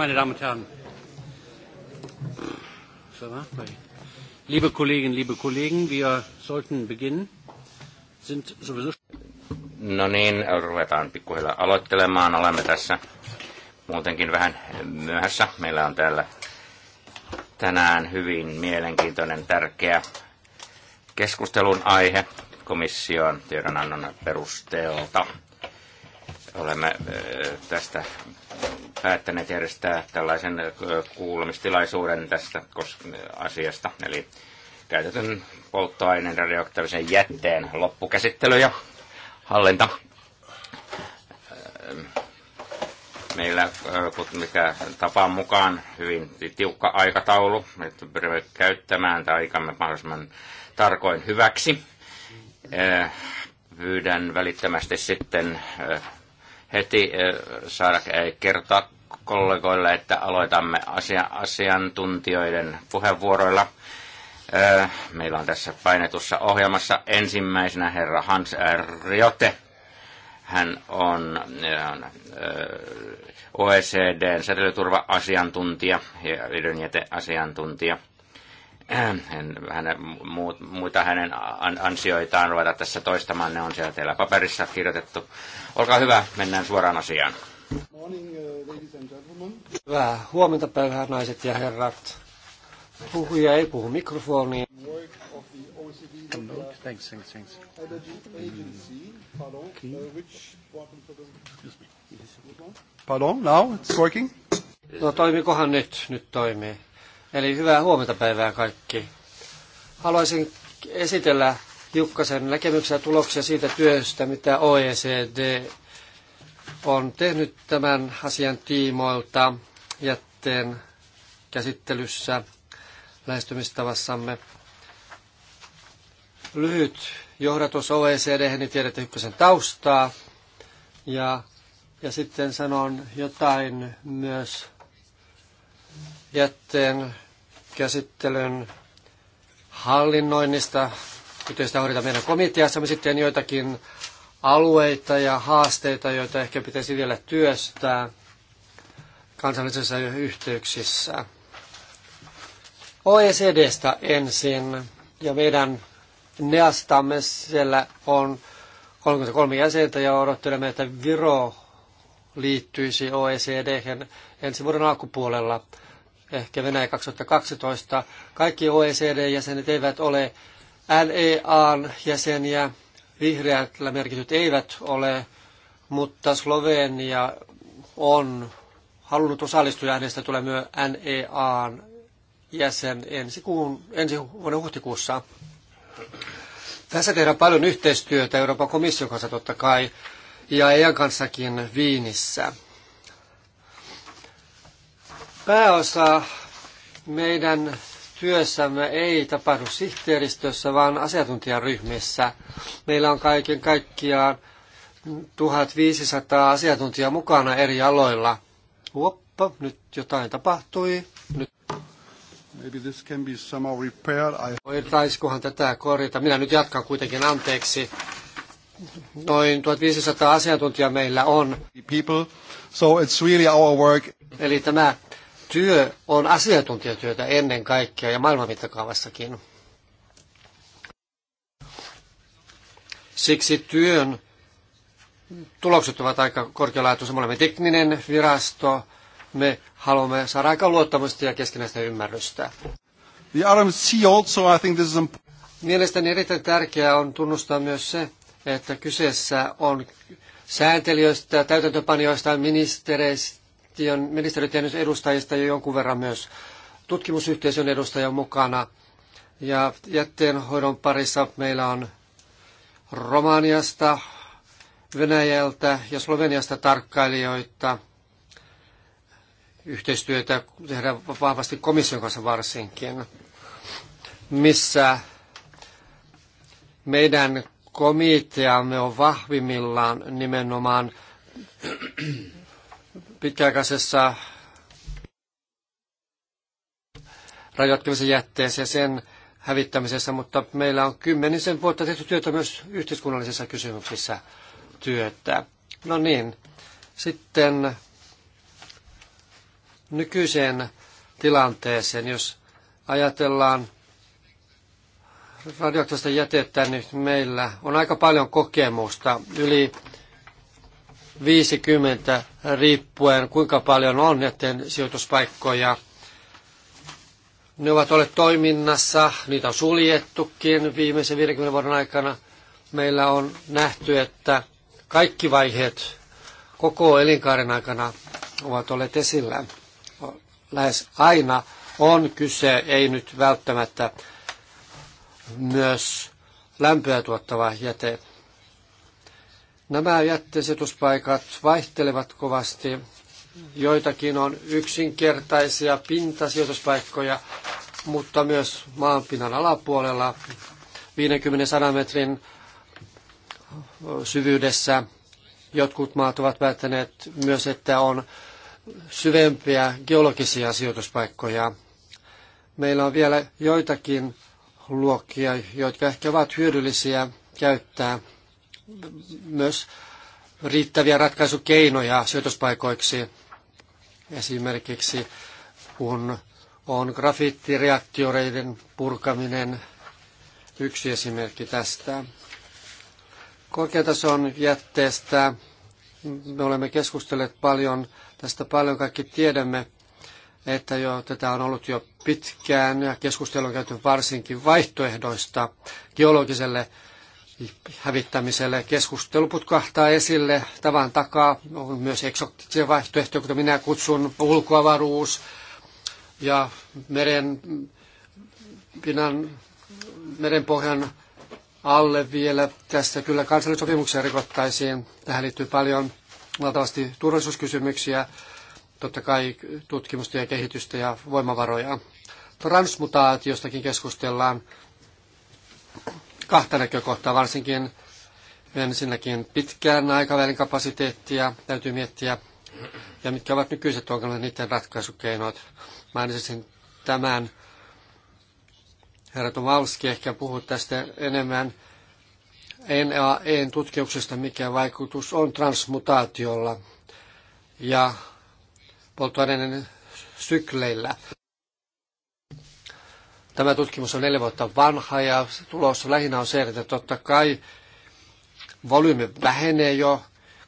meine Damen und Herren. Liebe Kolleginnen, liebe Kollegen, wir sollten beginnen. Sind sowieso... No niin, ruvetaan pikkuhiljaa aloittelemaan. Olemme tässä muutenkin vähän myöhässä. Meillä on täällä tänään hyvin mielenkiintoinen, tärkeä keskustelun aihe komission tiedonannon perusteelta. Olemme tästä päättäneet järjestää tällaisen kuulemistilaisuuden tästä asiasta, eli käytetyn polttoaineen radioaktiivisen jätteen loppukäsittely ja hallinta. Meillä, mikä tapaan mukaan, hyvin tiukka aikataulu, että pyrimme käyttämään tämä aikamme mahdollisimman tarkoin hyväksi. Pyydän välittömästi sitten heti eh, saada eh, kertoa kollegoille, että aloitamme asia, asiantuntijoiden puheenvuoroilla. Eh, meillä on tässä painetussa ohjelmassa ensimmäisenä herra Hans Riote. Hän on OECDn e säteilyturva-asiantuntija ja ydinjäteasiantuntija. Äh, en, hänen, muut, muita hänen ansioitaan ruveta tässä toistamaan. Ne on siellä teillä paperissa kirjoitettu. Olkaa hyvä, mennään suoraan asiaan. Uh, Hyvää huomenta päivää, naiset ja herrat. Puhuja ei puhu mikrofoniin. E uh, thanks, thanks, thanks. Uh, pardon, now it's working? No toimikohan nyt? Nyt toimii. Eli hyvää huomenta päivää kaikki. Haluaisin esitellä Jukkasen näkemyksiä ja tuloksia siitä työstä, mitä OECD on tehnyt tämän asian tiimoilta jätteen käsittelyssä lähestymistavassamme. Lyhyt johdatus OECD, niin tiedätte Jukkasen taustaa. Ja, ja sitten sanon jotain myös jätteen käsittelyn hallinnoinnista, kuten sitä hoidetaan meidän Me sitten joitakin alueita ja haasteita, joita ehkä pitäisi vielä työstää kansallisissa yhteyksissä. OECDstä ensin ja meidän neastamme siellä on 33 jäsentä ja odottelemme, että Viro liittyisi OECD ensi vuoden alkupuolella ehkä Venäjä 2012. Kaikki OECD-jäsenet eivät ole LEAn jäseniä, vihreällä merkityt eivät ole, mutta Slovenia on halunnut osallistua hänestä tulee myös NEAn jäsen ensi, kuun, ensi vuoden huhtikuussa. Tässä tehdään paljon yhteistyötä Euroopan komission kanssa totta kai ja EAN kanssakin Viinissä. Pääosa meidän työssämme ei tapahdu sihteeristössä, vaan asiantuntijaryhmissä. Meillä on kaiken kaikkiaan 1500 asiantuntijaa mukana eri aloilla. Huoppa, nyt jotain tapahtui. Nyt. Maybe this can be somehow repaired. I... tätä korjata? Minä nyt jatkan kuitenkin, anteeksi. Noin 1500 asiantuntijaa meillä on. People. So it's really our work. Eli tämä työ on asiantuntijatyötä ennen kaikkea ja maailman mittakaavassakin. Siksi työn tulokset ovat aika korkealaatuisia. Me olemme tekninen virasto, me haluamme saada aika luottamusta ja keskinäistä ymmärrystä. also, I think this is Mielestäni erittäin tärkeää on tunnustaa myös se, että kyseessä on sääntelijöistä, täytäntöpanijoista, ministereistä, valtion ministeriön edustajista ja jonkun verran myös tutkimusyhteisön edustaja mukana. Ja jätteenhoidon parissa meillä on Romaniasta, Venäjältä ja Sloveniasta tarkkailijoita. Yhteistyötä tehdään vahvasti komission kanssa varsinkin, missä meidän komiteamme on vahvimmillaan nimenomaan pitkäaikaisessa rajoittamisen jätteessä ja sen hävittämisessä, mutta meillä on kymmenisen vuotta tehty työtä myös yhteiskunnallisissa kysymyksissä työtä. No niin, sitten nykyiseen tilanteeseen, jos ajatellaan radioaktiivista jätettä, niin meillä on aika paljon kokemusta. Yli 50 riippuen kuinka paljon on näiden sijoituspaikkoja. Ne ovat olleet toiminnassa, niitä on suljettukin viimeisen 50 vuoden aikana. Meillä on nähty, että kaikki vaiheet koko elinkaaren aikana ovat olleet esillä. Lähes aina on kyse, ei nyt välttämättä myös lämpöä tuottava jäte Nämä jättesijoituspaikat vaihtelevat kovasti. Joitakin on yksinkertaisia pintasijoituspaikkoja, mutta myös maanpinnan alapuolella 50-100 metrin syvyydessä. Jotkut maat ovat päättäneet myös, että on syvempiä geologisia sijoituspaikkoja. Meillä on vielä joitakin luokkia, jotka ehkä ovat hyödyllisiä käyttää myös riittäviä ratkaisukeinoja sijoituspaikoiksi. Esimerkiksi kun on grafiittireaktioreiden purkaminen yksi esimerkki tästä. Korkeatason jätteestä me olemme keskustelleet paljon, tästä paljon kaikki tiedämme, että jo tätä on ollut jo pitkään ja keskustelu on käyty varsinkin vaihtoehdoista geologiselle hävittämiselle. Keskusteluput kahtaa esille tavan takaa. On myös eksotisia vaihtoehtoja, kuten minä kutsun ulkoavaruus ja meren pinan, merenpohjan alle vielä. Tässä kyllä kansallisopimuksia rikottaisiin. Tähän liittyy paljon valtavasti turvallisuuskysymyksiä, totta kai tutkimusta ja kehitystä ja voimavaroja. Transmutaatiostakin keskustellaan kahta näkökohtaa, varsinkin ensinnäkin pitkään aikavälin kapasiteettia täytyy miettiä, ja mitkä ovat nykyiset ongelmat niiden ratkaisukeinot. Mainitsin tämän. Herra Tomalski ehkä puhuu tästä enemmän NAEn tutkimuksesta, mikä vaikutus on transmutaatiolla ja polttoaineiden sykleillä. Tämä tutkimus on neljä vuotta vanha ja tulos lähinnä on se, että totta kai volyymi vähenee jo,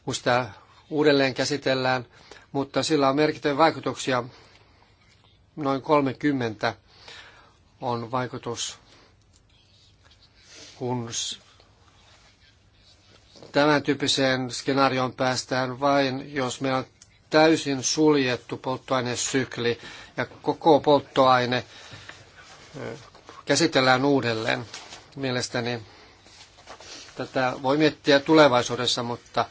kun sitä uudelleen käsitellään, mutta sillä on merkittäviä vaikutuksia. Noin 30 on vaikutus, kun tämän tyyppiseen skenaarioon päästään vain, jos meillä on täysin suljettu polttoainesykli ja koko polttoaine käsitellään uudelleen. Mielestäni tätä voi miettiä tulevaisuudessa, mutta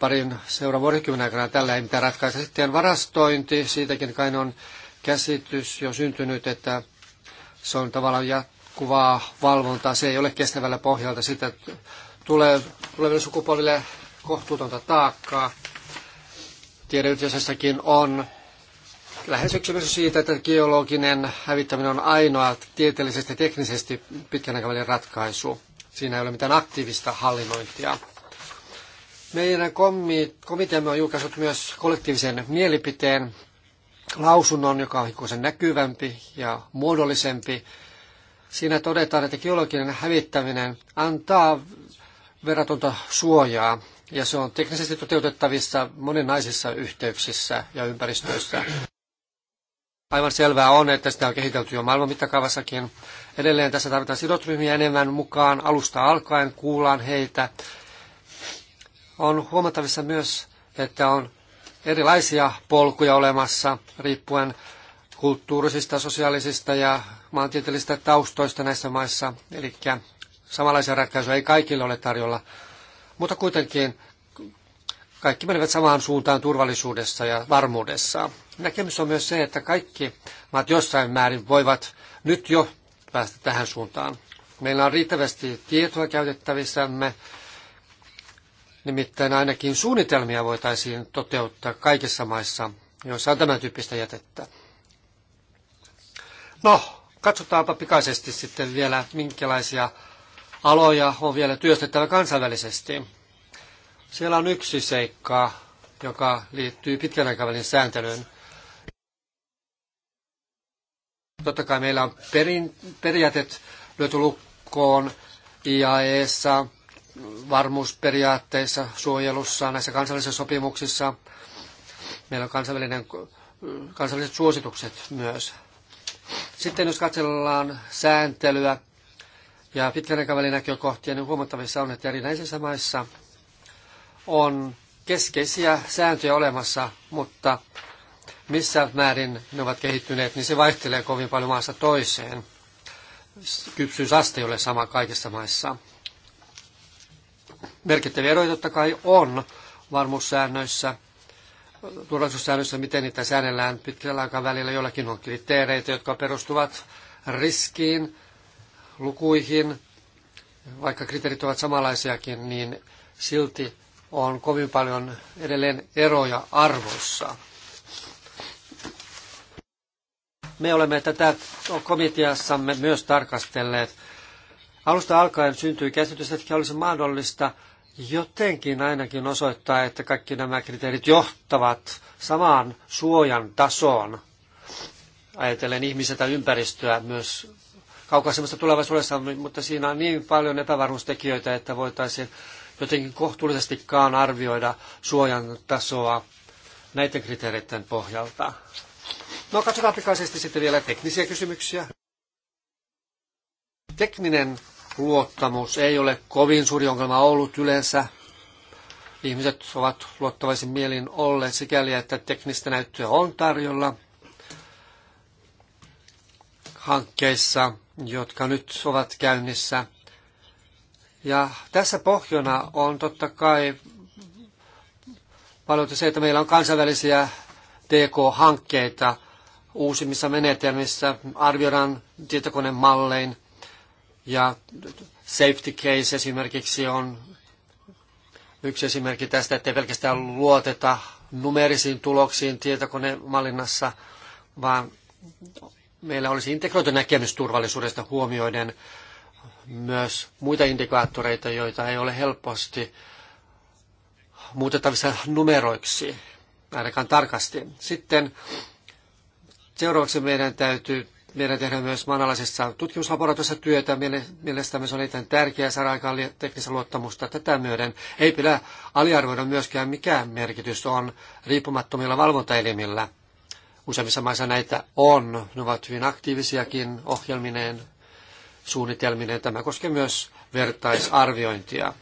parin seuraavan vuosikymmenen aikana tällä ei mitään ratkaista. Sitten varastointi, siitäkin kai on käsitys jo syntynyt, että se on tavallaan jatkuvaa valvontaa, se ei ole kestävällä pohjalta. Sitä tulee tuleville sukupolville kohtuutonta taakkaa. Tiedeyhteisössäkin on lähes yksimielisyys siitä, että geologinen hävittäminen on ainoa tieteellisesti ja teknisesti pitkän aikavälin ratkaisu. Siinä ei ole mitään aktiivista hallinnointia. Meidän komiteamme on julkaissut myös kollektiivisen mielipiteen lausunnon, joka on hikkuisen näkyvämpi ja muodollisempi. Siinä todetaan, että geologinen hävittäminen antaa verratonta suojaa ja se on teknisesti toteutettavissa moninaisissa yhteyksissä ja ympäristöissä. Aivan selvää on, että sitä on kehitelty jo maailman mittakaavassakin. Edelleen tässä tarvitaan sidotryhmiä enemmän mukaan. Alusta alkaen kuullaan heitä. On huomattavissa myös, että on erilaisia polkuja olemassa riippuen kulttuurisista, sosiaalisista ja maantieteellisistä taustoista näissä maissa. Eli samanlaisia ratkaisuja ei kaikille ole tarjolla. Mutta kuitenkin kaikki menevät samaan suuntaan turvallisuudessa ja varmuudessa näkemys on myös se, että kaikki maat jossain määrin voivat nyt jo päästä tähän suuntaan. Meillä on riittävästi tietoa käytettävissämme, nimittäin ainakin suunnitelmia voitaisiin toteuttaa kaikissa maissa, joissa on tämän tyyppistä jätettä. No, katsotaanpa pikaisesti sitten vielä, minkälaisia aloja on vielä työstettävä kansainvälisesti. Siellä on yksi seikka, joka liittyy pitkän aikavälin sääntelyyn. Totta kai meillä on perin, periaatet löyty lukkoon IAEssa, varmuusperiaatteissa, suojelussa, näissä kansallisissa sopimuksissa. Meillä on kansainvälinen, kansalliset suositukset myös. Sitten jos katsellaan sääntelyä ja pitkän aikavälin näkökohtia, niin huomattavissa on, että erinäisissä maissa on keskeisiä sääntöjä olemassa, mutta missä määrin ne ovat kehittyneet, niin se vaihtelee kovin paljon maassa toiseen. Kypsyysaste ei ole sama kaikissa maissa. Merkittäviä eroja totta kai on varmuussäännöissä, turvallisuussäännöissä, miten niitä säännellään pitkällä aikavälillä. Jollakin on kriteereitä, jotka perustuvat riskiin, lukuihin, vaikka kriteerit ovat samanlaisiakin, niin silti on kovin paljon edelleen eroja arvossa. Me olemme tätä komiteassamme myös tarkastelleet. Alusta alkaen syntyi käsitys, että olisi mahdollista jotenkin ainakin osoittaa, että kaikki nämä kriteerit johtavat samaan suojan tasoon. Ajatellen ihmisiä ympäristöä myös kaukaisemmassa tulevaisuudessa, mutta siinä on niin paljon epävarmuustekijöitä, että voitaisiin jotenkin kohtuullisestikaan arvioida suojan tasoa näiden kriteereiden pohjalta. No katsotaan pikaisesti sitten vielä teknisiä kysymyksiä. Tekninen luottamus ei ole kovin suuri ongelma ollut yleensä. Ihmiset ovat luottavaisin mielin olleet sikäli, että teknistä näyttöä on tarjolla hankkeissa, jotka nyt ovat käynnissä. Ja tässä pohjana on totta kai paljon se, että meillä on kansainvälisiä TK-hankkeita, uusimmissa menetelmissä arvioidaan tietokonemallein ja safety case esimerkiksi on yksi esimerkki tästä, ettei pelkästään luoteta numerisiin tuloksiin tietokonemallinnassa, vaan meillä olisi integroitu näkemys turvallisuudesta huomioiden myös muita indikaattoreita, joita ei ole helposti muutettavissa numeroiksi, ainakaan tarkasti. Sitten Seuraavaksi meidän täytyy meidän tehdä myös manalaisessa tutkimuslaboratoriossa työtä. Mielestämme se on erittäin tärkeää saada aikaan teknistä luottamusta tätä myöden. Ei pidä aliarvoida myöskään mikä merkitys on riippumattomilla valvontaelimillä. Useimmissa maissa näitä on. Ne ovat hyvin aktiivisiakin ohjelmineen, suunnitelmineen. Tämä koskee myös vertaisarviointia.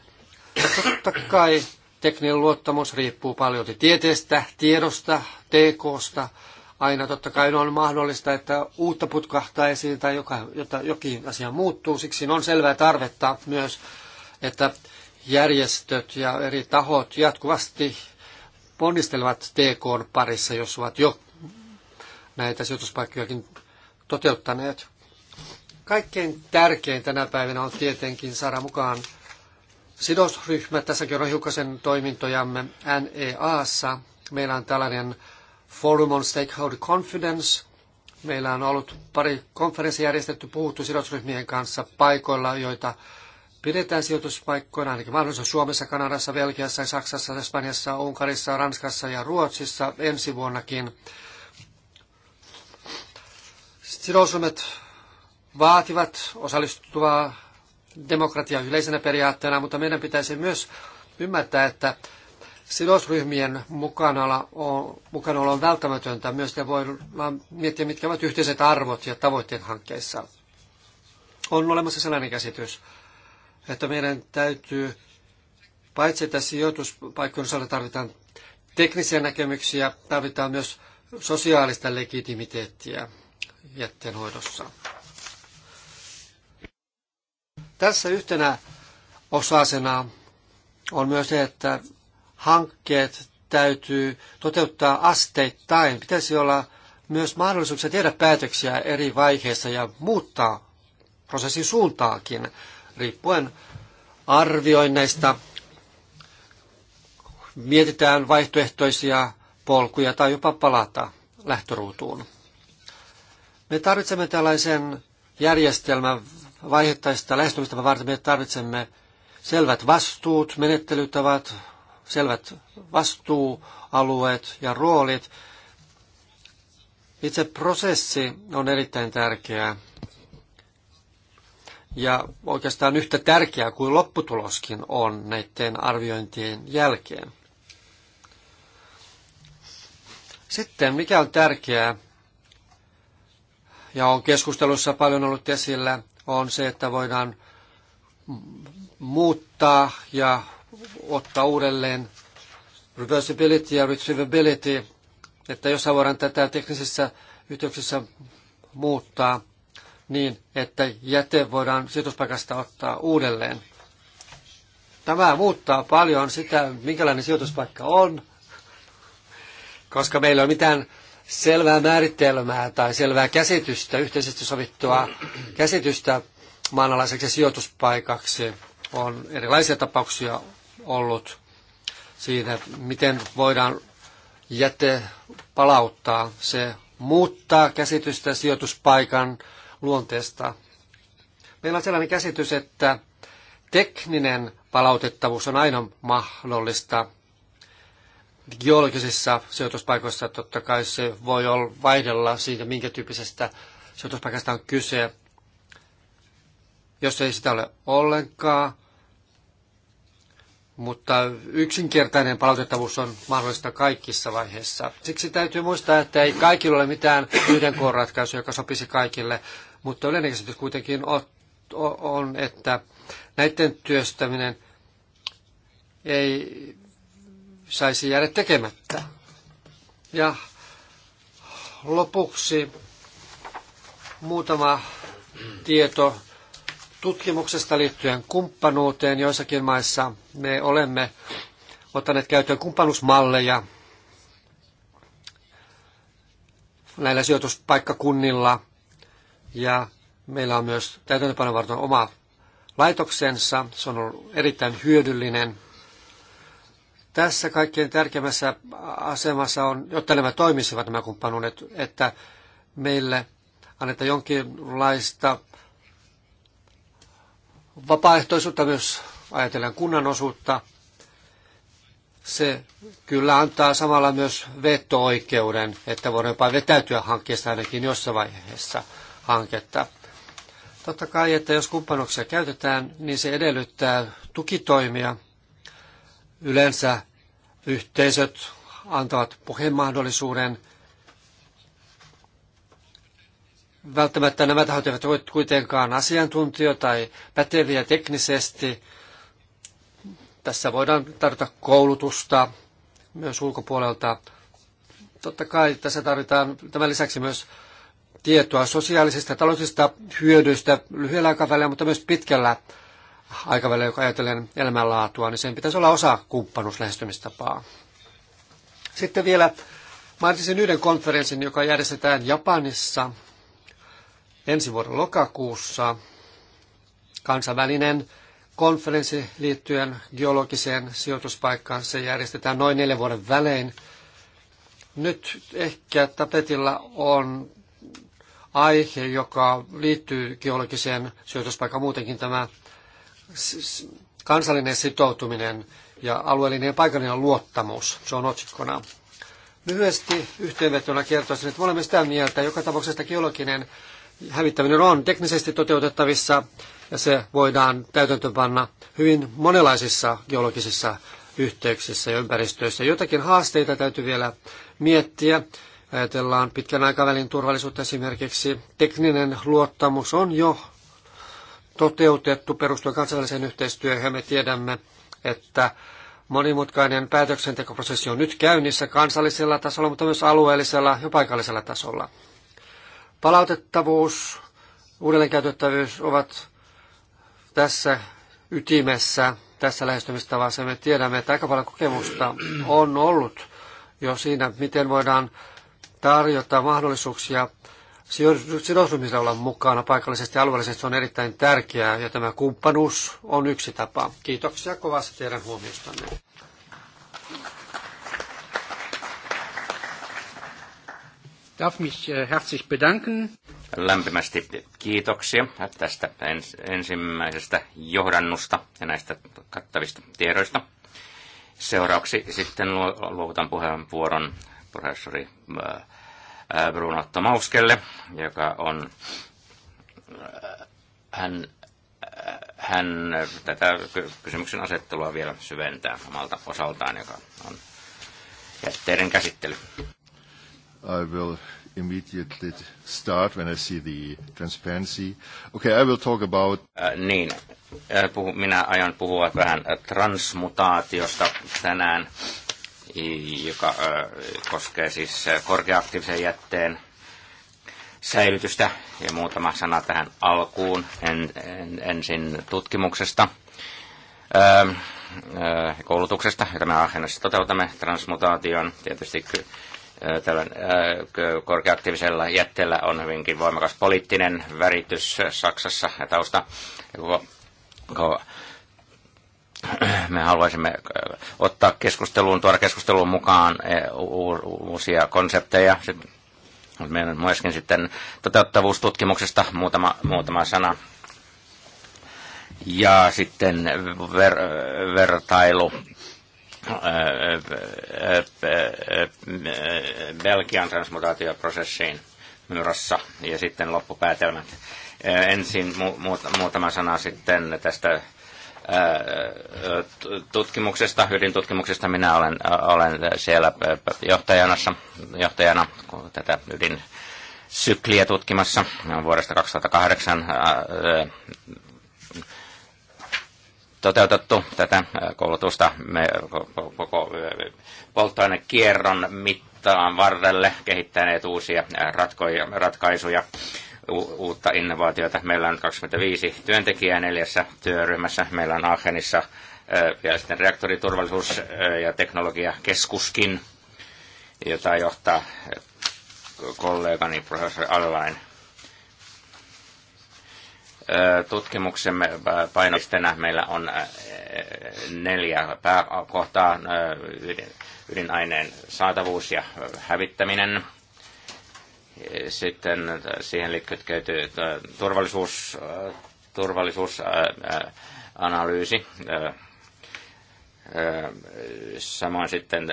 Totta kai tekninen luottamus riippuu paljon tieteestä, tiedosta, tekosta, Aina totta kai on mahdollista, että uutta putkahtaa esiin tai joka, jota, jokin asia muuttuu. Siksi on selvää tarvetta myös, että järjestöt ja eri tahot jatkuvasti ponnistelevat TK parissa, jos ovat jo näitä sijoituspaikkojakin toteuttaneet. Kaikkein tärkein tänä päivänä on tietenkin saada mukaan sidosryhmä. Tässäkin on hiukkasen toimintojamme NEAssa. Meillä on tällainen Forum on Stakeholder Confidence. Meillä on ollut pari konferenssia järjestetty, puhuttu sidosryhmien kanssa paikoilla, joita pidetään sijoituspaikkoina ainakin mahdollisuus Suomessa, Kanadassa, Belgiassa, Saksassa, Espanjassa, Unkarissa, Ranskassa ja Ruotsissa ensi vuonnakin. Sidosryhmät vaativat osallistuvaa demokratiaa yleisenä periaatteena, mutta meidän pitäisi myös ymmärtää, että sidosryhmien mukana on, on välttämätöntä. Myös ne voidaan miettiä, mitkä ovat yhteiset arvot ja tavoitteet hankkeissa. On olemassa sellainen käsitys, että meidän täytyy, paitsi että sijoituspaikkojen osalta tarvitaan teknisiä näkemyksiä, tarvitaan myös sosiaalista legitimiteettiä jätteenhoidossa. Tässä yhtenä osasena on myös se, että hankkeet täytyy toteuttaa asteittain. Pitäisi olla myös mahdollisuuksia tehdä päätöksiä eri vaiheissa ja muuttaa prosessin suuntaakin, riippuen arvioinneista. Mietitään vaihtoehtoisia polkuja tai jopa palata lähtöruutuun. Me tarvitsemme tällaisen järjestelmän vaihettaista lähestymistä varten. Me tarvitsemme selvät vastuut, menettelytavat, selvät vastuualueet ja roolit. Itse prosessi on erittäin tärkeää ja oikeastaan yhtä tärkeää kuin lopputuloskin on näiden arviointien jälkeen. Sitten, mikä on tärkeää, ja on keskustelussa paljon ollut esillä, on se, että voidaan muuttaa ja ottaa uudelleen reversibility ja retrievability, että jos voidaan tätä teknisissä yhteyksissä muuttaa niin, että jäte voidaan sijoituspaikasta ottaa uudelleen. Tämä muuttaa paljon sitä, minkälainen sijoituspaikka on, koska meillä on mitään selvää määritelmää tai selvää käsitystä, yhteisesti sovittua käsitystä maanalaiseksi sijoituspaikaksi. On erilaisia tapauksia ollut siinä, miten voidaan jäte palauttaa. Se muuttaa käsitystä sijoituspaikan luonteesta. Meillä on sellainen käsitys, että tekninen palautettavuus on aina mahdollista. Geologisissa sijoituspaikoissa totta kai se voi olla vaihdella siitä, minkä tyyppisestä sijoituspaikasta on kyse. Jos ei sitä ole ollenkaan, mutta yksinkertainen palautettavuus on mahdollista kaikissa vaiheissa. Siksi täytyy muistaa, että ei kaikilla ole mitään yhden koon ratkaisua, joka sopisi kaikille, mutta yleinen käsitys kuitenkin on, että näiden työstäminen ei saisi jäädä tekemättä. Ja lopuksi muutama tieto tutkimuksesta liittyen kumppanuuteen joissakin maissa. Me olemme ottaneet käyttöön kumppanuusmalleja näillä sijoituspaikkakunnilla ja meillä on myös täytäntöönpanovarton oma laitoksensa. Se on ollut erittäin hyödyllinen. Tässä kaikkein tärkeimmässä asemassa on, jotta nämä toimisivat nämä kumppanuudet, että meille annetaan jonkinlaista vapaaehtoisuutta myös ajatellaan kunnan osuutta. Se kyllä antaa samalla myös veto-oikeuden, että voidaan jopa vetäytyä hankkeesta ainakin jossain vaiheessa hanketta. Totta kai, että jos kumppanuksia käytetään, niin se edellyttää tukitoimia. Yleensä yhteisöt antavat puheenmahdollisuuden mahdollisuuden Välttämättä nämä tahot eivät ole kuitenkaan asiantuntijoita tai päteviä teknisesti. Tässä voidaan tarjota koulutusta myös ulkopuolelta. Totta kai tässä tarvitaan tämän lisäksi myös tietoa sosiaalisista ja taloudellisista hyödyistä lyhyellä aikavälillä, mutta myös pitkällä aikavälillä, joka ajatellen elämänlaatua, niin sen pitäisi olla osa kumppanuuslähestymistapaa. Sitten vielä mainitsin yhden konferenssin, joka järjestetään Japanissa ensi vuoden lokakuussa kansainvälinen konferenssi liittyen geologiseen sijoituspaikkaan. Se järjestetään noin neljän vuoden välein. Nyt ehkä tapetilla on aihe, joka liittyy geologiseen sijoituspaikkaan muutenkin tämä kansallinen sitoutuminen ja alueellinen ja paikallinen luottamus. Se on otsikkona. Lyhyesti yhteenvetona kertoisin, että me olemme sitä mieltä, joka tapauksessa geologinen hävittäminen on teknisesti toteutettavissa ja se voidaan täytäntöpanna hyvin monenlaisissa geologisissa yhteyksissä ja ympäristöissä. Jotakin haasteita täytyy vielä miettiä. Ajatellaan pitkän aikavälin turvallisuutta esimerkiksi. Tekninen luottamus on jo toteutettu perustuen kansainväliseen yhteistyöhön. Me tiedämme, että monimutkainen päätöksentekoprosessi on nyt käynnissä kansallisella tasolla, mutta myös alueellisella ja paikallisella tasolla palautettavuus, uudelleenkäytettävyys ovat tässä ytimessä, tässä lähestymistavassa. Me tiedämme, että aika paljon kokemusta on ollut jo siinä, miten voidaan tarjota mahdollisuuksia sidosryhmissä olla mukana paikallisesti ja alueellisesti. Se on erittäin tärkeää ja tämä kumppanuus on yksi tapa. Kiitoksia kovasti teidän huomiostanne. darf mich äh, herzlich bedanken. Lämpimästi kiitoksia tästä ensimmäisestä johdannusta ja näistä kattavista tiedoista. Seuraavaksi sitten luovutan puheenvuoron professori äh, äh, Bruno Tomauskelle, joka on hän, hän tätä kysymyksen asettelua vielä syventää omalta osaltaan, joka on jätteiden käsittely. I will immediately start when I see the transparency. Okay, I will talk about... Uh, niin, äh, puhu, minä aion puhua vähän äh, transmutaatiosta tänään, joka uh, koskee siis korkeaktiivisen jätteen säilytystä. Ja muutama sana tähän alkuun en, en, ensin tutkimuksesta. Uh, koulutuksesta, jota me Aachenassa toteutamme, transmutaation tietysti tällä korkeaktiivisella jätteellä on hyvinkin voimakas poliittinen väritys Saksassa ja tausta. Me haluaisimme ottaa keskusteluun, tuoda keskusteluun mukaan uusia konsepteja. Mutta meillä on myöskin sitten toteuttavuustutkimuksesta muutama, muutama sana. Ja sitten ver, vertailu Belgian transmutaatioprosessiin myrassa ja sitten loppupäätelmät. Ensin muutama sana sitten tästä tutkimuksesta, ydintutkimuksesta. Minä olen, olen siellä johtajana, johtajana tätä ydinsykliä tutkimassa. vuodesta 2008 toteutettu tätä koulutusta me koko polttoainekierron mittaan varrelle kehittäneet uusia ratkaisuja uutta innovaatiota. Meillä on 25 työntekijää neljässä työryhmässä. Meillä on Aachenissa ja sitten reaktoriturvallisuus- ja teknologiakeskuskin, jota johtaa kollegani professori Alvain tutkimuksemme painopisteenä meillä on neljä pääkohtaa, ydinaineen saatavuus ja hävittäminen. Sitten siihen liittyy turvallisuus, turvallisuusanalyysi, samoin sitten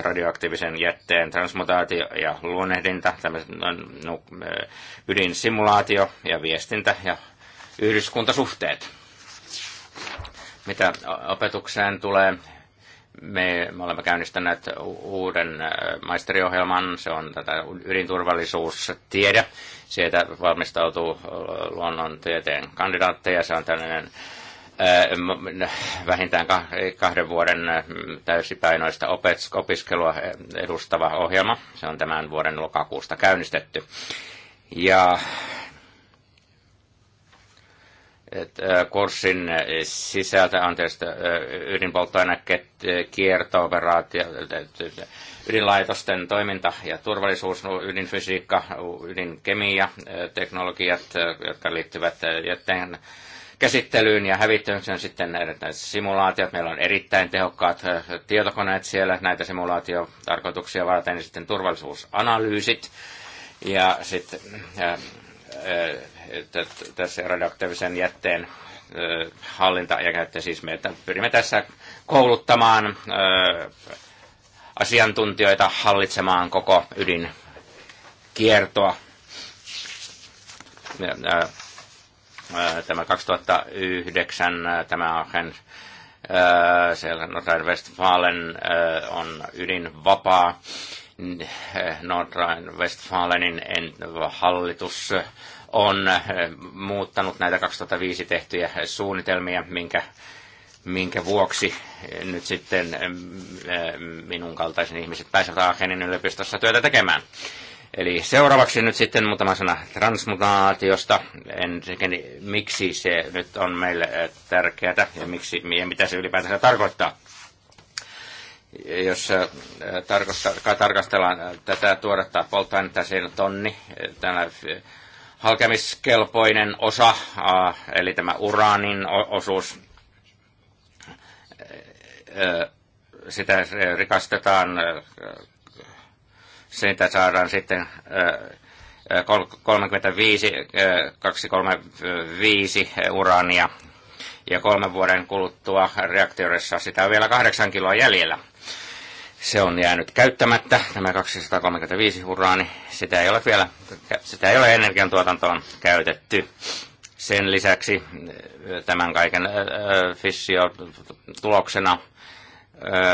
radioaktiivisen jätteen transmutaatio ja luonnehdinta, tämmöisen no, ydinsimulaatio ja viestintä ja yhdyskuntasuhteet. Mitä opetukseen tulee, me, me olemme käynnistäneet uuden maisteriohjelman, se on tätä ydinturvallisuustiede. Sieltä valmistautuu luonnontieteen kandidaatteja, se on tällainen vähintään kahden vuoden täysipäinoista opiskelua edustava ohjelma. Se on tämän vuoden lokakuusta käynnistetty. Ja kurssin sisältä, anteeksi, ydinpolttoainekierto kiertooperaatio, ydinlaitosten toiminta ja turvallisuus, no, ydinfysiikka, ydinkemia, teknologiat, jotka liittyvät jätteen käsittelyyn ja hävittämiseen sitten näitä simulaatiot. Meillä on erittäin tehokkaat tietokoneet siellä näitä simulaatiotarkoituksia varten, ja sitten turvallisuusanalyysit ja sitten että tässä radioaktiivisen jätteen hallinta ja käyttö siis me, että pyrimme tässä kouluttamaan asiantuntijoita hallitsemaan koko ydinkiertoa. Tämä 2009, tämä Aachen siellä Nordrhein-Westfalen on ydinvapaa. Nordrhein-Westfalenin hallitus on eh, muuttanut näitä 2005 tehtyjä suunnitelmia, minkä, minkä vuoksi eh, nyt sitten eh, minun kaltaisen ihmiset pääsevät Aachenin yliopistossa työtä tekemään. Eli seuraavaksi nyt sitten muutama sana transmutaatiosta. Ensinnäkin, miksi se nyt on meille tärkeää ja, miksi, ja mitä se ylipäätänsä tarkoittaa. Jos tarkastellaan tätä tuoretta polttoainetta, siinä tonni tällä halkemiskelpoinen osa, eli tämä uraanin osuus, sitä rikastetaan, siitä saadaan sitten 35, 235 uraania ja kolmen vuoden kuluttua reaktorissa sitä on vielä kahdeksan kiloa jäljellä se on jäänyt käyttämättä, tämä 235 uraani, sitä ei ole vielä, sitä ei ole energiantuotantoon käytetty. Sen lisäksi äh, tämän kaiken äh, äh, fissiotuloksena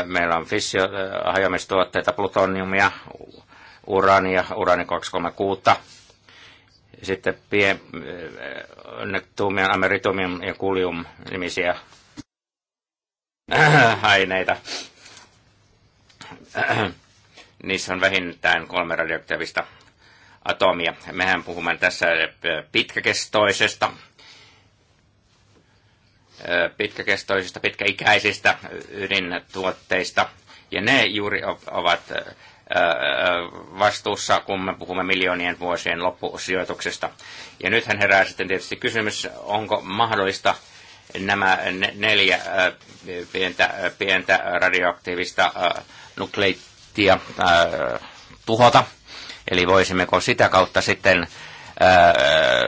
meillä on fissiohajoamistuotteita, plutoniumia, urania, urani 236, sitten pien, ameritumia ameritumium ja kulium nimisiä aineita niissä on vähintään kolme radioaktiivista atomia. Mehän puhumme tässä eh, pitkäkestoisesta, eh, pitkäkestoisista, pitkäikäisistä ydintuotteista. Ja ne juuri ovat eh, vastuussa, kun me puhumme miljoonien vuosien loppusijoituksesta. Ja nythän herää sitten tietysti kysymys, onko mahdollista – nämä neljä pientä, pientä radioaktiivista nukleittia tuhota. Eli voisimmeko sitä kautta sitten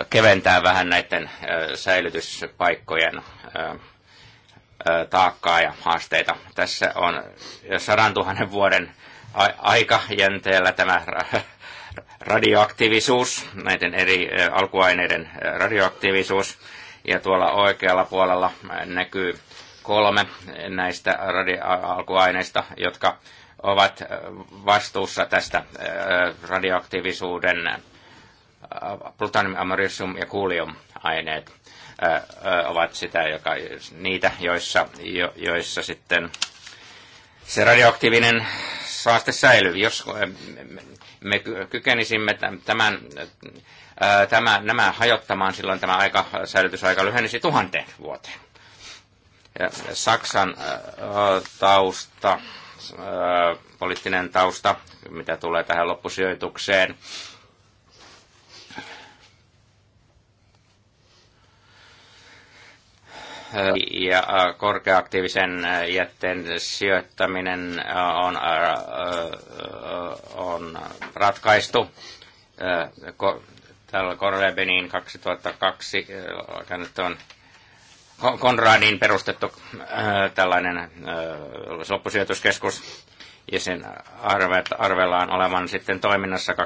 keventää vähän näiden säilytyspaikkojen taakkaa ja haasteita. Tässä on sadantuhannen vuoden aikajänteellä tämä radioaktiivisuus, näiden eri alkuaineiden radioaktiivisuus ja tuolla oikealla puolella näkyy kolme näistä radioalkuaineista, jotka ovat vastuussa tästä äh, radioaktiivisuuden äh, plutonium, ja kuulium-aineet äh, ovat sitä, joka, niitä, joissa, jo, joissa sitten se radioaktiivinen saaste säilyy. Jos me kykenisimme tämän tämä, nämä hajottamaan, silloin tämä aika, säilytysaika lyhenisi tuhanteen vuoteen. Ja Saksan tausta, poliittinen tausta, mitä tulee tähän loppusijoitukseen, ja korkeaktiivisen jätteen sijoittaminen on, on ratkaistu Täällä Korlebenin 2002 on Konradin perustettu äh, tällainen äh, loppusijoituskeskus ja sen arvet, arvellaan olevan sitten toiminnassa 2015-2019.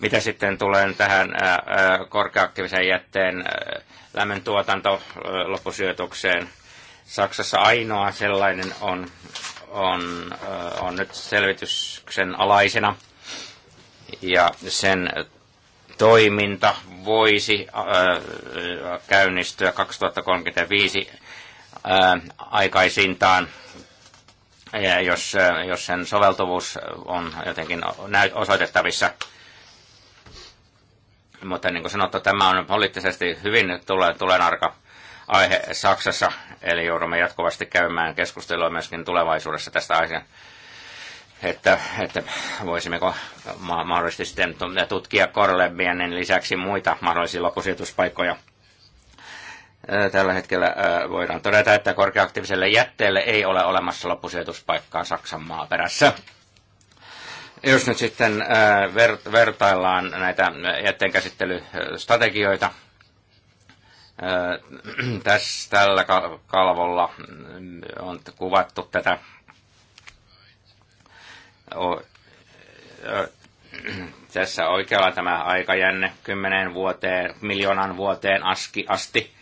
Mitä sitten tulee tähän äh, äh, korkeaktiivisen jätteen äh, lämmöntuotanto tuotanto loppusijoitukseen? Saksassa ainoa sellainen on, on, on nyt selvityksen alaisena – ja sen toiminta voisi äh, käynnistyä 2035 äh, aikaisintaan, ja jos, äh, jos sen soveltuvuus on jotenkin osoitettavissa. Mutta niin kuin sanottu, tämä on poliittisesti hyvin tulenarka aihe Saksassa, eli joudumme jatkuvasti käymään keskustelua myöskin tulevaisuudessa tästä asian että, että voisimmeko mahdollisesti sitten tutkia Korlebienen lisäksi muita mahdollisia loppusijoituspaikkoja. Tällä hetkellä voidaan todeta, että korkeaktiiviselle jätteelle ei ole olemassa loppusijoituspaikkaa Saksan maaperässä. Jos nyt sitten vertaillaan näitä jätteenkäsittelystrategioita, tässä tällä kalvolla on kuvattu tätä tässä oikealla tämä aikajänne, kymmenen vuoteen, miljoonan vuoteen aski, asti.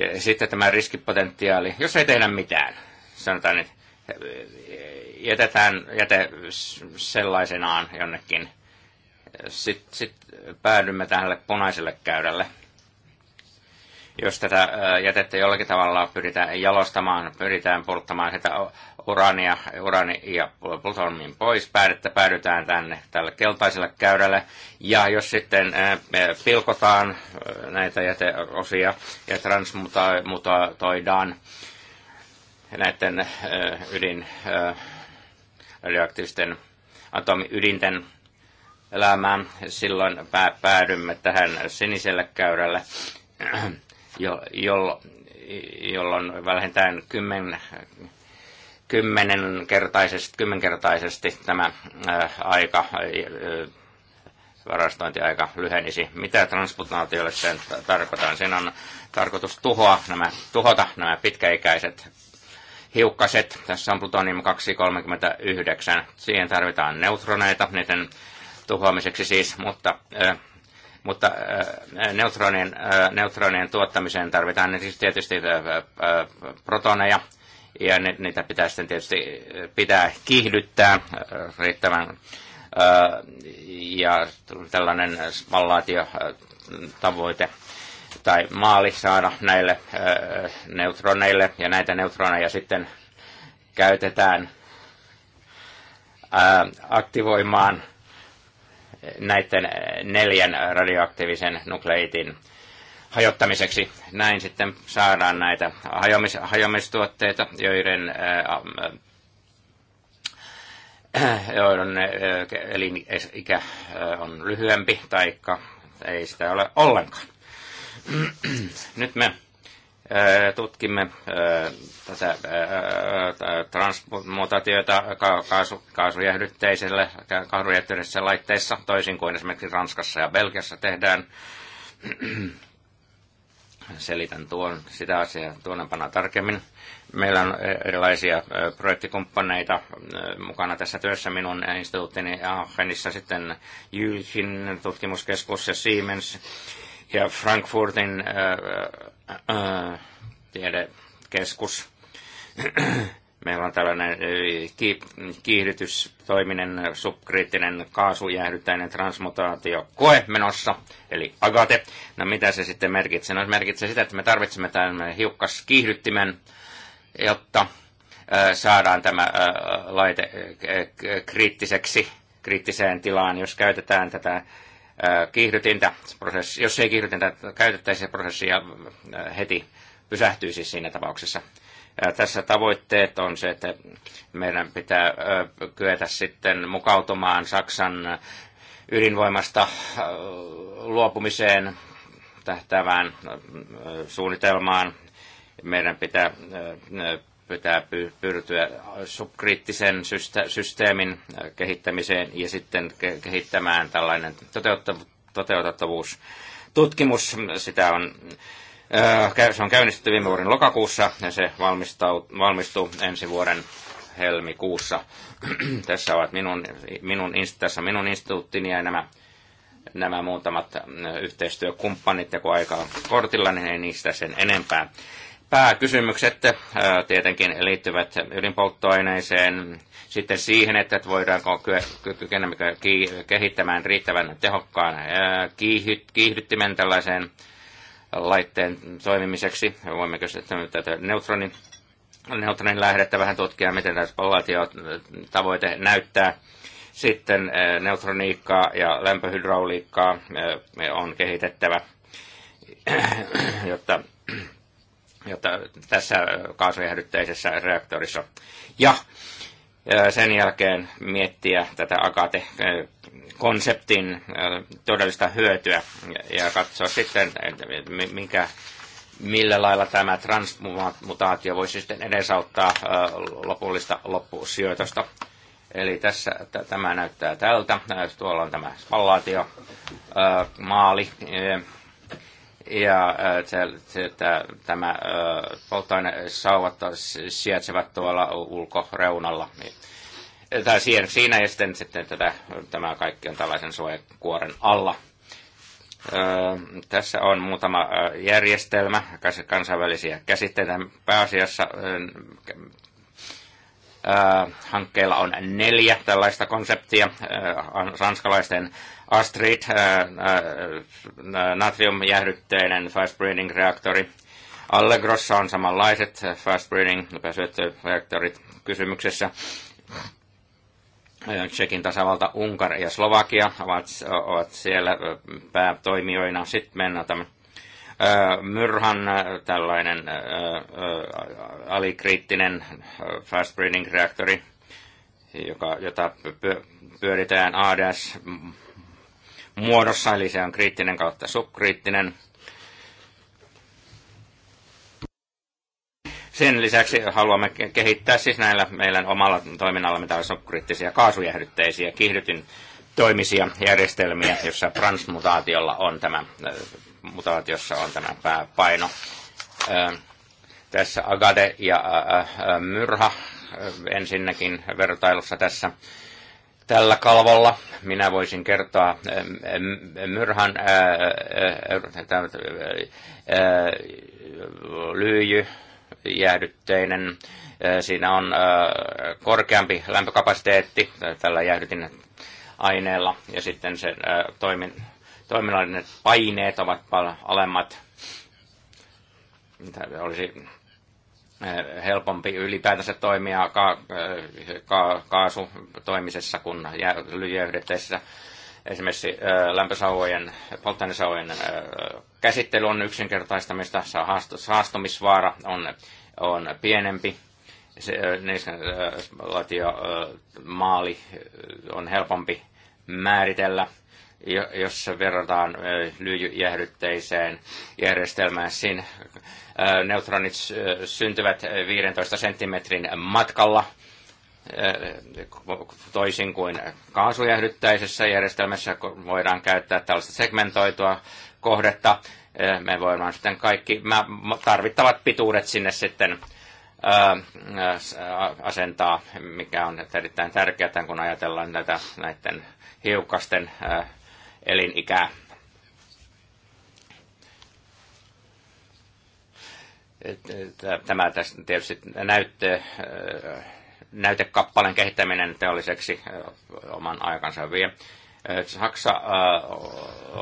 Ja sitten tämä riskipotentiaali, jos ei tehdä mitään, sanotaan että jätetään jäte sellaisenaan jonnekin. Sitten sit päädymme tälle punaiselle käydälle. Jos tätä jätettä jollakin tavalla pyritään jalostamaan, pyritään polttamaan sitä urania, urani ja plutonin poispäin, että päädytään tänne tälle keltaiselle käyrälle. Ja jos sitten pilkotaan näitä jäteosia ja transmutoidaan näiden ydin radioaktiivisten atomiydinten elämään, silloin päädymme tähän siniselle käyrälle, jo, jolloin vähintään kymmen kymmenkertaisesti, kymmenkertaisesti tämä äh, aika, äh, varastointiaika lyhenisi. Mitä transputaatiolle sen tarkoitan? Sen on tarkoitus tuhoa nämä, tuhota nämä pitkäikäiset hiukkaset. Tässä on plutonium 239. Siihen tarvitaan neutroneita niiden tuhoamiseksi siis, mutta, äh, mutta äh, neutronien, äh, neutronien tuottamiseen tarvitaan siis tietysti äh, äh protoneja, ja ne, niitä pitää sitten tietysti eh, pitää kiihdyttää eh, riittävän eh, ja tällainen mallaatio tavoite tai maali saada näille neutroneille ja näitä neutroneja sitten käytetään aktivoimaan näiden neljän radioaktiivisen nukleitin hajottamiseksi. Näin sitten saadaan näitä hajomis, hajomistuotteita, joiden, ää, ää, joiden elinikä on lyhyempi tai ei sitä ole ollenkaan. Nyt me tutkimme tätä transmutaatiota kaasu, kaasujähdytteisellä kaasujähdytteisessä toisin kuin esimerkiksi Ranskassa ja Belgiassa tehdään selitän tuon, sitä asiaa tuonnepana tarkemmin. Meillä on eh, erilaisia eh, projektikumppaneita eh, mukana tässä työssä. Minun instituuttini Aachenissa sitten Jylkin tutkimuskeskus ja Siemens ja Frankfurtin äh, äh, tiedekeskus Meillä on tällainen kiihdytystoiminen, subkriittinen, kaasujäähdyttäinen transmutaatio koe menossa, eli agate. No mitä se sitten merkitsee? No se merkitsee sitä, että me tarvitsemme tämän hiukkas kiihdyttimen, jotta saadaan tämä laite kriittiseksi, kriittiseen tilaan, jos käytetään tätä kiihdytintä, prosessi, jos ei kiihdytintä käytettäisi, se prosessi heti pysähtyisi siinä tapauksessa tässä tavoitteet on se, että meidän pitää kyetä sitten mukautumaan Saksan ydinvoimasta luopumiseen tähtävään suunnitelmaan. Meidän pitää, pitää pyrtyä subkriittisen systeemin kehittämiseen ja sitten kehittämään tällainen toteutettavuus tutkimus. Sitä on se on käynnistetty viime vuoden lokakuussa ja se valmistuu ensi vuoden helmikuussa. tässä ovat minun, minun, tässä minun instituuttini ja nämä, nämä muutamat yhteistyökumppanit, ja kun aika on kortilla, niin ei niistä sen enempää. Pääkysymykset tietenkin liittyvät ydinpolttoaineeseen, sitten siihen, että voidaanko kykenemmekö kehittämään riittävän tehokkaan kiihdyttimen tällaiseen laitteen toimimiseksi. voimme sitten tätä neutronin, neutronin lähdettä vähän tutkia, miten tämä tavoite näyttää. Sitten eh, neutroniikkaa ja lämpöhydrauliikkaa eh, on kehitettävä, jotta, jotta tässä kaasujähdytteisessä reaktorissa. Ja eh, sen jälkeen miettiä tätä agate konseptin äh, todellista hyötyä ja katsoa sitten, että mikä, millä lailla tämä transmutaatio voisi sitten edesauttaa äh, lopullista loppusijoitusta. Eli tässä tämä näyttää tältä. Äh, tuolla on tämä spallaatio, maali. Ja se, se, tämä sauvat sijaitsevat tuolla ulkoreunalla tai siihen, siinä ja sitten, sitten tätä, tämä kaikki on tällaisen suojakuoren alla. Öö, tässä on muutama järjestelmä, kansainvälisiä käsitteitä. Pääasiassa öö, hankkeilla on neljä tällaista konseptia. Öö, sanskalaisten Astrid, öö, natriumjähdytteinen fast breeding reaktori. Allegrossa on samanlaiset fast breeding reaktorit kysymyksessä. Tsekin tasavalta, Unkar ja Slovakia ovat, ovat siellä päätoimijoina. Sitten mennään tämän myrhan tällainen alikriittinen fast breeding reaktori, joka, jota pyöritään ADS muodossa, eli se on kriittinen kautta subkriittinen – Sen lisäksi haluamme kehittää siis näillä meidän omalla mitä on kriittisiä kaasujähdytteisiä kiihdytin toimisia järjestelmiä, jossa transmutaatiolla on tämä, mutaatiossa on tämä pääpaino. Tässä Agade ja Myrha ensinnäkin vertailussa tässä tällä kalvolla. Minä voisin kertoa Myrhan lyijy jäähdytteinen. Siinä on korkeampi lämpökapasiteetti tällä jäähdytin aineella ja sitten se toimin, toiminnalliset paineet ovat paljon alemmat. Tämä olisi helpompi ylipäätänsä toimia ka- ka- kaasutoimisessa kuin lyijyjäyhdetteissä. Esimerkiksi lämpösauvojen, polttoainesauvojen käsittely on yksinkertaistamista, saastumisvaara on, on pienempi, se, niin maali on helpompi määritellä, jos verrataan lyijyjähdytteiseen järjestelmään. Siinä neutronit syntyvät 15 senttimetrin matkalla toisin kuin kaasujähdyttäisessä järjestelmässä voidaan käyttää tällaista segmentoitua kohdetta. Me voimme sitten kaikki tarvittavat pituudet sinne sitten asentaa, mikä on erittäin tärkeää, kun ajatellaan näitä näiden hiukasten elinikää. Tämä tästä tietysti näytte, näytekappaleen kehittäminen teolliseksi oman aikansa vie. Saksa äh,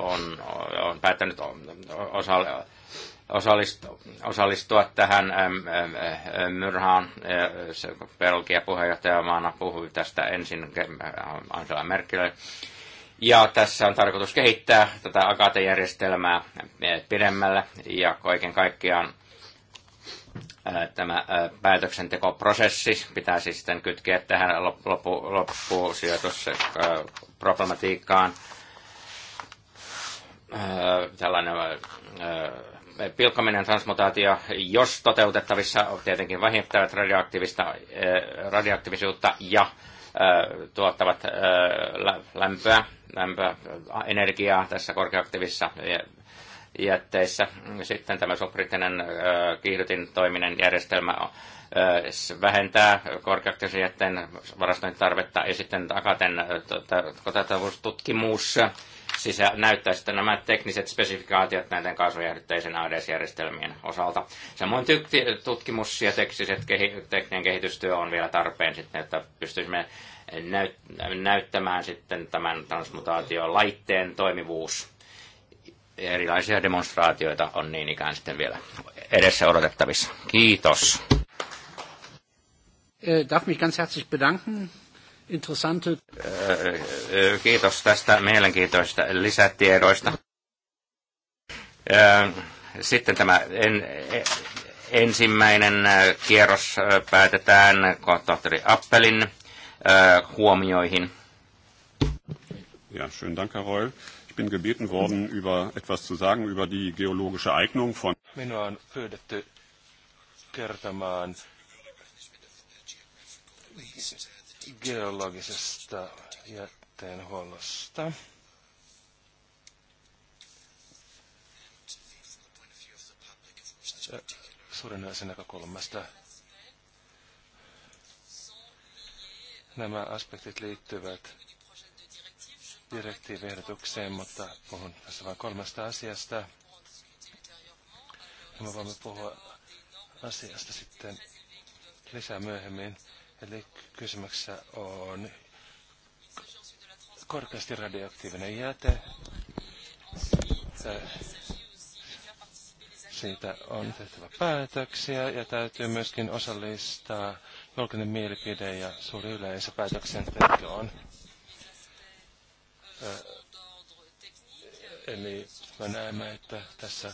on, on päättänyt osallistua tähän ähm, ähm, äh, myrhaan. Belgia puheenjohtajamaana puhui tästä ensin äh, Angela Merkel. Ja tässä on tarkoitus kehittää tätä akatejärjestelmää pidemmälle ja kaiken kaikkiaan tämä päätöksentekoprosessi pitäisi siis sitten kytkeä tähän loppu, loppusijoitusproblematiikkaan. Tällainen pilkkominen transmutaatio, jos toteutettavissa tietenkin vähentävät radioaktiivisuutta ja tuottavat lämpöä, lämpöä, energiaa tässä korkeaktiivisessa jätteissä. Sitten tämä subkriittinen kiihdytin toiminen järjestelmä vähentää korkeaktiivisen jätteen varastointitarvetta ja sitten takaten kotitavuustutkimus sisä, näyttää sitten nämä tekniset spesifikaatiot näiden kaasujähdytteisen ADS-järjestelmien osalta. Samoin tyk- tutkimus ja tekniset kehi- tekninen kehitystyö on vielä tarpeen sitten, että pystyisimme näyt- näyttämään sitten tämän transmutaation laitteen toimivuus erilaisia demonstraatioita on niin ikään sitten vielä edessä odotettavissa. Kiitos. Äh, darf mich ganz herzlich bedanken. Interessante... Äh, äh, kiitos tästä mielenkiintoisista lisätiedoista. Ähm, sitten tämä en, e, ensimmäinen kierros päätetään tohtori Appelin huomioihin. Ja, schönen Dank, Herr Reul bin gebeten worden, über etwas zu sagen über die geologische Eignung von. Minua on pyydetty kertomaan geologisesta jätteenhuollosta. Suurin yleisen näkökulmasta nämä aspektit liittyvät direktiivehdotukseen, mutta puhun tässä vain kolmesta asiasta. Ja me voimme puhua asiasta sitten lisää myöhemmin. Eli kysymyksessä on korkeasti radioaktiivinen jäte. Äh, siitä on tehtävä päätöksiä ja täytyy myöskin osallistaa julkinen mielipide ja suuri yleisö päätöksentekoon. Eli me näemme, että tässä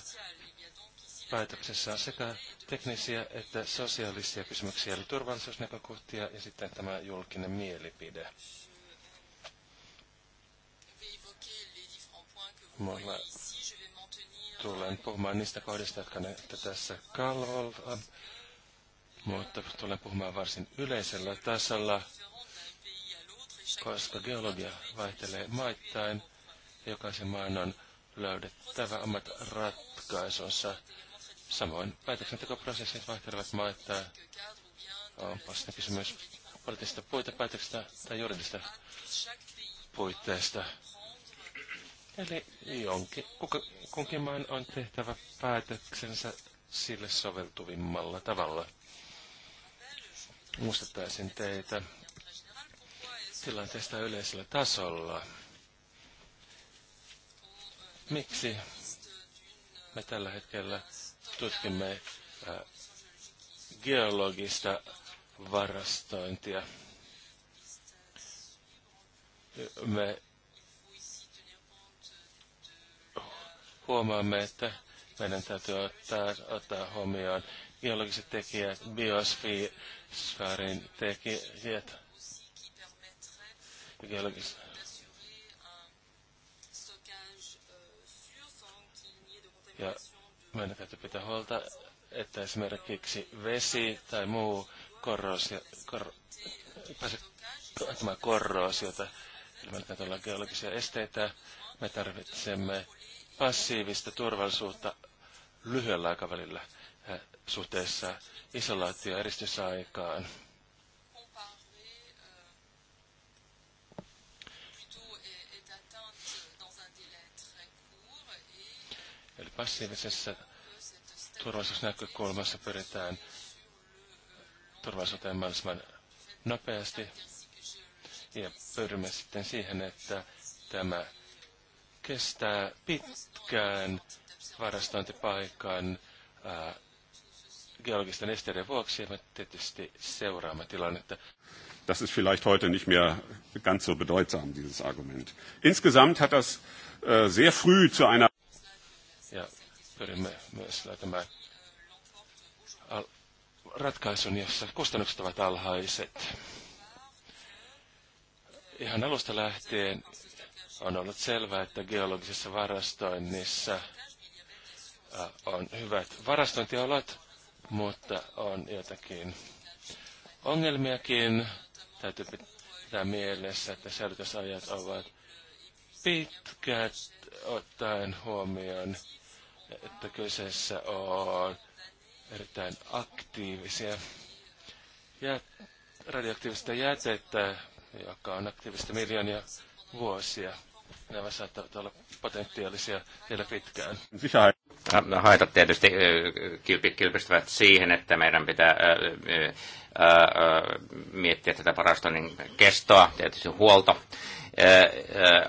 päätöksessä on sekä teknisiä että sosiaalisia kysymyksiä, eli turvallisuusnäkökohtia ja sitten tämä julkinen mielipide. Mulla tulen puhumaan niistä kohdista, jotka näette tässä kalvolla, mutta tulen puhumaan varsin yleisellä tasolla, koska geologia vaihtelee maittain. Jokaisen maan on löydettävä omat ratkaisunsa. Samoin päätöksentekoprosessit vaihtelevat maittain. Onpa sitten kysymys poliittisesta puitepäätöksestä tai juridista puitteista. Eli jonkin, kuka, kunkin maan on tehtävä päätöksensä sille soveltuvimmalla tavalla. Muistettaisin teitä tilanteesta yleisellä tasolla. Miksi me tällä hetkellä tutkimme äh, geologista varastointia? Me huomaamme, että meidän täytyy ottaa, ottaa huomioon geologiset tekijät, biosfäärin tekijät, geologiset Ja meidän täytyy pitää huolta, että esimerkiksi vesi tai muu korrosio, kor, pääse tämä korrosiota, eli meillä olla geologisia esteitä. Me tarvitsemme passiivista turvallisuutta lyhyellä aikavälillä eh, suhteessa isolaatio- eristysaikaan. Passiivisessa turvallisuusnäkökulmassa pyritään turvallisuuteen mahdollisimman nopeasti ja pyrimme sitten siihen, että tämä kestää pitkään varastointipaikan ää, geologisten esteiden vuoksi ja me tietysti seuraamme tilannetta. Das ist vielleicht heute nicht mehr ganz so bedeutsam, dieses Argument. Insgesamt hat das äh, sehr früh zu einer ja pyrimme myös löytämään ratkaisun, jossa kustannukset ovat alhaiset. Ihan alusta lähtien on ollut selvää, että geologisessa varastoinnissa on hyvät varastointiolot, mutta on jotakin ongelmiakin. Täytyy pitää mielessä, että säilytysajat ovat pitkät ottaen huomioon että kyseessä on erittäin aktiivisia ja radioaktiivista jätettä, joka on aktiivista miljoonia vuosia. Nämä saattavat olla potentiaalisia vielä pitkään. Haitat tietysti kilpistyvät siihen, että meidän pitää miettiä tätä parastonin kestoa, tietysti huolto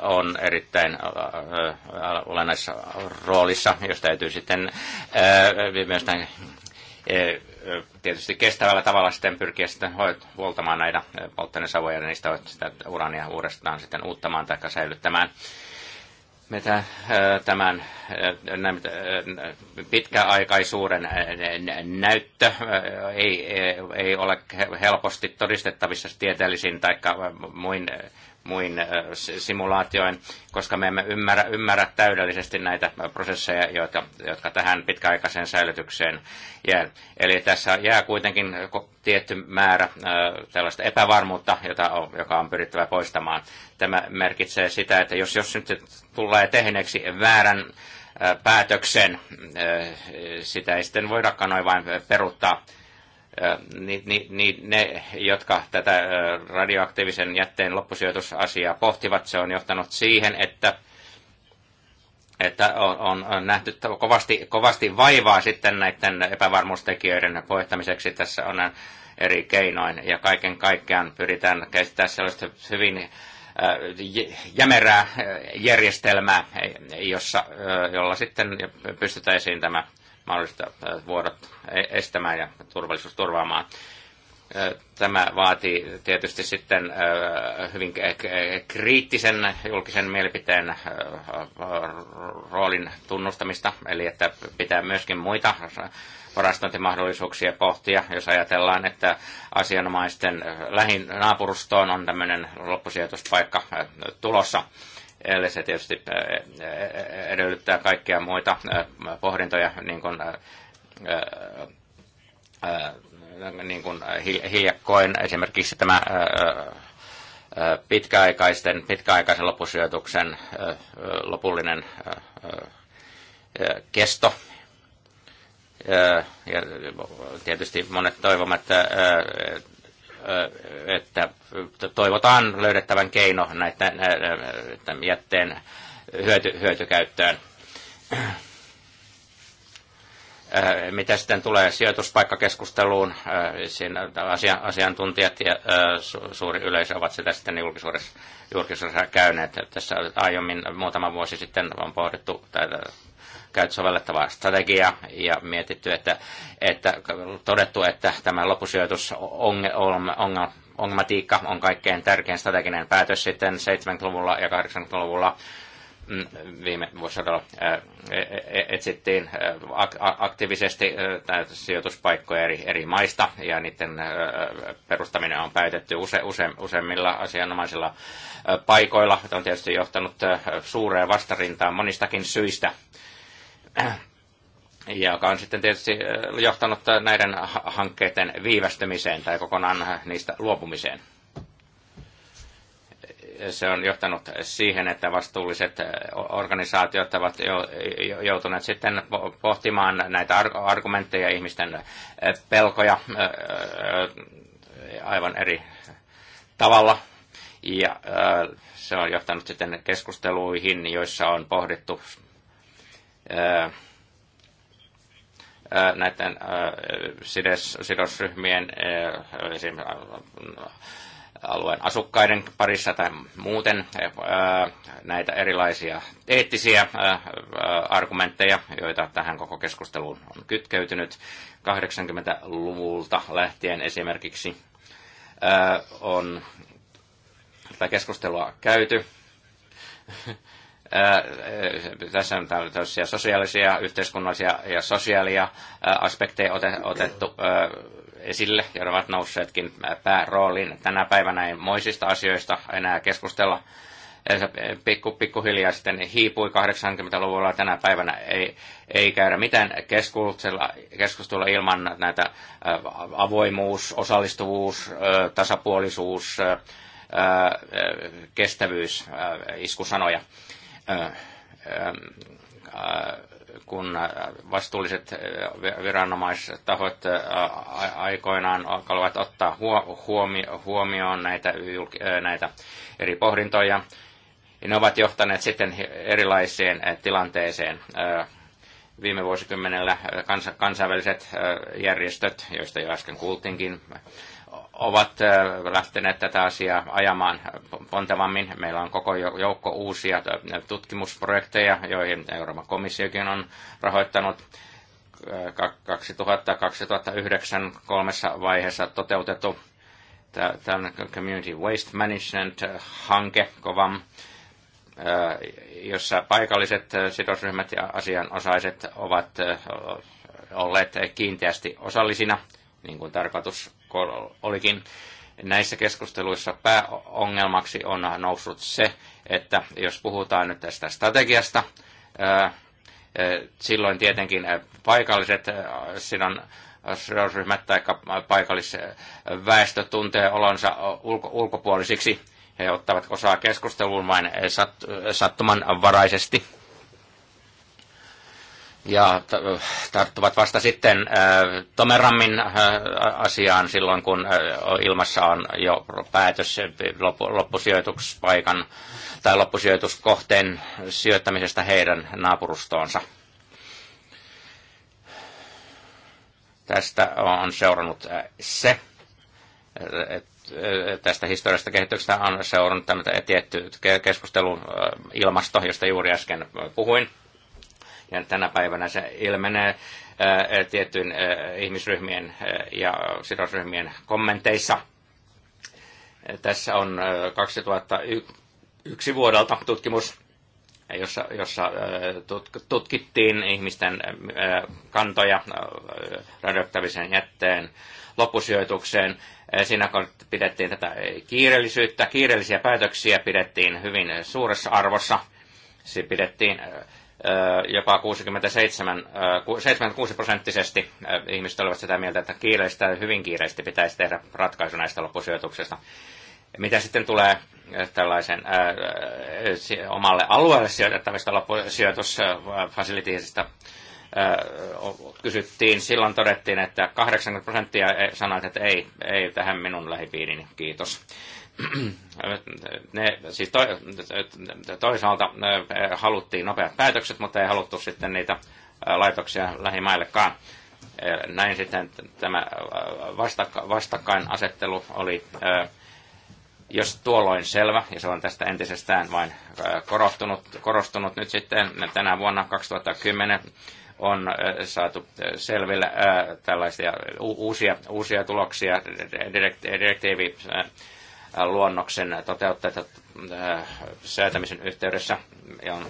on erittäin olennaisessa roolissa, jos täytyy sitten myös näin tietysti kestävällä tavalla sitten pyrkiä sitten huoltamaan näitä polttoainesavuja ja niin niistä sitä urania uudestaan sitten uuttamaan tai säilyttämään. mitä tämän pitkäaikaisuuden näyttö ei, ei ole helposti todistettavissa tieteellisin tai muin muin äh, simulaatioin, koska me emme ymmärrä, ymmärrä täydellisesti näitä prosesseja, jotka, jotka tähän pitkäaikaiseen säilytykseen jää. Eli tässä jää kuitenkin tietty määrä äh, tällaista epävarmuutta, jota on, joka on pyrittävä poistamaan. Tämä merkitsee sitä, että jos, jos nyt tulee tehneeksi väärän äh, päätöksen, sitä ei sitten voidakaan noin vain peruttaa ni, ni, ni, ne, jotka tätä radioaktiivisen jätteen loppusijoitusasiaa pohtivat, se on johtanut siihen, että että on, on nähty kovasti, kovasti vaivaa sitten näiden epävarmuustekijöiden poistamiseksi. Tässä on eri keinoin ja kaiken kaikkiaan pyritään käsittämään sellaista hyvin jämerää järjestelmää, jossa, jolla sitten pystytään esiin tämä mahdollista vuodot e-, estämään ja turvallisuus turvaamaan. Tämä vaatii tietysti sitten hyvin kriittisen julkisen mielipiteen roolin tunnustamista, eli että pitää myöskin muita varastointimahdollisuuksia pohtia, jos ajatellaan, että asianomaisten lähin naapurustoon on tämmöinen loppusijoituspaikka tulossa Eli se tietysti eh, eh, edellyttää kaikkia muita eh, pohdintoja, niin kuin, niin kuin hiljakkoin esimerkiksi tämä pitkäaikaisten, pitkäaikaisen lopusijoituksen lopullinen kesto. Ja tietysti monet toivomat että toivotaan löydettävän keino näitä, jätteen hyöty, hyötykäyttöön. Mitä sitten tulee sijoituspaikkakeskusteluun, siinä asiantuntijat ja suuri yleisö ovat sitä sitten julkisuudessa, julkisuudessa käyneet. Tässä aiemmin muutama vuosi sitten on pohdittu tätä käyt sovellettavaa strategiaa ja mietitty, että, että todettu, että tämä on ongelmatiikka on kaikkein tärkein strateginen päätös sitten 70-luvulla ja 80-luvulla mm, viime vuosisadalla e, e, etsittiin aktiivisesti sijoituspaikkoja eri, eri maista ja niiden perustaminen on päätetty use, use, useimmilla asianomaisilla paikoilla. Tämä on tietysti johtanut suureen vastarintaan monistakin syistä joka on sitten tietysti äh, johtanut näiden hankkeiden viivästymiseen tai kokonaan niistä luopumiseen. Se on johtanut siihen, että vastuulliset äh, organisaatiot ovat joutuneet sitten pohtimaan näitä argumentteja, ihmisten äh, pelkoja aivan eri tavalla. Ja se on johtanut sitten keskusteluihin, joissa on pohdittu näiden sidosryhmien, esimerkiksi alueen asukkaiden parissa tai muuten näitä erilaisia eettisiä argumentteja, joita tähän koko keskusteluun on kytkeytynyt 80-luvulta lähtien esimerkiksi on tätä keskustelua käyty tässä on tällaisia sosiaalisia, yhteiskunnallisia ja sosiaalia aspekteja otettu esille, ja ovat nousseetkin päärooliin. Tänä päivänä ei moisista asioista enää keskustella. Pikku, pikkuhiljaa sitten hiipui 80-luvulla tänä päivänä ei, ei käydä mitään keskustella, keskustella ilman näitä avoimuus, osallistuvuus, tasapuolisuus, kestävyys, iskusanoja kun vastuulliset viranomaistahot aikoinaan alkavat ottaa huomioon näitä, näitä eri pohdintoja, niin ne ovat johtaneet sitten erilaiseen tilanteeseen. Viime vuosikymmenellä kansainväliset järjestöt, joista jo äsken kuultiinkin, ovat äh, lähteneet tätä asiaa ajamaan pontevammin. Meillä on koko joukko uusia tutkimusprojekteja, joihin Euroopan komissiokin on rahoittanut. 2000-2009 äh, kolmessa vaiheessa toteutettu tämän Community Waste Management-hanke, äh, kovam, jossa paikalliset sidosryhmät ja asianosaiset ovat olleet kiinteästi osallisina, niin kuin tarkoitus olikin. Näissä keskusteluissa pääongelmaksi on noussut se, että jos puhutaan nyt tästä strategiasta, silloin tietenkin paikalliset sidon sidosryhmät tai paikallisväestö tuntee olonsa ulko, ulkopuolisiksi. He ottavat osaa keskusteluun vain sattumanvaraisesti ja tarttuvat vasta sitten äh, Tomerammin äh, asiaan silloin, kun äh, ilmassa on jo päätös loppusijoituspaikan tai loppusijoituskohteen sijoittamisesta heidän naapurustoonsa. Tästä on seurannut se, että tästä historiasta kehityksestä on seurannut tämä tietty keskustelu ilmasto, josta juuri äsken puhuin ja tänä päivänä se ilmenee tiettyjen ihmisryhmien ja sidosryhmien kommenteissa. Tässä on 2001 vuodelta tutkimus, jossa, jossa tutkittiin ihmisten kantoja radioaktiivisen jätteen loppusijoitukseen. Siinä kun pidettiin tätä kiireellisyyttä, kiireellisiä päätöksiä pidettiin hyvin suuressa arvossa. Se pidettiin jopa 67, 76 prosenttisesti ihmiset olivat sitä mieltä, että kiireistä hyvin kiireisesti pitäisi tehdä ratkaisu näistä loppusijoituksista. Mitä sitten tulee tällaisen omalle alueelle sijoitettavista loppusijoitusfasiliteetista, kysyttiin, silloin todettiin, että 80 prosenttia e, sanoi, että ei, ei tähän minun lähipiirini, kiitos. ne, siis to, toisaalta haluttiin nopeat päätökset, mutta ei haluttu sitten niitä laitoksia lähimaillekaan. Näin sitten tämä vastakka, vastakkainasettelu oli, jos tuolloin selvä, ja se on tästä entisestään vain korostunut, korostunut nyt sitten tänä vuonna 2010, on saatu selville tällaisia uusia, uusia tuloksia direktiivi luonnoksen toteuttajat äh, säätämisen yhteydessä on,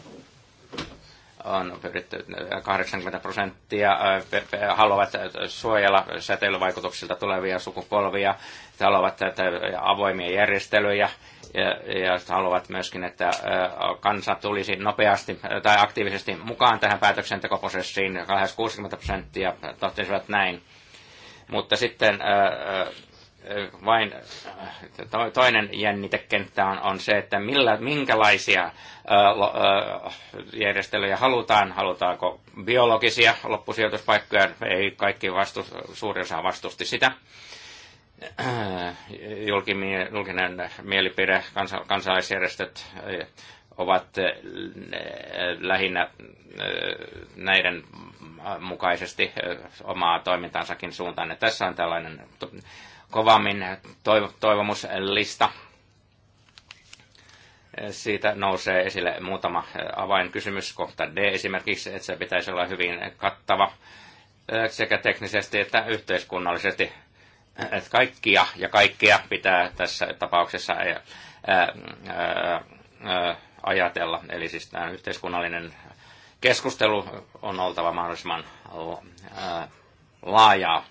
on pyritty 80 äh, prosenttia äh, haluavat suojella säteilyvaikutuksilta tulevia sukupolvia, haluavat avoimia järjestelyjä, ja, ja haluavat myöskin, että kansa tulisi nopeasti tai aktiivisesti mukaan tähän päätöksentekoprosessiin. Lähes 60 prosenttia tohtisivat näin. Mutta sitten vain toinen jännitekenttä on, on se, että millä, minkälaisia järjestelyjä halutaan. Halutaanko biologisia loppusijoituspaikkoja? Ei kaikki vastust, suurin osa vastusti sitä. Julkinen mielipide, kansalaisjärjestöt ovat lähinnä näiden mukaisesti omaa toimintansakin suuntaan. Ja tässä on tällainen Kovammin Kovamin toivomuslista. Siitä nousee esille muutama avainkysymys. Kohta D esimerkiksi, että se pitäisi olla hyvin kattava eh, sekä teknisesti että yhteiskunnallisesti. Että kaikkia ja kaikkea pitää tässä tapauksessa eh, eh, ajatella. Eli siis tämä yhteiskunnallinen keskustelu on oltava mahdollisimman laajaa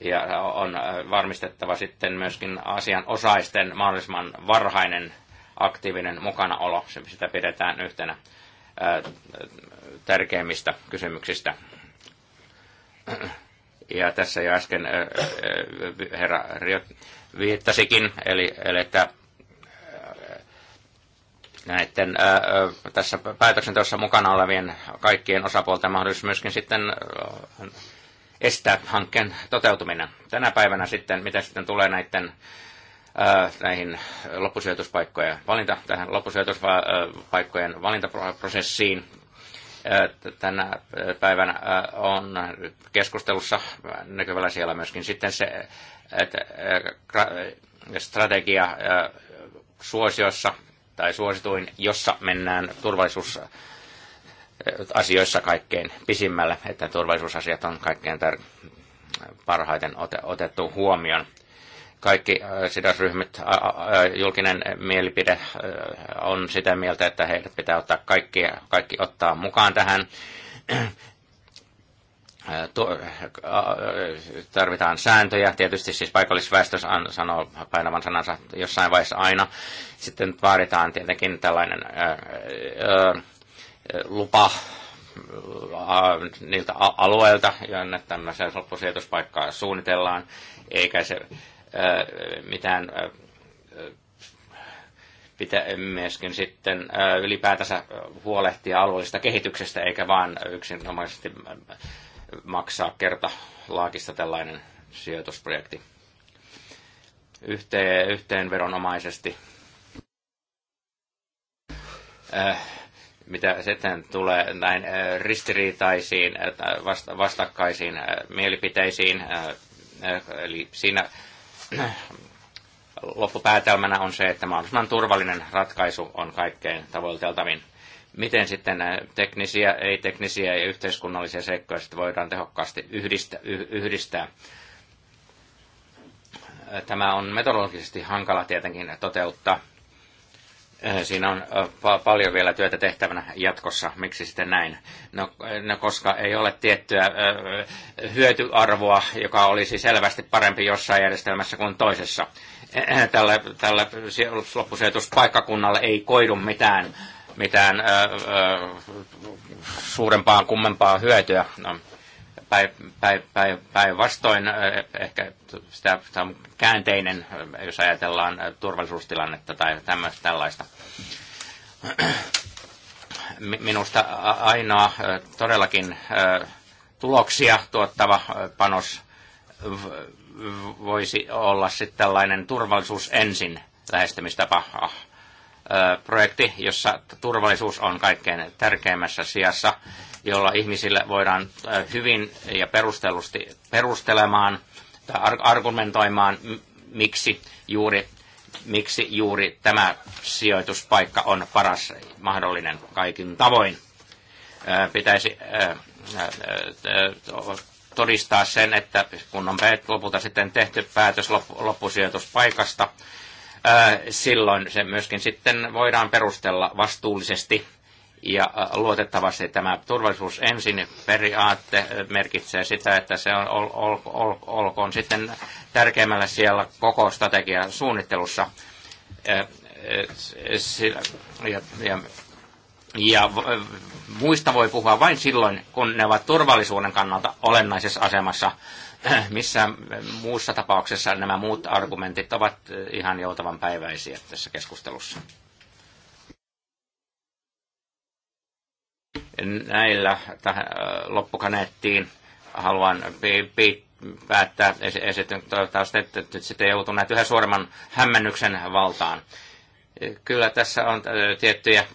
ja on äh, varmistettava sitten myöskin asian osaisten mahdollisimman varhainen aktiivinen mukanaolo. Sitä pidetään yhtenä äh, tärkeimmistä kysymyksistä. Ja tässä jo äsken äh, herra Riot viittasikin, eli, eli että näiden tässä päätöksenteossa mukana olevien kaikkien osapuolten mahdollisuus myöskin sitten estää hankkeen toteutuminen. Tänä päivänä sitten, mitä sitten tulee näiden äh, näihin loppusijoituspaikkojen valinta, tähän loppusijoituspaikkojen valintaprosessiin. Äh, tänä äh, päivänä on keskustelussa näkyvällä siellä myöskin sitten se, että strategia suosiossa tai suosituin, jossa mennään turvallisuus asioissa kaikkein pisimmälle, että turvallisuusasiat on kaikkein tär- parhaiten ote- otettu huomioon. Kaikki äh, sidosryhmät, julkinen mielipide äh, on sitä mieltä, että heidät pitää ottaa kaikki, kaikki ottaa mukaan tähän. Äh, tarvitaan sääntöjä, tietysti siis paikallisväestö sanoo painavan sanansa jossain vaiheessa aina. Sitten vaaditaan tietenkin tällainen lupa äh, niiltä alueilta, jonne tämmöiseen loppusijoituspaikkaa suunnitellaan, eikä se äh, mitään äh, pitää myöskin sitten ylipäätänsä huolehtia alueellisesta kehityksestä, eikä vaan yksinomaisesti maksaa kerta laakista tällainen sijoitusprojekti yhteen, yhteenveronomaisesti. Äh, mitä sitten tulee näin äh, ristiriitaisiin, äh, vastakkaisiin äh, mielipiteisiin, eli siinä loppupäätelmänä on se, että mahdollisimman turvallinen ratkaisu on kaikkein tavoiteltavin. Miten sitten teknisiä, ei-teknisiä ja yhteiskunnallisia seikkoja sitten voidaan tehokkaasti yhdistää, yhdistää? Tämä on metodologisesti hankala tietenkin toteuttaa, Äh, siinä on äh, paljon vielä työtä tehtävänä jatkossa. Miksi sitten näin? No, no koska ei ole tiettyä äh, hyötyarvoa, joka olisi selvästi parempi jossain järjestelmässä kuin toisessa. Tälle, tälle loppusijoituspaikkakunnalle ei koidu mitään, mitään ö, ö, suurempaa, kummempaa hyötyä. No, päinvastoin ehkä sitä, sitä on käänteinen, jos ajatellaan turvallisuustilannetta tai tämmöistä tällaista. Minusta ainoa todellakin tuloksia tuottava panos voisi olla sitten tällainen turvallisuus ensin lähestymistapa ah, projekti, jossa turvallisuus on kaikkein tärkeimmässä sijassa, jolla ihmisille voidaan hyvin ja perustellusti perustelemaan tai argumentoimaan, miksi juuri, miksi juuri tämä sijoituspaikka on paras mahdollinen kaikin tavoin. Pitäisi todistaa sen, että kun on lopulta sitten tehty päätös loppusijoituspaikasta, silloin se myöskin sitten voidaan perustella vastuullisesti ja luotettavasti tämä turvallisuus ensin periaatte merkitsee sitä, että se on, ol, ol, ol, olkoon sitten tärkeimmällä siellä koko strategian suunnittelussa. Ja, ja, ja muista voi puhua vain silloin, kun ne ovat turvallisuuden kannalta olennaisessa asemassa missään muussa tapauksessa nämä muut argumentit ovat eh, ihan joutavan päiväisiä tässä keskustelussa. Näillä tähän eh, loppukaneettiin haluan päättää esityn toivottavasti, että nyt sitten joutuneet yhä suoremman hämmennyksen valtaan. Eh, kyllä tässä on tiettyjä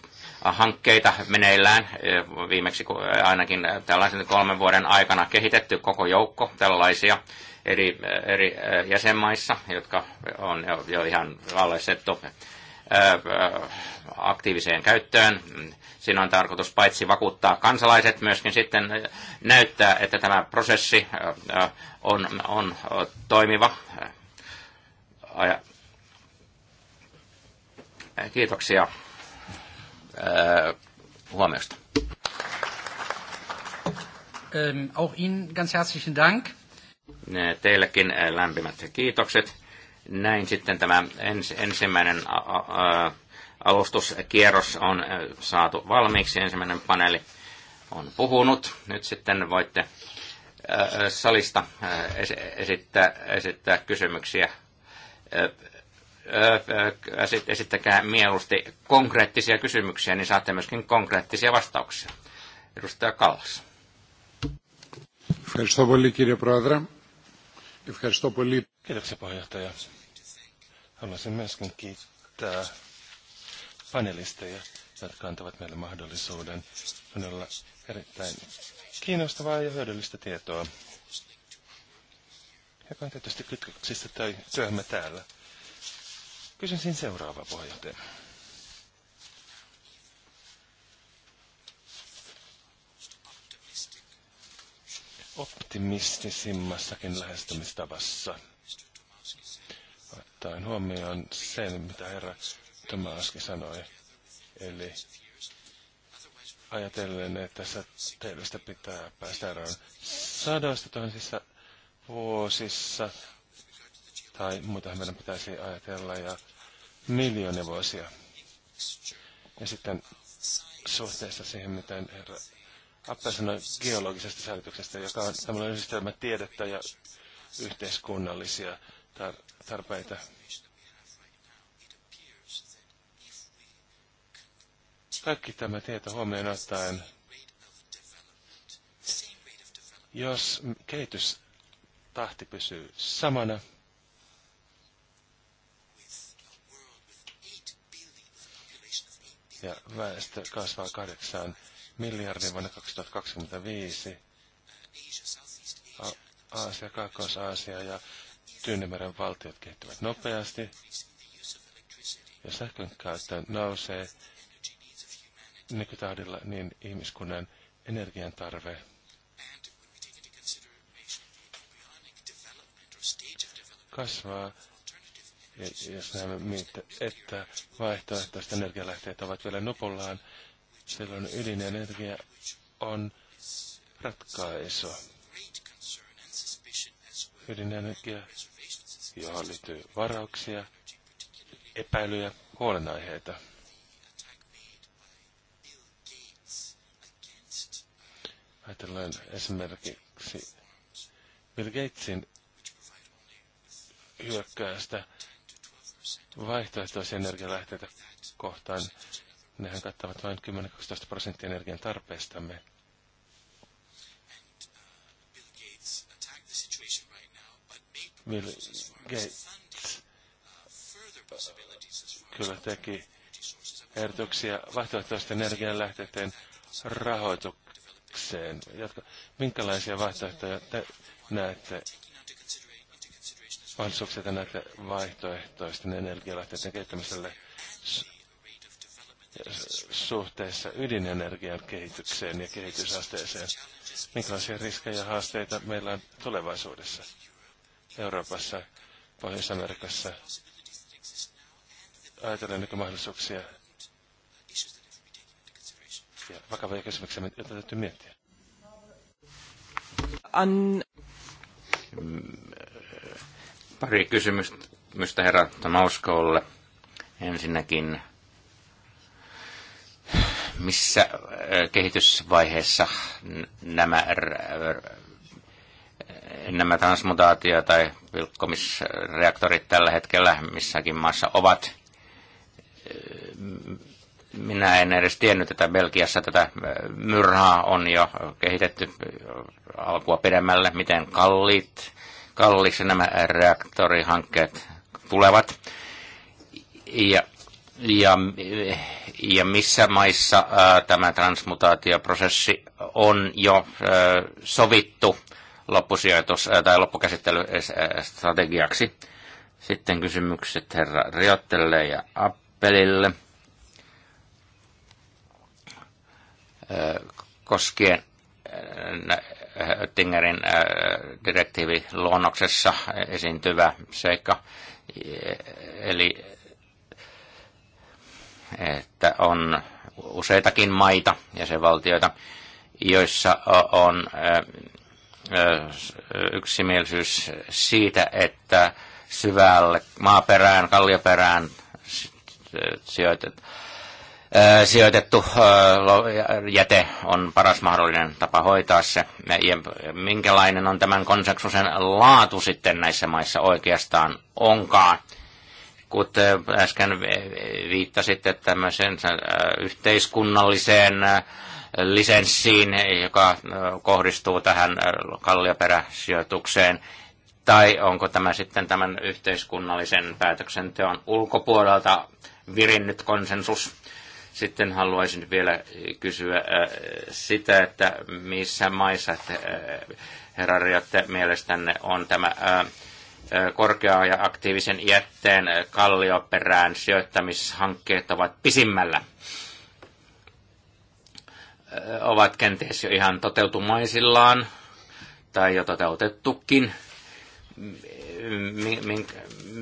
hankkeita meneillään, e, viimeksi e, ainakin e, tällaisen kolmen vuoden aikana kehitetty koko joukko tällaisia eri, eri jäsenmaissa, jotka on jo ihan vallistettu aktiiviseen käyttöön. Siinä on tarkoitus paitsi vakuuttaa kansalaiset, myöskin sitten näyttää, että tämä prosessi on, on toimiva. Kiitoksia. Äh, huomiosta. Ähm, auch Ihnen ganz herzlichen Dank. Teillekin äh, lämpimät kiitokset. Näin sitten tämä ens, ensimmäinen a, a, alustuskierros on äh, saatu valmiiksi. Ensimmäinen paneeli on puhunut. Nyt sitten voitte salista esittää, esittää kysymyksiä esittäkää mieluusti konkreettisia kysymyksiä, niin saatte myöskin konkreettisia vastauksia. Edustaja Kallas. Kiitoksia puheenjohtaja. Haluaisin myöskin kiittää panelisteja, jotka antavat meille mahdollisuuden olla erittäin kiinnostavaa ja hyödyllistä tietoa, Ja on tietysti kytköksistä työhömme täällä. Kysyisin seuraava puheenjohtaja. optimistisimmassakin lähestymistavassa. Ottaen huomioon sen, mitä herra Tomaski sanoi, eli ajatellen, että säteilystä pitää päästä eroon sadoista tuhansissa vuosissa, tai muuta meidän pitäisi ajatella, ja miljoonia vuosia. Ja sitten suhteessa siihen, mitä herra Appa sanoi geologisesta säilytyksestä, joka on tämmöinen yhdistelmä tiedettä ja yhteiskunnallisia tar- tarpeita. Kaikki tämä tieto huomioon ottaen, jos kehitystahti pysyy samana, ja väestö kasvaa kahdeksaan miljardiin vuonna 2025. A- Aasia, Kaakkois-Aasia ja Tyynemeren valtiot kehittyvät nopeasti ja sähkön käyttö nousee nykytahdilla niin ihmiskunnan energian tarve kasvaa jos näemme, että vaihtoehtoiset energialähteet ovat vielä nopollaan, silloin ydinenergia on ratkaisu. Ydinenergia, johon liittyy varauksia, epäilyjä, huolenaiheita. Ajatellaan esimerkiksi Bill Gatesin hyökkäystä vaihtoehtoisia energialähteitä kohtaan. Nehän kattavat vain 10-12 prosenttia energian tarpeestamme. Bill Gates äh, kyllä teki ehdotuksia vaihtoehtoisten energianlähteiden rahoitukseen. minkälaisia vaihtoehtoja te näette panostuksia suhteita näitä vaihtoehtoisten energialähteiden kehittämiselle suhteessa ydinenergian kehitykseen ja kehitysasteeseen. Minkälaisia riskejä ja haasteita meillä on tulevaisuudessa Euroopassa, Pohjois-Amerikassa? Ajatellen mahdollisuuksia ja vakavia kysymyksiä, joita täytyy miettiä. An... Mm, Pari kysymystä herra Mauskolle. Ensinnäkin, missä äh, kehitysvaiheessa nämä, nämä transmutaatio- tai pilkkomisreaktorit tällä hetkellä missäkin maassa ovat? Äh, minä en edes tiennyt, että Belgiassa tätä äh, myrhaa on jo kehitetty alkua pidemmälle, miten kalliit kalliiksi nämä reaktorihankkeet tulevat. Ja, ja, ja missä maissa ää, tämä transmutaatioprosessi on jo ää, sovittu loppusijoitus- ää, tai loppukäsittelystrategiaksi. Sitten kysymykset herra Riottelle ja Appelille. Ää, koskien Oettingerin äh, direktiiviluonnoksessa esiintyvä seikka, eli että on useitakin maita ja se valtioita, joissa on äh, äh, yksimielisyys siitä, että syvälle maaperään, kallioperään sijoitet, sijoitettu jäte on paras mahdollinen tapa hoitaa se. Ja minkälainen on tämän konsensuksen laatu sitten näissä maissa oikeastaan onkaan? Kuten äsken viittasitte tämmöiseen yhteiskunnalliseen lisenssiin, joka kohdistuu tähän kallioperäsijoitukseen, tai onko tämä sitten tämän yhteiskunnallisen päätöksenteon ulkopuolelta virinnyt konsensus? Sitten haluaisin vielä eh, kysyä eh, sitä, että missä maissa, eh, herra Riotte, mielestänne on tämä korkea ja aktiivisen jätteen kallioperään sijoittamishankkeet ovat pisimmällä ovat kenties jo ihan toteutumaisillaan tai jo toteutettukin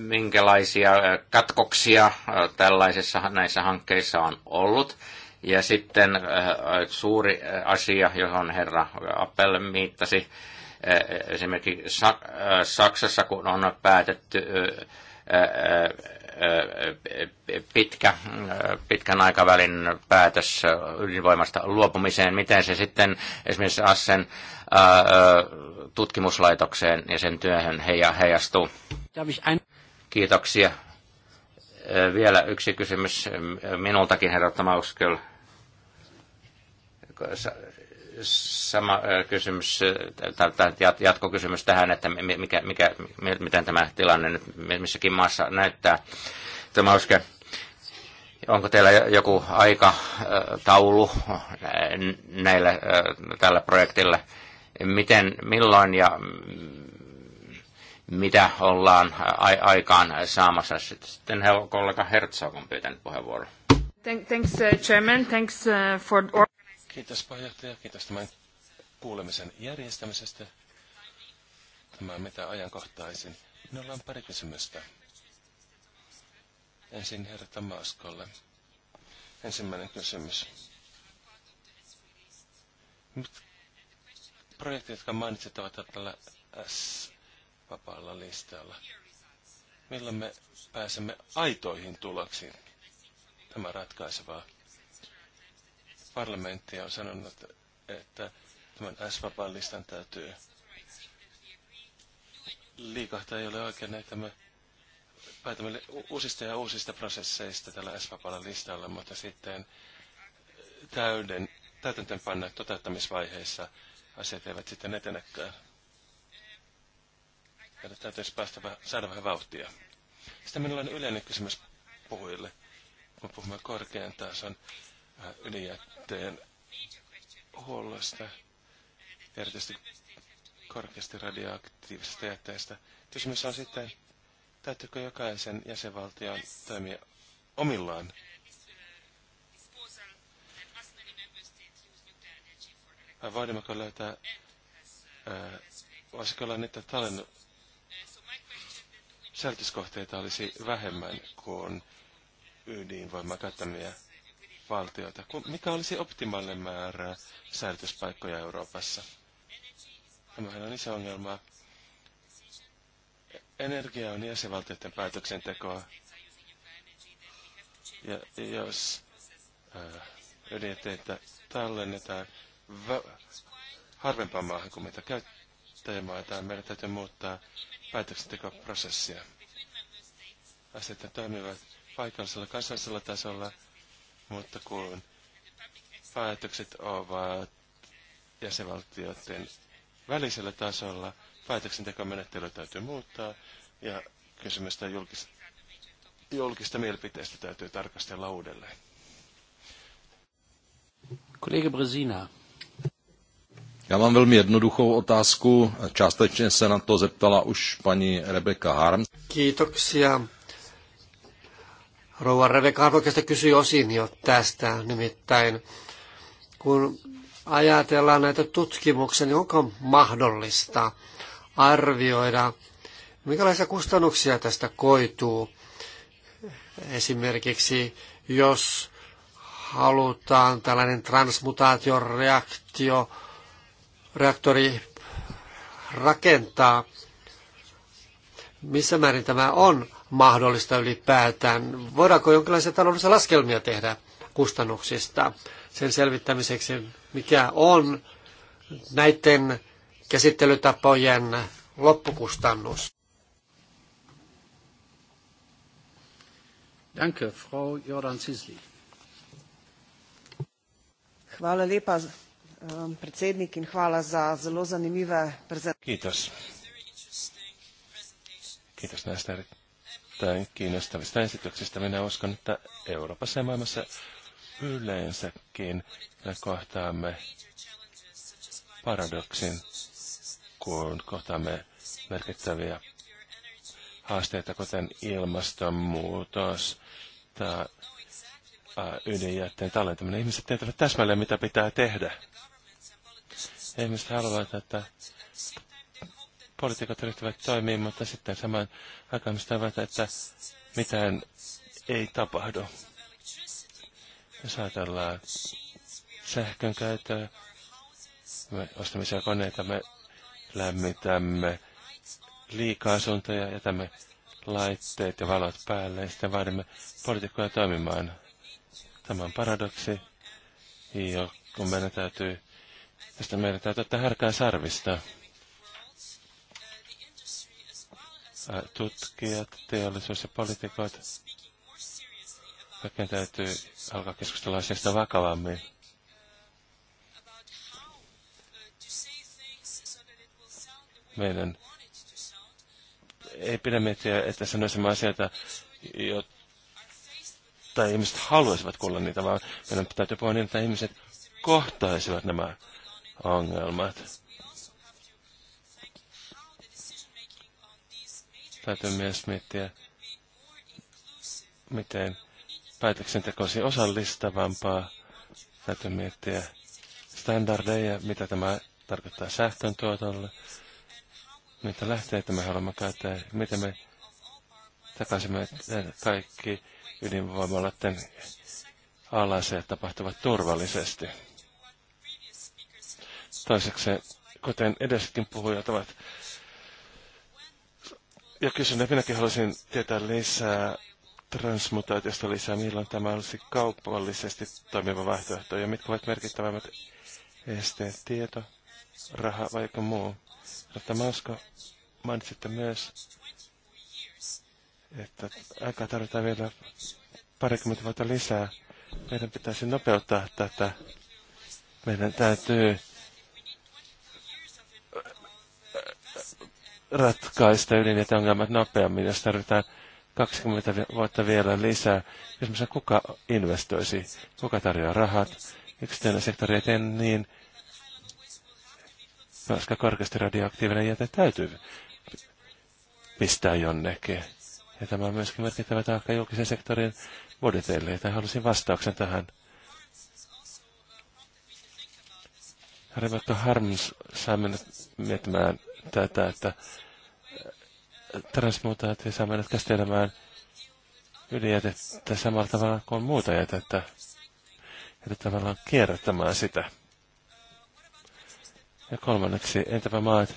minkälaisia äh, katkoksia äh, tällaisissa näissä hankkeissa on ollut. Ja sitten äh, suuri asia, johon herra Appel miittasi, esimerkiksi Saksassa, kun on päätetty pitkä, pitkän aikavälin päätös ydinvoimasta luopumiseen, miten se sitten esimerkiksi Assen tutkimuslaitokseen ja sen työhön heijastuu. Kiitoksia. Vielä yksi kysymys minultakin, herra Tamauskel sama kysymys, jatkokysymys tähän, että mikä, mikä, miten tämä tilanne nyt missäkin maassa näyttää. Tämä Oske, onko teillä joku aikataulu näille, tälle projektille? Miten, milloin ja mitä ollaan aikaan saamassa? Sitten kollega Herzog on pyytänyt puheenvuoron. Thanks, uh, Chairman. Thanks uh, for... Kiitos puheenjohtaja, kiitos tämän kuulemisen järjestämisestä. Tämä on mitä ajankohtaisin. Minulla on pari kysymystä. Ensin herra Tamaskolle. Ensimmäinen kysymys. Nyt projektit, jotka mainitsit, ovat tällä S-vapaalla listalla. Milloin me pääsemme aitoihin tuloksiin? Tämä ratkaisevaa parlamentti on sanonut, että tämän S-vapaan listan täytyy liikahtaa, ei ole oikein, näitä me päätämme uusista ja uusista prosesseista tällä s listalla, mutta sitten täyden, täytäntöönpanna toteuttamisvaiheessa asiat eivät sitten etenekään. Ja täytyisi päästä saada vähän vauhtia. Sitten minulla on yleinen kysymys puhujille, kun puhumme korkean tason Äh, ydinjätteen huollosta, erityisesti korkeasti radioaktiivisesta jätteestä. Kysymys on sitten, täytyykö jokaisen jäsenvaltion toimia omillaan? Vai voidaanko löytää, ää, äh, voisiko olla niitä talen säilytyskohteita olisi vähemmän kuin ydinvoiman käyttämiä Valtioita, Mikä olisi optimaalinen määrä säilytyspaikkoja Euroopassa? Tämähän no, on iso ongelma. Energia on jäsenvaltioiden päätöksentekoa. Ja jos äh, ydinjätteitä tallennetaan harvempaan maahan kuin mitä käyttäjämaita, meidän täytyy muuttaa päätöksentekoprosessia. Asiat toimivat paikallisella kansallisella tasolla – mutta kun päätökset ovat jäsenvaltioiden välisellä tasolla, päätöksentekomenettely täytyy muuttaa ja kysymystä julkista, julkista mielipiteestä täytyy tarkastella uudelleen. Kolega Brezina. Já mám velmi jednoduchou otázku. Částečně se na to zeptala už paní Rebecca Harms. Kiitoksia. Rouva Rebecca oikeastaan kysyi osin jo tästä, nimittäin kun ajatellaan näitä tutkimuksia, niin onko mahdollista arvioida, minkälaisia kustannuksia tästä koituu. Esimerkiksi jos halutaan tällainen transmutaatioreaktio, reaktori rakentaa, missä määrin tämä on mahdollista ylipäätään? Voidaanko jonkinlaisia taloudellisia laskelmia tehdä kustannuksista sen selvittämiseksi, mikä on näiden käsittelytapojen loppukustannus? Danke, Frau Jordan Sisli. Hvala lepa, eh, predsednik, in hvala za zelo zanimive prezentacije. Kiitos Kiitos näistä erittäin kiinnostavista esityksistä. Minä uskon, että Euroopassa ja maailmassa yleensäkin me kohtaamme paradoksin, kun kohtaamme merkittäviä haasteita, kuten ilmastonmuutos tai äh, ydinjätteen tallentaminen. Ihmiset tietävät täsmälleen, mitä pitää tehdä. Ihmiset haluavat, että politiikat ryhtyvät toimiin, mutta sitten samaan aikaan sitä että mitään ei tapahdu. Jos ajatellaan sähkön käyttöä, me ostamisia koneita, me lämmitämme liikaa asuntoja, jätämme laitteet ja valot päälle ja sitten vaadimme poliitikkoja toimimaan. Tämä on paradoksi, kun meidän täytyy, tästä meidän täytyy ottaa härkää sarvista. tutkijat, teollisuus ja poliitikot. Kaikkien täytyy alkaa keskustella asiasta vakavammin. Meidän ei pidä miettiä, että sanoisimme asioita, jotta ihmiset haluaisivat kuulla niitä, vaan meidän täytyy puhua niin, että ihmiset kohtaisivat nämä ongelmat Täytyy myös miettiä, miten päätöksenteko osallistavampaa. Täytyy miettiä standardeja, mitä tämä tarkoittaa sähkön tuotolle, mitä lähteitä me haluamme käyttää, miten me takaisimme kaikki ydinvoimaloiden alaseet tapahtuvat turvallisesti. Toiseksi, kuten edellisetkin puhujat ovat ja kysyn, että minäkin haluaisin tietää lisää transmutaatiosta lisää, milloin tämä olisi kaupallisesti toimiva vaihtoehto ja mitkä ovat merkittävämmät esteet, tieto, raha vai joku muu. No, Mutta Mausko, mainitsitte myös, että aikaa tarvitaan vielä parikymmentä vuotta lisää. Meidän pitäisi nopeuttaa tätä. Meidän täytyy ratkaista ydinjäteen ongelmat nopeammin, jos tarvitaan 20 vuotta vielä lisää. Esimerkiksi kuka investoisi, kuka tarjoaa rahat. Yksityinen sektori ei tee niin, koska korkeasti radioaktiivinen jäte täytyy pistää jonnekin. Ja tämä on myöskin merkittävä taakka julkisen sektorin budjeteille, ja halusin vastauksen tähän. Rebecca Harms sai mennä miettimään tätä, että transmutaatio saa mennä käsittelemään ydinjätettä samalla tavalla kuin muuta jätettä. Eli tavallaan kierrättämään sitä. Ja kolmanneksi, entäpä maat,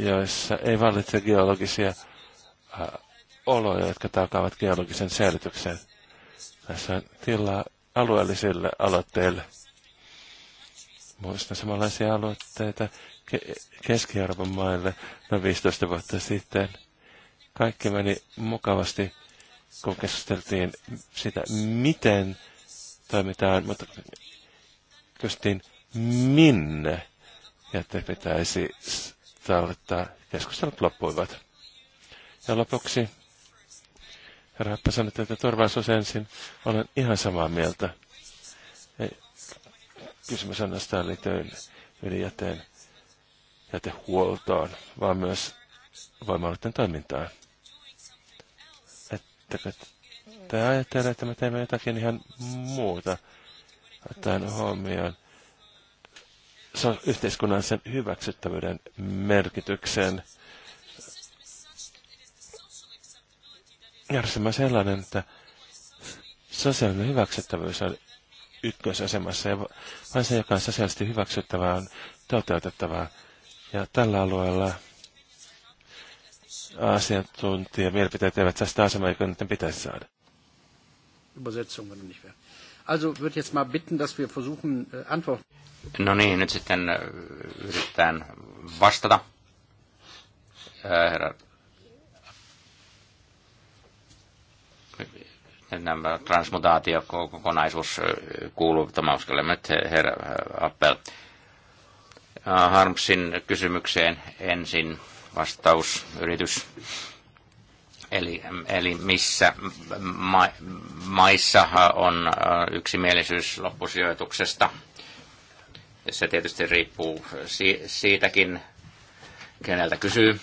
joissa ei vallitse geologisia äh, oloja, jotka takaavat geologisen selityksen Tässä on tilaa alueellisille aloitteille. Muistan samanlaisia aloitteita, Keski-Euroopan maille noin 15 vuotta sitten. Kaikki meni mukavasti, kun keskusteltiin sitä, miten toimitaan, mutta kysyttiin minne, ja että pitäisi tallettaa. Keskustelut loppuivat. Ja lopuksi, herra Happä sanoi, että turvallisuus ensin. Olen ihan samaa mieltä. kysymys on näistä liittyen ydinjäteen jätehuoltoon, vaan myös voimallisten toimintaan. Että te ajattele, että me teemme jotakin ihan muuta, ottaen huomioon on yhteiskunnan sen hyväksyttävyyden merkityksen. Järjestelmä sellainen, että sosiaalinen hyväksyttävyys on ykkösasemassa ja vain se, joka on sosiaalisesti hyväksyttävää, on toteutettavaa. Ja tällä alueella mielipiteet eivät saa sitä asemaa, joka niiden pitäisi saada. Also würde jetzt mal bitten, dass wir versuchen, äh, Antworten. No niin, nyt sitten äh, yritetään vastata. Äh, herra nämä transmutaatiokokonaisuus kuuluu Tamauskelle. Nyt herra Appel Äh, Harmsin kysymykseen ensin vastausyritys. Eli, eli missä ma- maissa äh, on äh, yksimielisyys loppusijoituksesta. Se tietysti riippuu si- siitäkin, keneltä kysyy.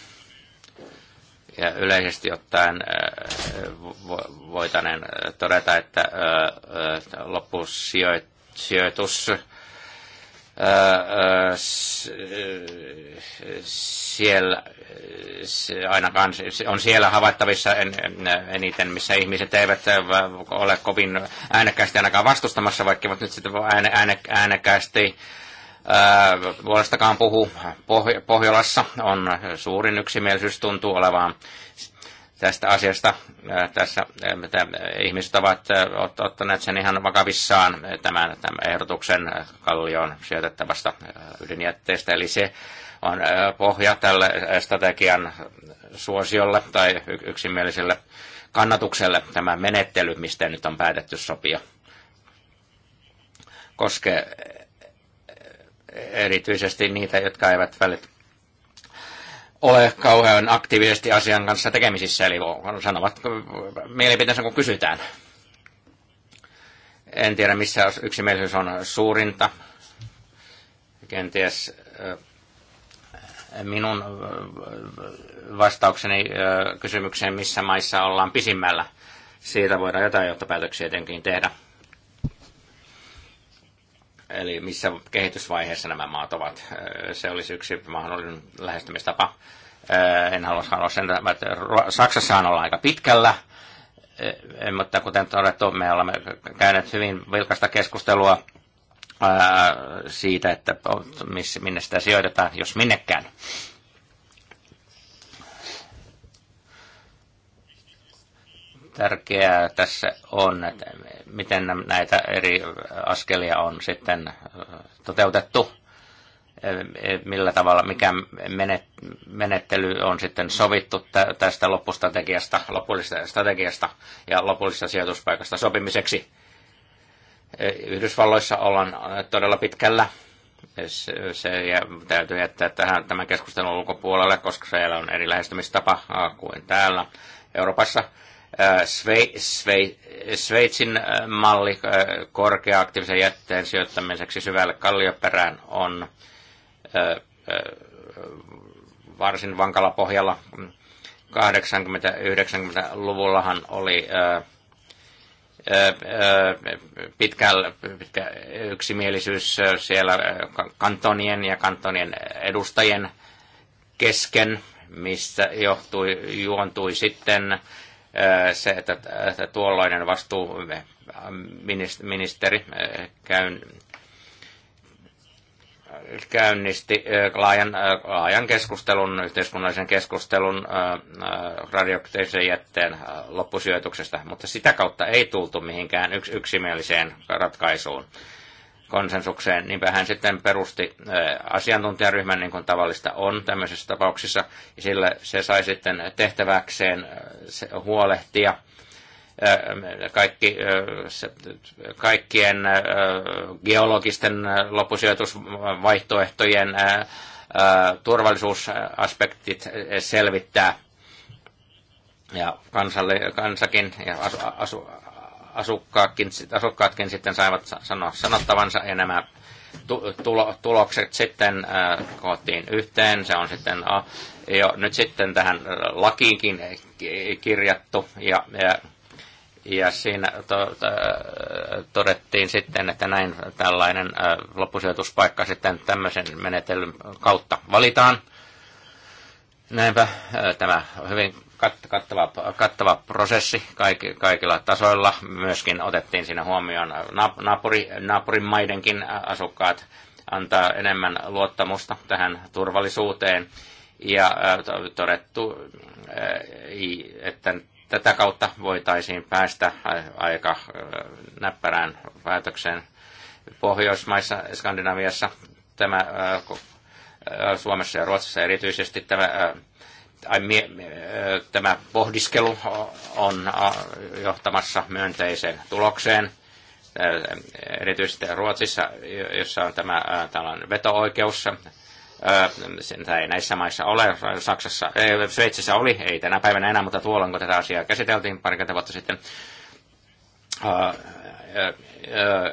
Ja yleisesti ottaen voitaneen todeta, että loppusijoitus siellä ainakaan on siellä havaittavissa eniten, missä ihmiset eivät ole kovin äänekkäästi ainakaan vastustamassa, vaikka nyt sitten ääne, ääne, äänekkäästi puolestakaan puhu. Pohjolassa on suurin yksimielisyys tuntuu olevan tästä asiasta. Tässä mitä ihmiset ovat ottaneet sen ihan vakavissaan tämän, tämän ehdotuksen kallioon sijoitettavasta ydinjätteestä. Eli se on pohja tälle strategian suosiolle tai yksimieliselle kannatukselle tämä menettely, mistä nyt on päätetty sopia. Koskee erityisesti niitä, jotka eivät välitä ole kauhean aktiivisesti asian kanssa tekemisissä, eli sanovat mielipiteensä, kun kysytään. En tiedä, missä yksimielisyys on suurinta. Kenties eh, minun eh, vastaukseni eh, kysymykseen, missä maissa ollaan pisimmällä. Siitä voidaan jotain johtopäätöksiä tietenkin tehdä eli missä kehitysvaiheessa nämä maat ovat. Se olisi yksi mahdollinen lähestymistapa. En halua sanoa sen, että Saksassahan ollaan aika pitkällä, e, mutta kuten todettu, me olemme käyneet hyvin vilkasta keskustelua siitä, että minne sitä sijoitetaan, jos minnekään. Tärkeää tässä on, että miten näitä eri askelia on sitten äh, toteutettu, äh, äh, millä tavalla, mikä menettely on sitten sovittu tästä loppustrategiasta, lopullisesta strategiasta ja lopullisesta sijoituspaikasta sopimiseksi. Yhdysvalloissa ollaan todella pitkällä. Se jää, täytyy jättää tähän tämän keskustelun ulkopuolelle, koska siellä on eri lähestymistapa kuin täällä Euroopassa. Sve, Sve, Sveitsin malli korkeaaktiivisen jätteen sijoittamiseksi syvälle kallioperään on varsin vankalla pohjalla. 80-90-luvullahan oli pitkä, pitkä yksimielisyys siellä kantonien ja kantonien edustajien kesken, mistä johtui, juontui sitten se, että, että tuolloinen vastuuministeri käyn, käynnisti laajan, laajan keskustelun, yhteiskunnallisen keskustelun radioaktiivisen jätteen loppusijoituksesta, mutta sitä kautta ei tultu mihinkään yks, yksimieliseen ratkaisuun konsensukseen, niin hän sitten perusti asiantuntijaryhmän, niin kuin tavallista on tämmöisissä tapauksissa, ja sillä se sai sitten tehtäväkseen huolehtia kaikki, kaikkien geologisten loppusijoitusvaihtoehtojen turvallisuusaspektit selvittää. Ja kansalle, kansakin ja asukkaatkin, asukkaatkin sitten saivat sanoa sanottavansa ja nämä tulo, tulokset sitten äh, koottiin yhteen. Se on sitten äh, jo nyt sitten tähän äh, lakiinkin eh, kirjattu ja, ja, ja siinä to, to, todettiin sitten, että näin tällainen äh, loppusijoituspaikka sitten tämmöisen menetelyn kautta valitaan. Näinpä äh, tämä hyvin kattava, kattava prosessi kaikilla tasoilla. Myöskin otettiin siinä huomioon naapuri, naapurimaidenkin asukkaat antaa enemmän luottamusta tähän turvallisuuteen. Ja äh, todettu, äh, että tätä kautta voitaisiin päästä äh, aika näppärään päätökseen Pohjoismaissa, Skandinaviassa, tämä Suomessa ja Ruotsissa erityisesti tämä tämä pohdiskelu on johtamassa myönteiseen tulokseen. Erityisesti Ruotsissa, jossa on tämä tällainen veto-oikeus, sitä ei näissä maissa ole. Saksassa, ei, Sveitsissä oli, ei tänä päivänä enää, mutta tuolla kun tätä asiaa käsiteltiin parikymmentä vuotta sitten,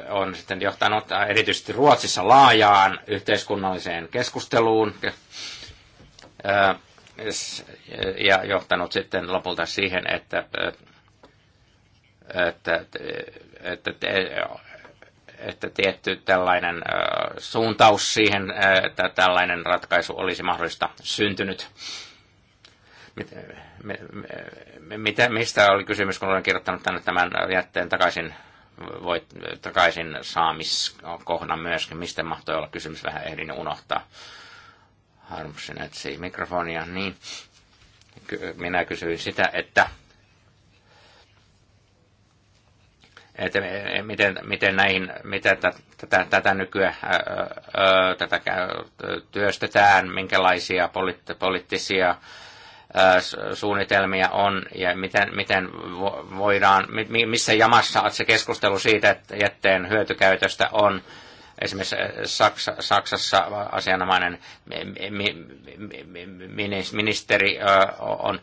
on sitten johtanut erityisesti Ruotsissa laajaan yhteiskunnalliseen keskusteluun ja johtanut sitten lopulta siihen, että, että, että, että tietty tällainen suuntaus siihen, että tällainen ratkaisu olisi mahdollista syntynyt. mitä, mistä oli kysymys, kun olen kirjoittanut tänne tämän jätteen takaisin, voit, takaisin saamiskohdan myöskin? Mistä mahtoi olla kysymys? Vähän ehdin unohtaa. Harmsen etsii mikrofonia, niin minä kysyin sitä, että, että miten, miten näihin, miten tätä, tätä nykyään tätä työstetään, minkälaisia poliitt- poliittisia suunnitelmia on ja miten, miten voidaan, missä jamassa se keskustelu siitä että jätteen hyötykäytöstä on Esimerkiksi äh, Saksa, Saksassa asianomainen ministeri on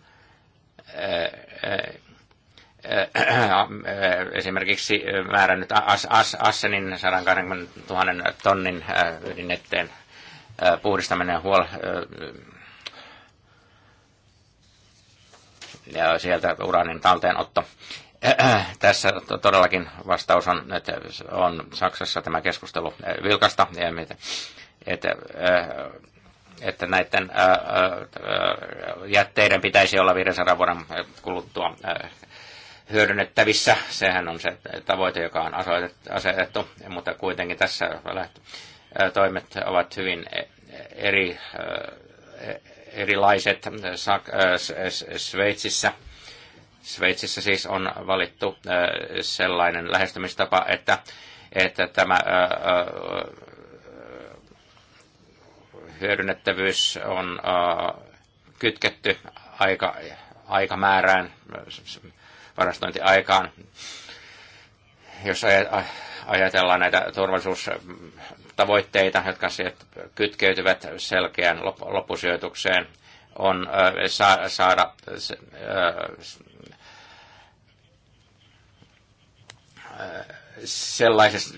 esimerkiksi määrännyt Assenin 120 000 tonnin äh, ydinetteen äh, puhdistaminen huol, ja sieltä uranin talteenotto. Äh, äh, tässä todellakin vastaus on, että on Saksassa tämä keskustelu äh, vilkasta, että, että näiden jätteiden pitäisi olla 500 vuoden kuluttua hyödynnettävissä. Sehän on se tavoite, joka on asetettu, mutta kuitenkin tässä toimet ovat hyvin eri, e-, erilaiset Sveitsissä. Sveitsissä siis on valittu äh, sellainen lähestymistapa, että, että tämä äh, äh, hyödynnettävyys on kytketty aika, aikamäärään, varastointiaikaan. Jos ajatellaan näitä turvallisuustavoitteita, jotka kytkeytyvät selkeään loppusijoitukseen, on saada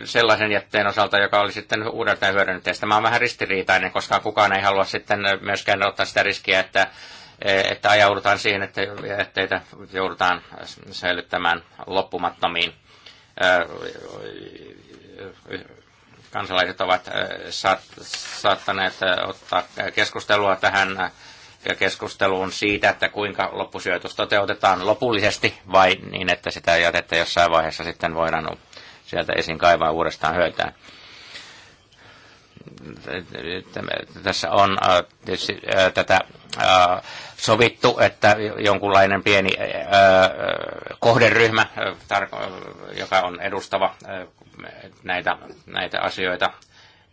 sellaisen jätteen osalta, joka oli sitten uudelleen hyödynnettäessä. Tämä on vähän ristiriitainen, koska kukaan ei halua sitten myöskään ottaa sitä riskiä, että, että ajaudutaan siihen, että jätteitä joudutaan säilyttämään loppumattomiin. Kansalaiset ovat saattaneet ottaa keskustelua tähän keskusteluun siitä, että kuinka loppusijoitus toteutetaan lopullisesti vai niin, että sitä jätettä jossain vaiheessa sitten voidaan sieltä esiin kaivaa uudestaan hyötään. Tässä on äh, tietysti äh, tätä äh, sovittu, että jonkunlainen pieni kohderyhmä, joka on edustava näitä, näitä asioita,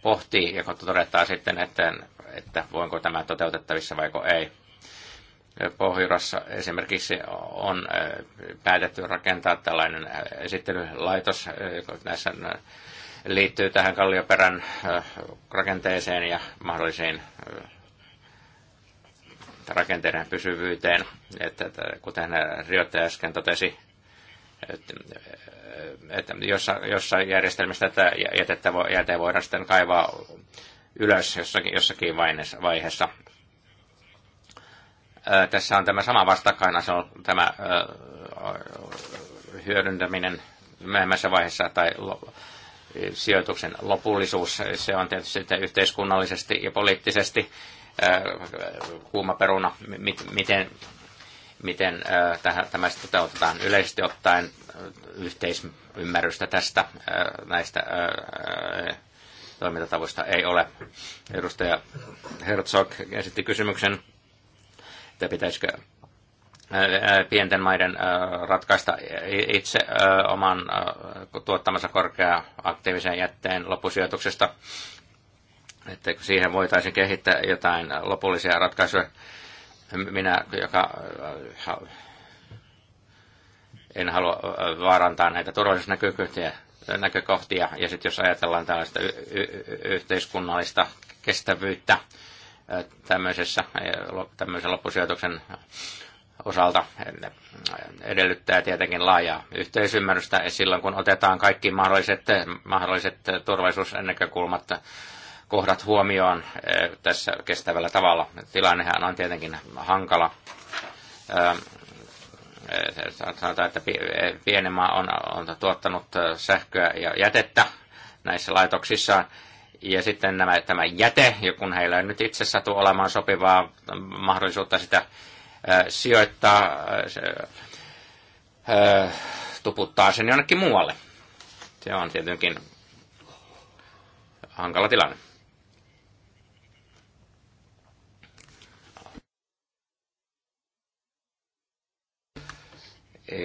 pohtii, ja todetaan sitten, että että voinko tämä toteutettavissa vai ei. Pohjurassa esimerkiksi on päätetty rakentaa tällainen esittelylaitos, joka näissä liittyy tähän kallioperän rakenteeseen ja mahdollisiin rakenteiden pysyvyyteen. Että, kuten Riotte äsken totesi, että, että jossa, jossain järjestelmistä tätä jätettä, jätetä voidaan sitten kaivaa ylös jossakin, jossakin vaiheessa. Ää, tässä on tämä sama vastakkaina, se on tämä ää, hyödyntäminen myöhemmässä vaiheessa tai sijoituksen lopullisuus. Se on tietysti sitten yhteiskunnallisesti ja poliittisesti ää, kuuma peruna, miten, miten ää, tämä sitten toteutetaan yleisesti ottaen yhteisymmärrystä tästä ää, näistä ää, toimintatavoista ei ole. Edustaja Herzog esitti kysymyksen, että pitäisikö äh, äh, pienten maiden äh, ratkaista itse oman tuottamansa korkea aktiivisen jätteen loppusijoituksesta, että siihen voitaisiin kehittää jotain lopullisia ratkaisuja. Minä, joka en halua vaarantaa näitä turvallisuusnäkökyhtiä näkökohtia. Ja sitten jos ajatellaan tällaista y- y- yhteiskunnallista kestävyyttä tämmöisessä, tämmöisen loppusijoituksen osalta edellyttää tietenkin laajaa yhteisymmärrystä silloin, kun otetaan kaikki mahdolliset, mahdolliset turvallisuusnäkökulmat kohdat huomioon tässä kestävällä tavalla. Tilannehan on tietenkin hankala sanotaan, että pienemaa on, on tuottanut sähköä ja jätettä näissä laitoksissaan. Ja sitten nämä, tämä jäte, kun heillä ei nyt itse satu olemaan sopivaa mahdollisuutta sitä sijoittaa, se, tuputtaa sen jonnekin muualle. Se on tietenkin hankala tilanne.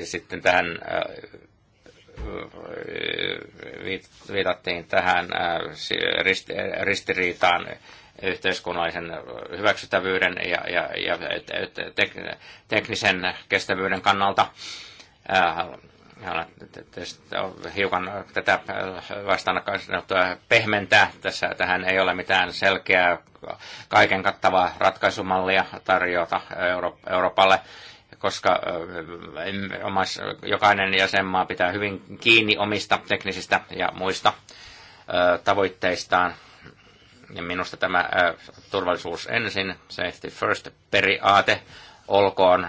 Sitten tähän viitattiin tähän ristiriitaan yhteiskunnallisen hyväksyttävyyden ja, ja, ja tek, teknisen kestävyyden kannalta. Hiukan tätä vastaanottoa pehmentää. Tässä tähän ei ole mitään selkeää kaiken kattavaa ratkaisumallia tarjota Euro- Euroopalle koska omais, jokainen jäsenmaa pitää hyvin kiinni omista teknisistä ja muista tavoitteistaan. Ja minusta tämä turvallisuus ensin, safety first periaate, olkoon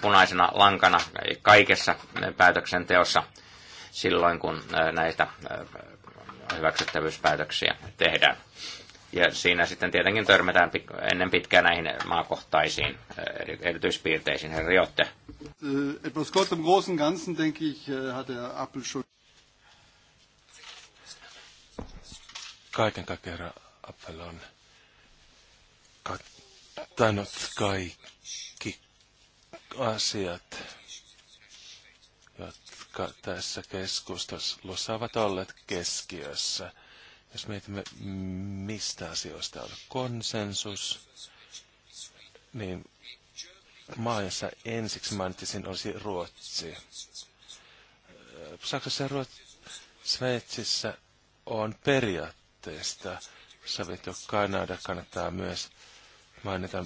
punaisena lankana kaikessa päätöksenteossa silloin, kun näitä hyväksyttävyyspäätöksiä tehdään. Ja siinä sitten tietenkin törmätään ennen pitkään näihin maakohtaisiin erityispiirteisiin. Herra Jotte. Etwas kurz im großen Ganzen, denke ich, äh, hat der Apple schon... Kaiken kaikkiaan Apple on kattanut kaikki asiat, jotka tässä keskustelussa ovat olleet keskiössä – jos mietimme, mistä asioista on konsensus, niin maa, jossa ensiksi mainitsin, olisi Ruotsi. Saksassa ja Ruotsi, Sveitsissä on periaatteesta sovittu. Kanada kannattaa myös mainita.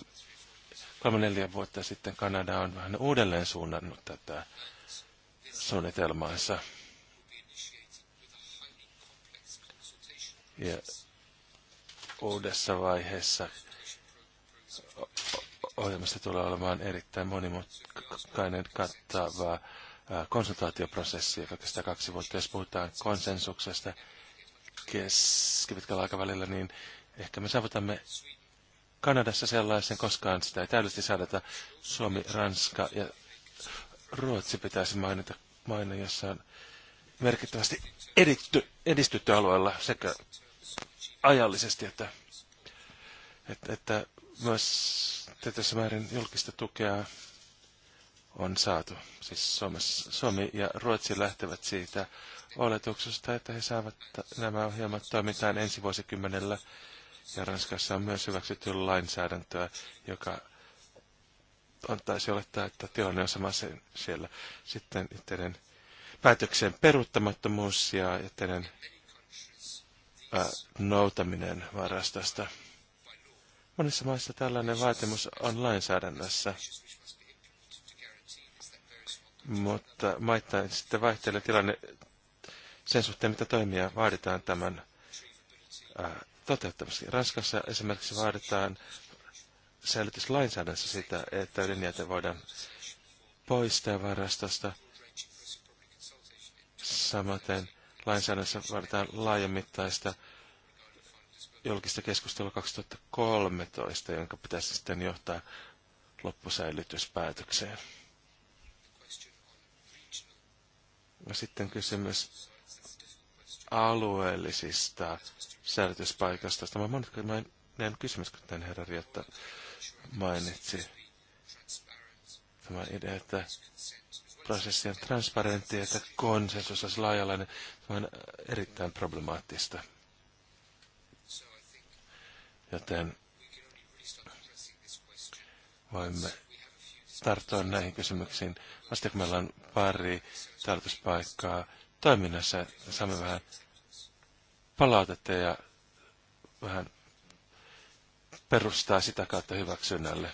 Kolme neljä vuotta sitten Kanada on vähän uudelleen suunnannut tätä suunnitelmaansa. Ja uudessa vaiheessa ohjelmasta tulee olemaan erittäin monimutkainen kattava konsultaatioprosessi, joka kestää kaksi vuotta. Jos puhutaan konsensuksesta keskipitkällä aikavälillä, niin ehkä me saavutamme Kanadassa sellaisen, koskaan sitä ei täydellisesti saada. Suomi, Ranska ja Ruotsi pitäisi mainita maina, jossa on merkittävästi editty, edistytty alueella sekä ajallisesti, että, että, että myös tietyssä määrin julkista tukea on saatu. Siis Suomessa, Suomi ja Ruotsi lähtevät siitä oletuksesta, että he saavat nämä ohjelmat toimintaan ensi vuosikymmenellä. Ja Ranskassa on myös hyväksytty lainsäädäntöä, joka antaisi olettaa, että tilanne on sama siellä. Sitten päätöksen peruuttamattomuus ja Äh, noutaminen varastasta. Monissa maissa tällainen vaatimus on lainsäädännössä, mutta maittain sitten vaihtelee tilanne sen suhteen, mitä toimia vaaditaan tämän äh, toteuttamiseksi. Ranskassa esimerkiksi vaaditaan säilytyslainsäädännössä sitä, että ydinjäte voidaan poistaa varastosta. Samaten lainsäädännössä vaaditaan laajamittaista julkista keskustelua 2013, jonka pitäisi sitten johtaa loppusäilytyspäätökseen. Ja no sitten kysymys alueellisista säilytyspaikasta. Tämä on näin kysymys, tämän herra Rietta mainitsi. Tämä idea, että prosessi on transparentti, että konsensus olisi laajalainen. Niin se on erittäin problemaattista. Joten voimme tarttua näihin kysymyksiin vasta kun meillä on pari tarkoituspaikkaa toiminnassa. Niin saamme vähän palautetta ja vähän perustaa sitä kautta hyväksynnälle.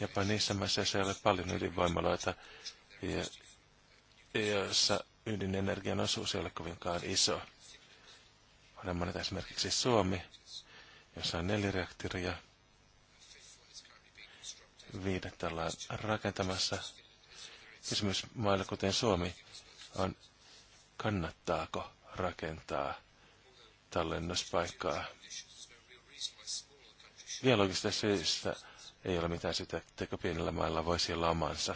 Jopa niissä maissa, joissa ei ole paljon ydinvoimaloita, ja, jossa ydinenergian osuus ei ole kovinkaan iso. On mainita esimerkiksi Suomi, jossa on neljä reaktoria. Viidettä ollaan rakentamassa. Kysymys mailla kuten Suomi on, kannattaako rakentaa tallennuspaikkaa. Biologisista syistä ei ole mitään sitä, että pienellä mailla voisi olla omansa.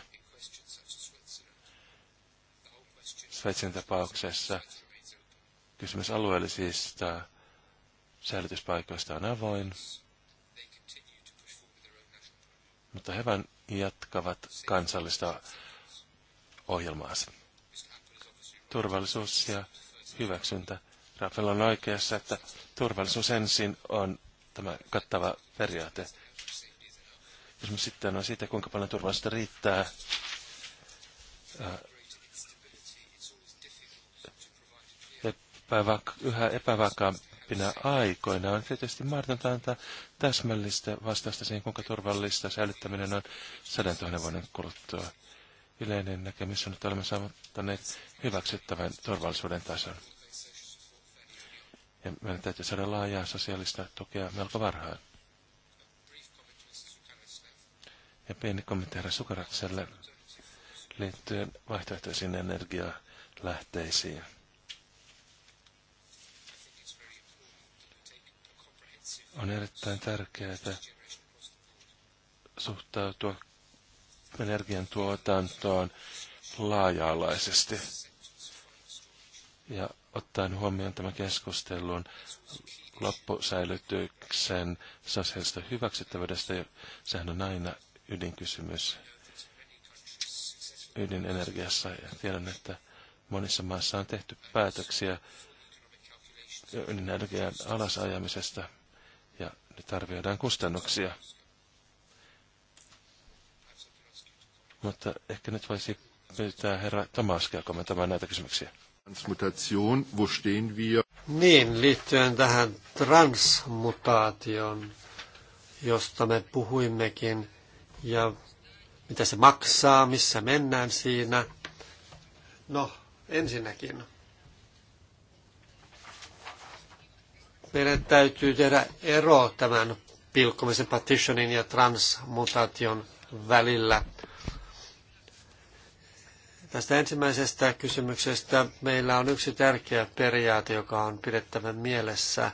Sveitsin tapauksessa kysymys alueellisista säilytyspaikoista on avoin, mutta he vain jatkavat kansallista ohjelmaansa. Turvallisuus ja hyväksyntä. Rafael on oikeassa, että turvallisuus ensin on tämä kattava periaate. Kysymys sitten on siitä, kuinka paljon turvallisuutta riittää äh, epävaka- yhä epävakaampina aikoina on tietysti mahdotonta antaa täsmällistä vastausta siihen, kuinka turvallista säilyttäminen on sadan tuhannen vuoden kuluttua. Yleinen näkemys on, että olemme saavuttaneet hyväksyttävän turvallisuuden tason. Ja meidän täytyy saada laajaa sosiaalista tukea melko varhain. Ja pieni kommentti herra Sukarakselle liittyen vaihtoehtoisiin energialähteisiin. on erittäin tärkeää suhtautua energiantuotantoon laaja-alaisesti ja ottaen huomioon tämän keskustelun loppusäilytyksen sosiaalista hyväksyttävyydestä, sehän on aina ydinkysymys ydinenergiassa. Ja tiedän, että monissa maissa on tehty päätöksiä ydinenergian alasajamisesta. Nyt arvioidaan kustannuksia. Mutta ehkä nyt voisi pyytää herra Tomaskia kommentoimaan näitä kysymyksiä. Transmutation, wo stehen wir? Niin, liittyen tähän transmutaation, josta me puhuimmekin, ja mitä se maksaa, missä mennään siinä. No, ensinnäkin meidän täytyy tehdä ero tämän pilkkomisen partitionin ja transmutaation välillä. Tästä ensimmäisestä kysymyksestä meillä on yksi tärkeä periaate, joka on pidettävä mielessä.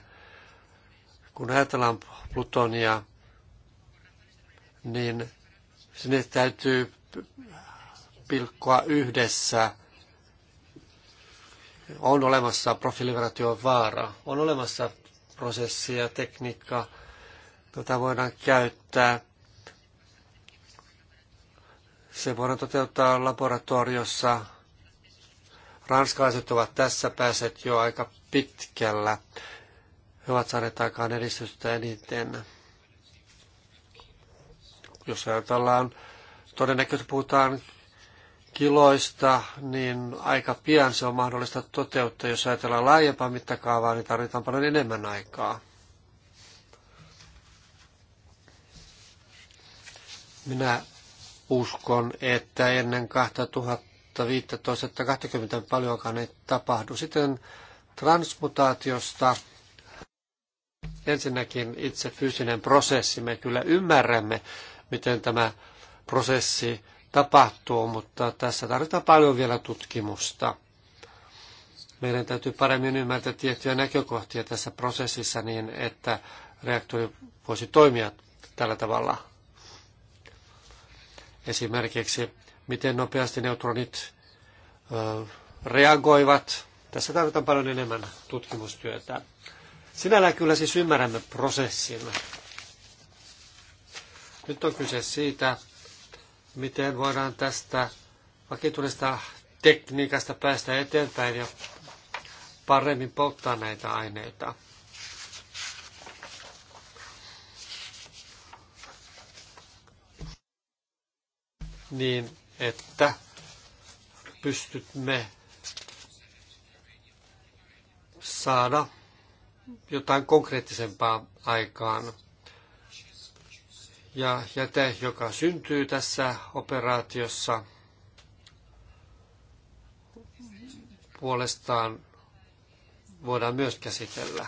Kun ajatellaan Plutonia, niin sinne täytyy pilkkoa yhdessä. On olemassa profiilivaraation vaara, on olemassa prosessi ja tekniikka, jota voidaan käyttää. Se voidaan toteuttaa laboratoriossa. Ranskalaiset ovat tässä päässeet jo aika pitkällä. He ovat saaneet aikaan edistystä eniten. Jos ajatellaan, todennäköisesti puhutaan kiloista, niin aika pian se on mahdollista toteuttaa. Jos ajatellaan laajempaa mittakaavaa, niin tarvitaan paljon enemmän aikaa. Minä uskon, että ennen 2015 2020 paljonkaan ei tapahdu. Sitten transmutaatiosta. Ensinnäkin itse fyysinen prosessi. Me kyllä ymmärrämme, miten tämä prosessi tapahtuu, mutta tässä tarvitaan paljon vielä tutkimusta. Meidän täytyy paremmin ymmärtää tiettyjä näkökohtia tässä prosessissa niin, että reaktori voisi toimia tällä tavalla. Esimerkiksi, miten nopeasti neutronit ö, reagoivat. Tässä tarvitaan paljon enemmän tutkimustyötä. Sinällään kyllä siis ymmärrämme prosessin. Nyt on kyse siitä, miten voidaan tästä vakituudesta tekniikasta päästä eteenpäin ja paremmin polttaa näitä aineita. Niin, että pystymme saada jotain konkreettisempaa aikaan ja jäte, joka syntyy tässä operaatiossa, puolestaan voidaan myös käsitellä.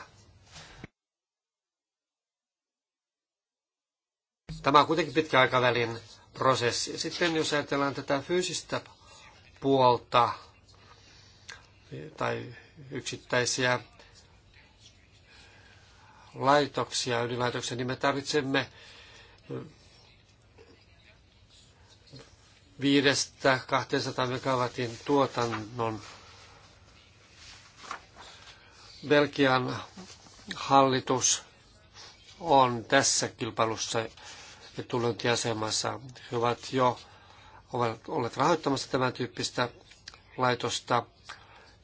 Tämä on kuitenkin pitkäaikavälin prosessi. Sitten jos ajatellaan tätä fyysistä puolta tai yksittäisiä laitoksia, ydinlaitoksia, niin me tarvitsemme viidestä 200 megawatin tuotannon Belgian hallitus on tässä kilpailussa etulyöntiasemassa. He ovat jo olleet rahoittamassa tämän tyyppistä laitosta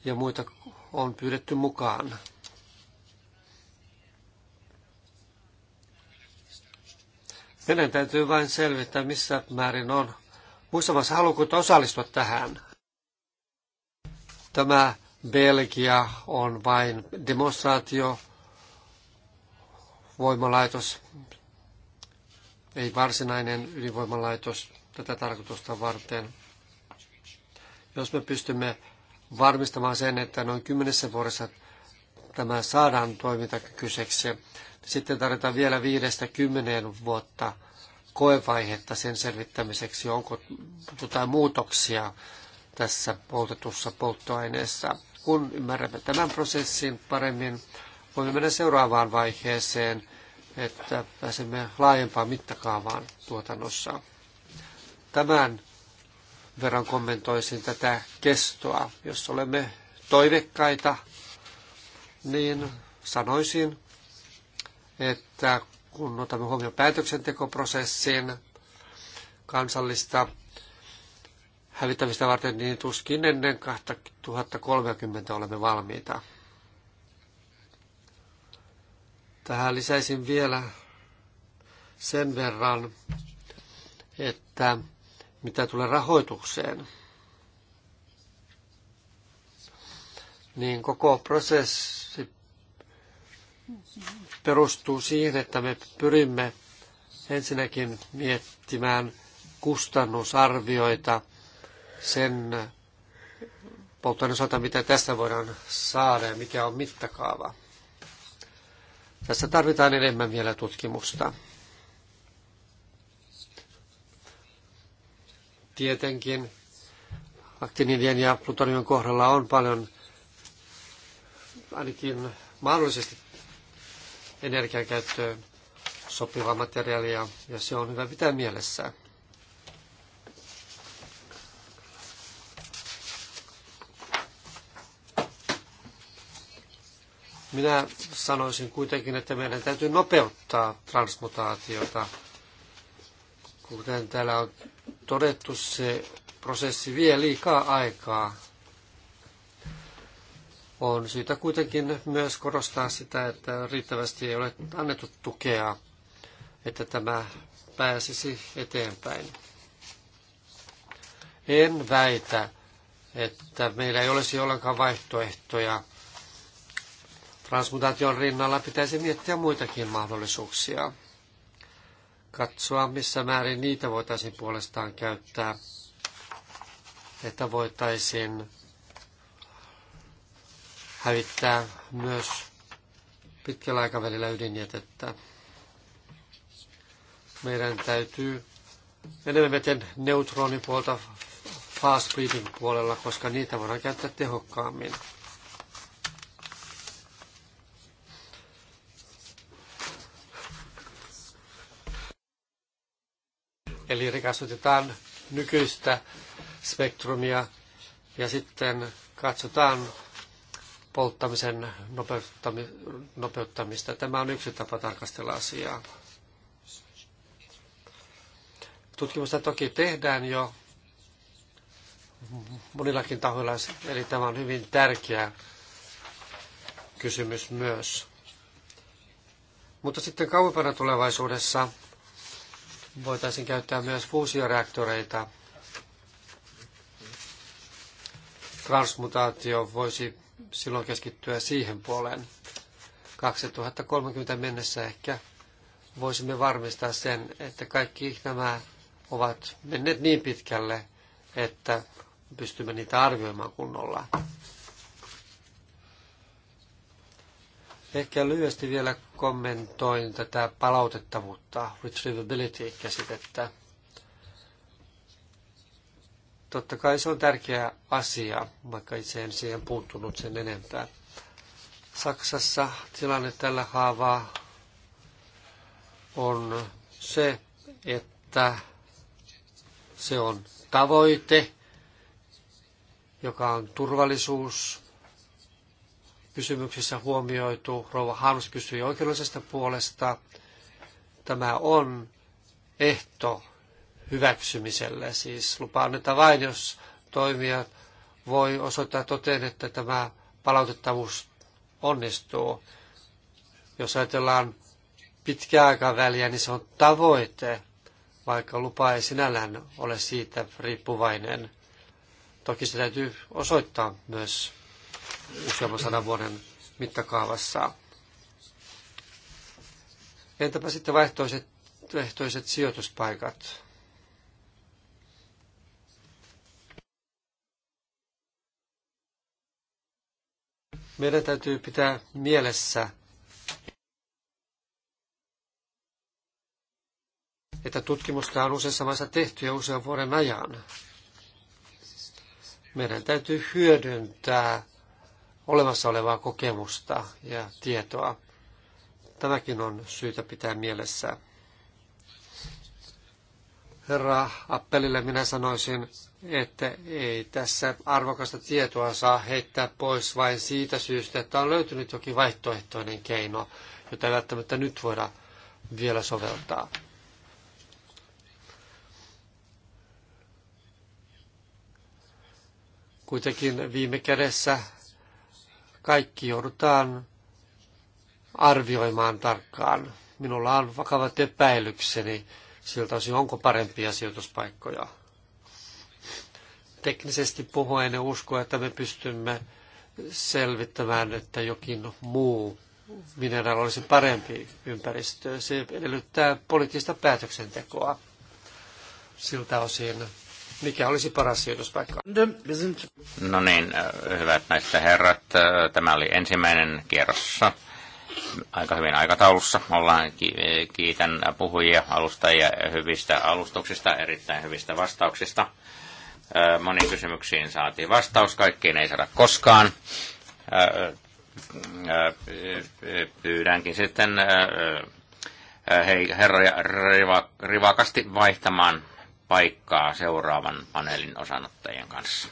ja muita on pyydetty mukaan. Meidän täytyy vain selvittää, missä määrin on muissa maissa halukkuutta osallistua tähän. Tämä Belgia on vain demonstraatio, voimalaitos, ei varsinainen ydinvoimalaitos tätä tarkoitusta varten. Jos me pystymme varmistamaan sen, että noin kymmenessä vuodessa tämä saadaan toimintakykyiseksi, sitten tarvitaan vielä viidestä kymmeneen vuotta koevaihetta sen selvittämiseksi, onko jotain muutoksia tässä poltetussa polttoaineessa. Kun ymmärrämme tämän prosessin paremmin, voimme mennä seuraavaan vaiheeseen, että pääsemme laajempaan mittakaavaan tuotannossa. Tämän verran kommentoisin tätä kestoa. Jos olemme toivekkaita, niin sanoisin, että kun otamme huomioon päätöksentekoprosessin kansallista hävittämistä varten, niin tuskin ennen 2030 olemme valmiita. Tähän lisäisin vielä sen verran, että mitä tulee rahoitukseen, niin koko prosessi perustuu siihen, että me pyrimme ensinnäkin miettimään kustannusarvioita sen polttoaineen osalta, mitä tästä voidaan saada ja mikä on mittakaava. Tässä tarvitaan enemmän vielä tutkimusta. Tietenkin aktinidien ja plutonion kohdalla on paljon ainakin mahdollisesti energiakäyttöön sopiva materiaali ja se on hyvä pitää mielessään. Minä sanoisin kuitenkin, että meidän täytyy nopeuttaa transmutaatiota. Kuten täällä on todettu, se prosessi vie liikaa aikaa. On syytä kuitenkin myös korostaa sitä, että riittävästi ei ole annettu tukea, että tämä pääsisi eteenpäin. En väitä, että meillä ei olisi ollenkaan vaihtoehtoja. Transmutaation rinnalla pitäisi miettiä muitakin mahdollisuuksia. Katsoa, missä määrin niitä voitaisiin puolestaan käyttää, että voitaisiin hävittää myös pitkällä aikavälillä ydinjätettä. Meidän täytyy enemmän meten neutronipuolta fast breeding puolella, koska niitä voidaan käyttää tehokkaammin. Eli rikastutetaan nykyistä spektrumia ja sitten katsotaan polttamisen nopeuttamista. Tämä on yksi tapa tarkastella asiaa. Tutkimusta toki tehdään jo monillakin tahoilla, eli tämä on hyvin tärkeä kysymys myös. Mutta sitten kauempana tulevaisuudessa voitaisiin käyttää myös fuusioreaktoreita. Transmutaatio voisi silloin keskittyä siihen puoleen. 2030 mennessä ehkä voisimme varmistaa sen, että kaikki nämä ovat menneet niin pitkälle, että pystymme niitä arvioimaan kunnolla. Ehkä lyhyesti vielä kommentoin tätä palautettavuutta, retrievability-käsitettä. Totta kai se on tärkeä asia, vaikka itse en siihen puuttunut sen enempää. Saksassa tilanne tällä haavaa on se, että se on tavoite, joka on turvallisuus. Kysymyksissä huomioitu, Rouva Hans kysyi oikeudellisesta puolesta. Tämä on ehto hyväksymiselle. Siis lupa annetaan vain, jos toimija voi osoittaa toteen, että tämä palautettavuus onnistuu. Jos ajatellaan pitkää aikaväliä, niin se on tavoite, vaikka lupa ei sinällään ole siitä riippuvainen. Toki se täytyy osoittaa myös useamman sadan vuoden mittakaavassa. Entäpä sitten vaihtoiset, vaihtoiset sijoituspaikat? meidän täytyy pitää mielessä, että tutkimusta on useissa maissa tehty jo usean vuoden ajan. Meidän täytyy hyödyntää olemassa olevaa kokemusta ja tietoa. Tämäkin on syytä pitää mielessä herra Appelille minä sanoisin, että ei tässä arvokasta tietoa saa heittää pois vain siitä syystä, että on löytynyt jokin vaihtoehtoinen keino, jota ei välttämättä nyt voida vielä soveltaa. Kuitenkin viime kädessä kaikki joudutaan arvioimaan tarkkaan. Minulla on vakavat epäilykseni siltä osin, onko parempia sijoituspaikkoja. Teknisesti puhuen en usko, että me pystymme selvittämään, että jokin muu mineraali olisi parempi ympäristö. Se edellyttää poliittista päätöksentekoa siltä osin. Mikä olisi paras sijoituspaikka? No niin, hyvät naiset herrat, tämä oli ensimmäinen kierros aika hyvin aikataulussa. Ollaan kiitän puhujia alustajia hyvistä alustuksista, erittäin hyvistä vastauksista. Moniin kysymyksiin saatiin vastaus, kaikkiin ei saada koskaan. Pyydänkin sitten hei, herroja rivakasti vaihtamaan paikkaa seuraavan paneelin osanottajien kanssa.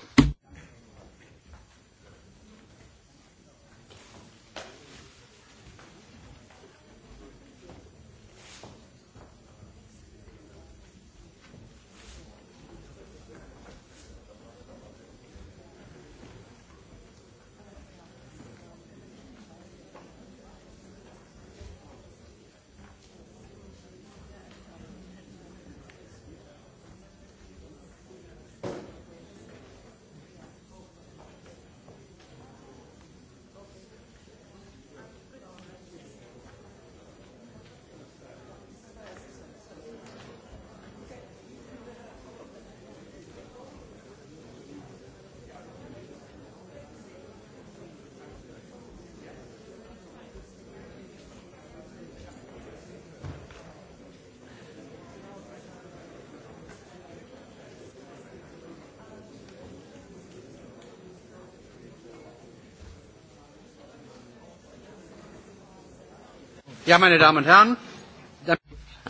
Ja, meine Damen und Herren.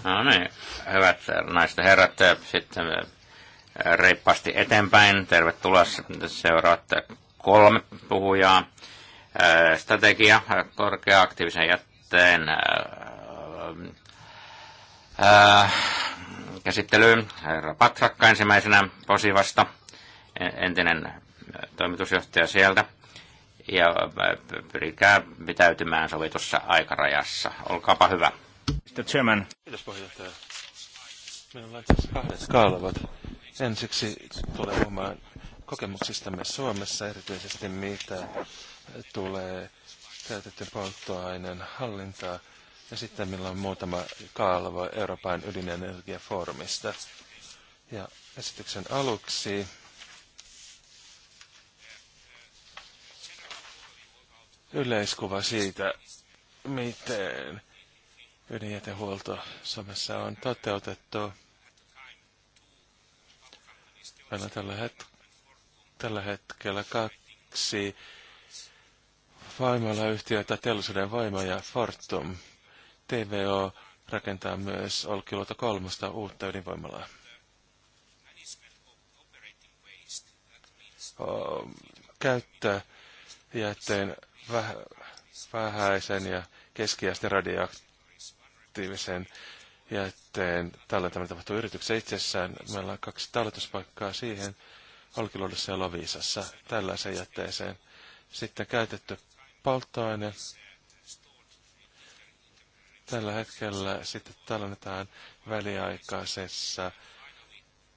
No niin, hyvät naiset ja herrat, sitten äh, reippaasti eteenpäin. Tervetuloa seuraavat kolme puhujaa. Äh, strategia korkea-aktiivisen jätteen äh, käsittely. Herra Patrakka ensimmäisenä Posivasta, entinen toimitusjohtaja sieltä ja pyrkää pitäytymään sovitussa aikarajassa. Olkaapa hyvä. Mr. Chairman. Kiitos puheenjohtaja. Meillä on kahdet skaalavat. Ensiksi tulee omaan kokemuksistamme Suomessa, erityisesti mitä tulee käytetyn polttoaineen hallintaa. Ja sitten meillä on muutama kaalava Euroopan ydinenergiafoorumista. Ja esityksen aluksi yleiskuva siitä, miten ydinjätehuolto Suomessa on toteutettu. Meillä on tällä, het- tällä hetkellä kaksi voimalayhtiötä, teollisuuden voima ja Fortum. TVO rakentaa myös Olkiluoto kolmosta uutta ydinvoimalaa. O- vähäisen ja keskiästä radioaktiivisen jätteen tallentaminen tapahtuu yrityksessä itsessään. Meillä on kaksi talletuspaikkaa siihen, Olkiluodossa ja Loviisassa, tällaiseen jätteeseen. Sitten käytetty polttoaine. Tällä hetkellä sitten tallennetaan väliaikaisessa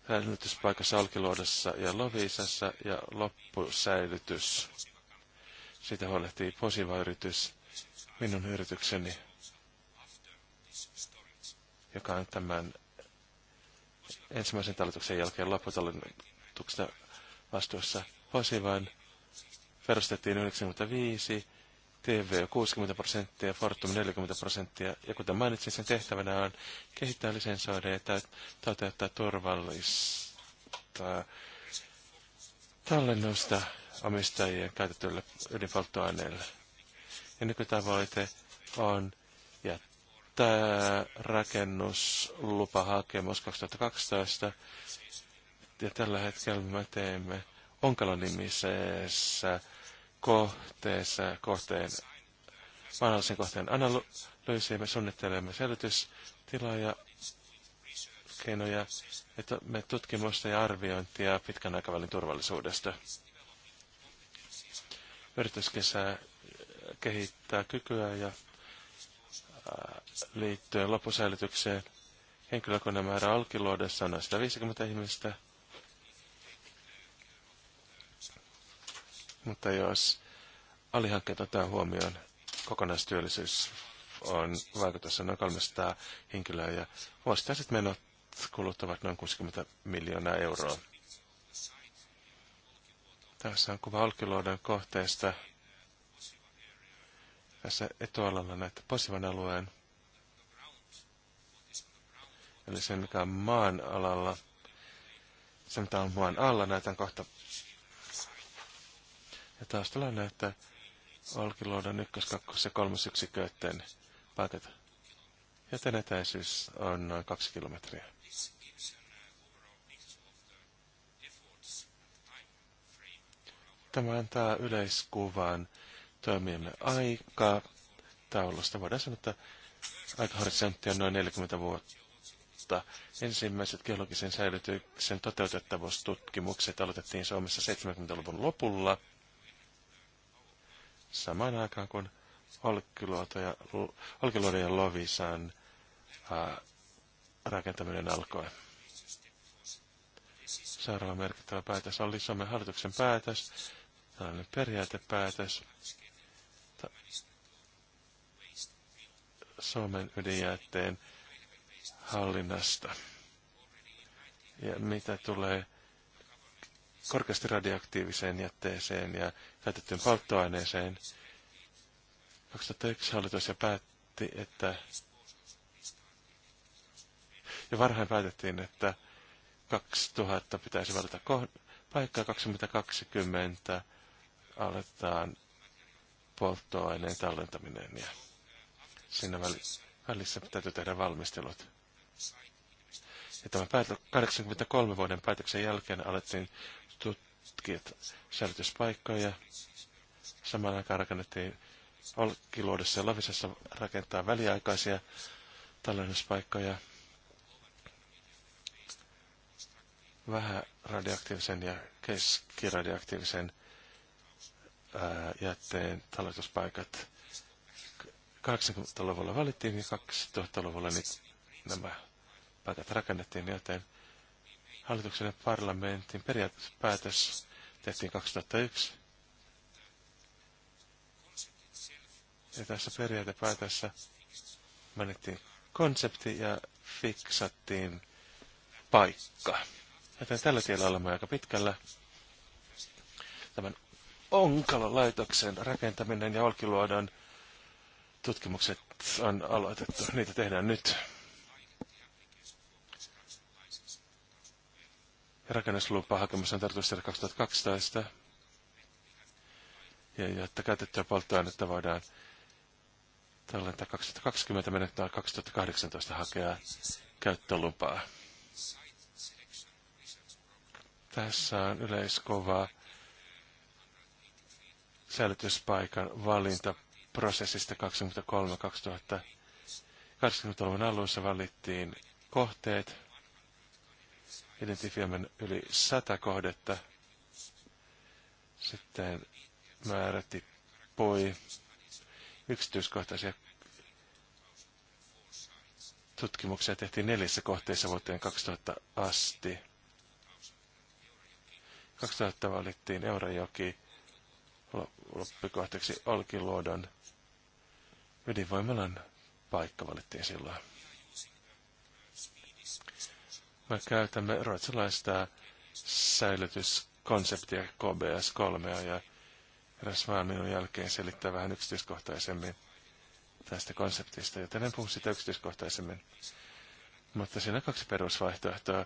säilytyspaikassa Olkiluodossa ja Loviisassa ja loppusäilytys siitä huolehtii posiva yritys, minun yritykseni, joka on tämän ensimmäisen talletuksen jälkeen lopputalletuksesta vastuussa. Posivan perustettiin 95, TV 60 prosenttia, Fortum 40 prosenttia. Ja kuten mainitsin, sen tehtävänä on kehittää lisensoida ja toteuttaa turvallista tallennusta omistajia käytetylle ydinpolttoaineelle. Ja nykytavoite on jättää rakennuslupahakemus 2012. Ja tällä hetkellä me teemme onkalonimisessä kohteessa kohteen, maanallisen kohteen analyysiä. Me suunnittelemme selvitystilaa ja keinoja, että me tutkimusta ja arviointia pitkän aikavälin turvallisuudesta vertaiskesää äh, kehittää kykyä ja äh, liittyen loppusäilytykseen henkilökuntamäärä alkiluodessa on noin 150 ihmistä. Mutta jos alihankkeet otetaan huomioon, kokonaistyöllisyys on vaikutus noin 300 henkilöä ja vuosittaiset menot kuluttavat noin 60 miljoonaa euroa. Tässä on kuva Olkiluodon kohteesta. Tässä etualalla näette Posivan alueen. Eli sen, mikä on maan alalla. Se, mitä on maan alla, näytän kohta. Ja taustalla näyttää Olkiluodon ykkös, kakkos ja kolmas yksiköiden paikat. Joten etäisyys on noin kaksi kilometriä. Tämä antaa yleiskuvan toimijalle aikaa taulusta. Voidaan sanoa, että aikahorisontti on noin 40 vuotta. Ensimmäiset geologisen säilytyksen toteutettavuustutkimukset aloitettiin Suomessa 70-luvun lopulla. Samaan aikaan kuin Olkiluoto ja, Lovisan rakentaminen alkoi. Seuraava merkittävä päätös oli Suomen hallituksen päätös tällainen periaatepäätös. Suomen ydinjätteen hallinnasta. Ja mitä tulee korkeasti radioaktiiviseen jätteeseen ja käytettyyn polttoaineeseen, 2001 hallitus ja päätti, että ja varhain päätettiin, että 2000 pitäisi valita paikkaa 2020 aletaan polttoaineen tallentaminen ja siinä välissä täytyy tehdä valmistelut. Ja tämän 83 vuoden päätöksen jälkeen alettiin tutkia säilytyspaikkoja. Samaan aikaan rakennettiin Olkiluodossa ja Lavisessa rakentaa väliaikaisia tallennuspaikkoja. Vähän radioaktiivisen ja keskiradioaktiivisen jätteen talletuspaikat 80-luvulla valittiin ja 2000-luvulla niin nämä paikat rakennettiin, joten hallituksen ja parlamentin periaatepäätös tehtiin 2001. Ja tässä periaatepäätössä mainittiin konsepti ja fiksattiin paikka. Joten tällä tiellä olemme aika pitkällä tämän Onkalon laitoksen rakentaminen ja Olkiluodon tutkimukset on aloitettu. Niitä tehdään nyt. Rakennuslupahakemus on tarkoitus 2012. Ja jotta käytettyä polttoainetta voidaan tallentaa 2020 menettää 2018 hakea käyttölupaa. Tässä on yleiskova säilytyspaikan valintaprosessista 2023 2020 luvun alussa valittiin kohteet. Identifioimme yli sata kohdetta. Sitten määrätti poi yksityiskohtaisia tutkimuksia tehtiin neljässä kohteessa vuoteen 2000 asti. 2000 valittiin Eurajoki, loppikohteeksi Olkiluodon ydinvoimalan paikka valittiin silloin. Me käytämme ruotsalaista säilytyskonseptia KBS3 ja eräs vaan minun jälkeen selittää vähän yksityiskohtaisemmin tästä konseptista, joten en puhu sitä yksityiskohtaisemmin. Mutta siinä on kaksi perusvaihtoehtoa.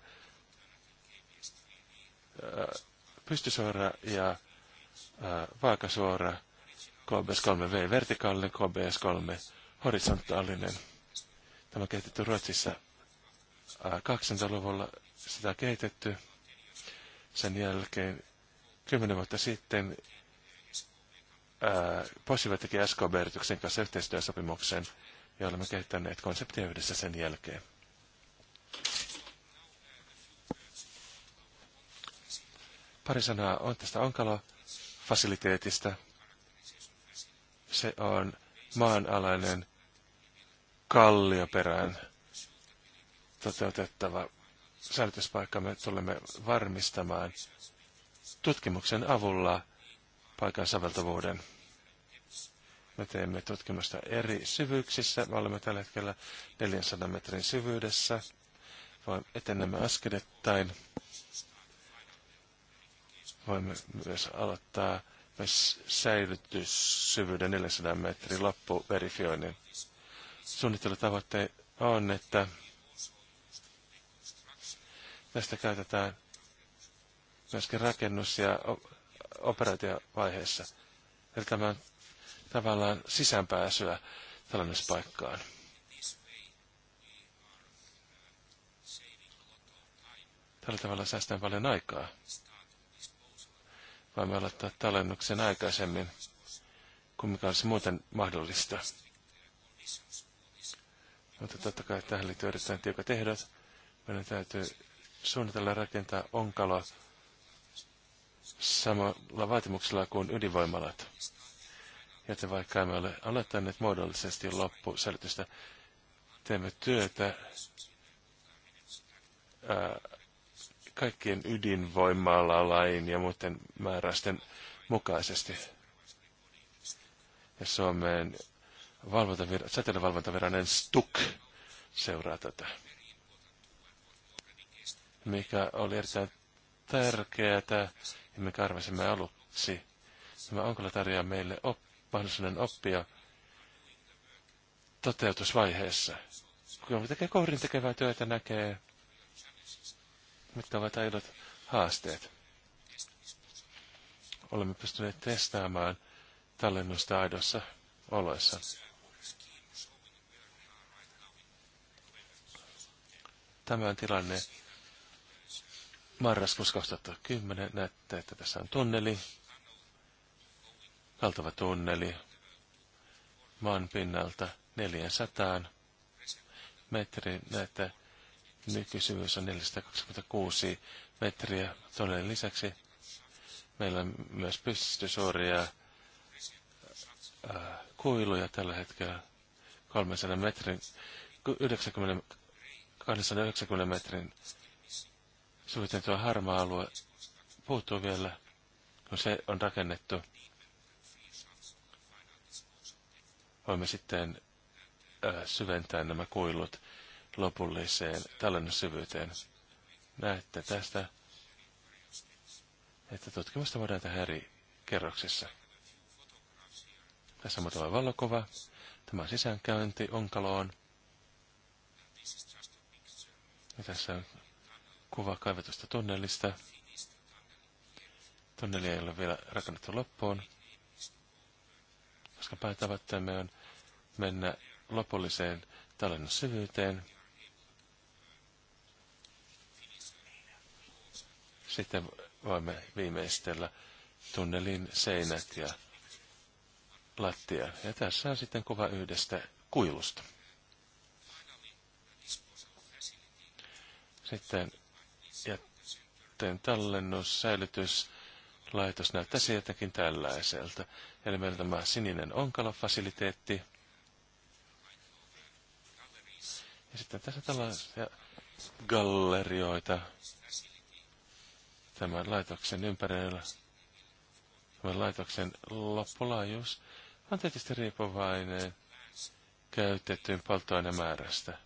Pystysuora ja vaakasuora, KBS3V vertikaalinen, KBS3 horisontaalinen. Tämä on kehitetty Ruotsissa 2000-luvulla, sitä on kehitetty. Sen jälkeen 10 vuotta sitten Posiva teki SKB-yrityksen kanssa yhteistyösopimuksen, ja olemme kehittäneet konseptia yhdessä sen jälkeen. Pari sanaa on tästä onkalo fasiliteetista. Se on maanalainen kallioperään toteutettava säilytyspaikka. Me tulemme varmistamaan tutkimuksen avulla paikan saveltavuuden. Me teemme tutkimusta eri syvyyksissä. Me olemme tällä hetkellä 400 metrin syvyydessä. Vaan etenemme askelettain voimme myös aloittaa myös säilytyssyvyyden 400 metrin loppuverifioinnin. Suunnittelutavoite on, että tästä käytetään myöskin rakennus- ja operaatiovaiheessa. Eli tämä on tavallaan sisäänpääsyä tällainen paikkaan. Tällä tavalla säästään paljon aikaa voimme aloittaa tallennuksen aikaisemmin kuin mikä olisi muuten mahdollista. Mutta totta kai tähän liittyy erittäin tiukat ehdot. Meidän täytyy suunnitella rakentaa onkalo samalla vaatimuksella kuin ydinvoimalat. Joten vaikka emme ole aloittaneet muodollisesti loppusäilytystä, teemme työtä ää, kaikkien ydinvoimalla-lain ja muiden määräisten mukaisesti. Ja Suomen säteilyvalvontaviranen STUK seuraa tätä, mikä oli erittäin tärkeää ja me karvasimme aluksi. Tämä Onkola tarjoaa meille op- mahdollisuuden oppia toteutusvaiheessa. Kun tekee kohdin tekevää työtä, näkee mitkä ovat aidot haasteet. Olemme pystyneet testaamaan tallennusta aidossa oloissa. Tämä on tilanne marraskuussa 2010. Näette, että tässä on tunneli, valtava tunneli maan pinnalta 400 metriä Näette, Nykysyvyys niin, on 426 metriä. Toinen lisäksi meillä on myös pystysuoria äh, kuiluja tällä hetkellä 300 metrin, 90, 290 metrin suunniteltua tuo harmaa alue puuttuu vielä, kun se on rakennettu. Voimme sitten äh, syventää nämä kuilut lopulliseen syvyyteen Näette tästä, että tutkimusta voidaan tehdä eri kerroksissa. Tässä on muutama valokuva. Tämä on sisäänkäynti onkaloon. Ja tässä on kuva kaivetusta tunnelista. Tunneli ei ole vielä rakennettu loppuun, koska päätavoitteemme on mennä lopulliseen tallennussyvyyteen. Sitten voimme viimeistellä tunnelin seinät ja lattia. Ja tässä on sitten kuva yhdestä kuilusta. Sitten jätteen tallennus, säilytys, laitos näyttää sieltäkin tällaiselta. Eli meillä tämä sininen onkalofasiliteetti. Ja sitten tässä tällaisia gallerioita, tämän laitoksen ympärillä. Tämän laitoksen loppulaajuus on tietysti riippuvainen käytettyyn polttoainemäärästä.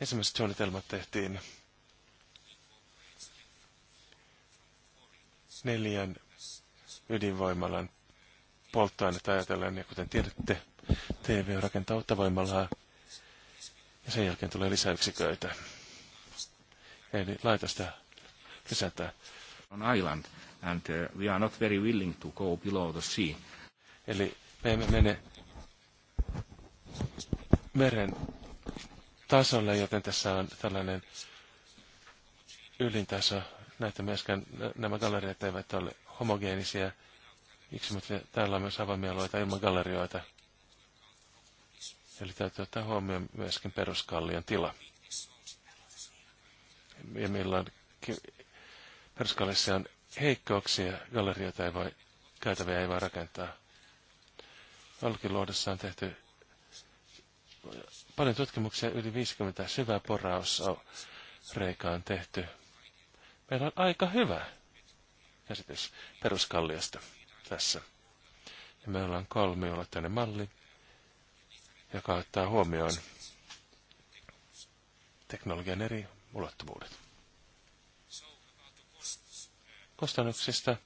Ensimmäiset suunnitelmat tehtiin neljän ydinvoimalan polttoainetta ajatellen, ja kuten tiedätte, TV rakentaa uutta voimalaa, ja sen jälkeen tulee lisäyksiköitä. Eli laitosta lisätään. On island and uh, we are not very willing to go below the sea. Eli me emme mene meren tasolle, joten tässä on tällainen ylintaso. Näitä myöskään nämä galleriat eivät ole homogeenisia. Miksi täällä on myös avamieloita ilman gallerioita. Eli täytyy ottaa huomioon myöskin peruskallion tila. Ja milloin Herskalissa on heikkouksia, galleriota ei voi, käytäviä ei voi rakentaa. Alkiluodossa on tehty paljon tutkimuksia, yli 50 syvää porausreikaa on tehty. Meillä on aika hyvä käsitys peruskalliosta tässä. Ja meillä on kolmiulotteinen malli, joka ottaa huomioon teknologian eri ulottuvuudet kustannuksista.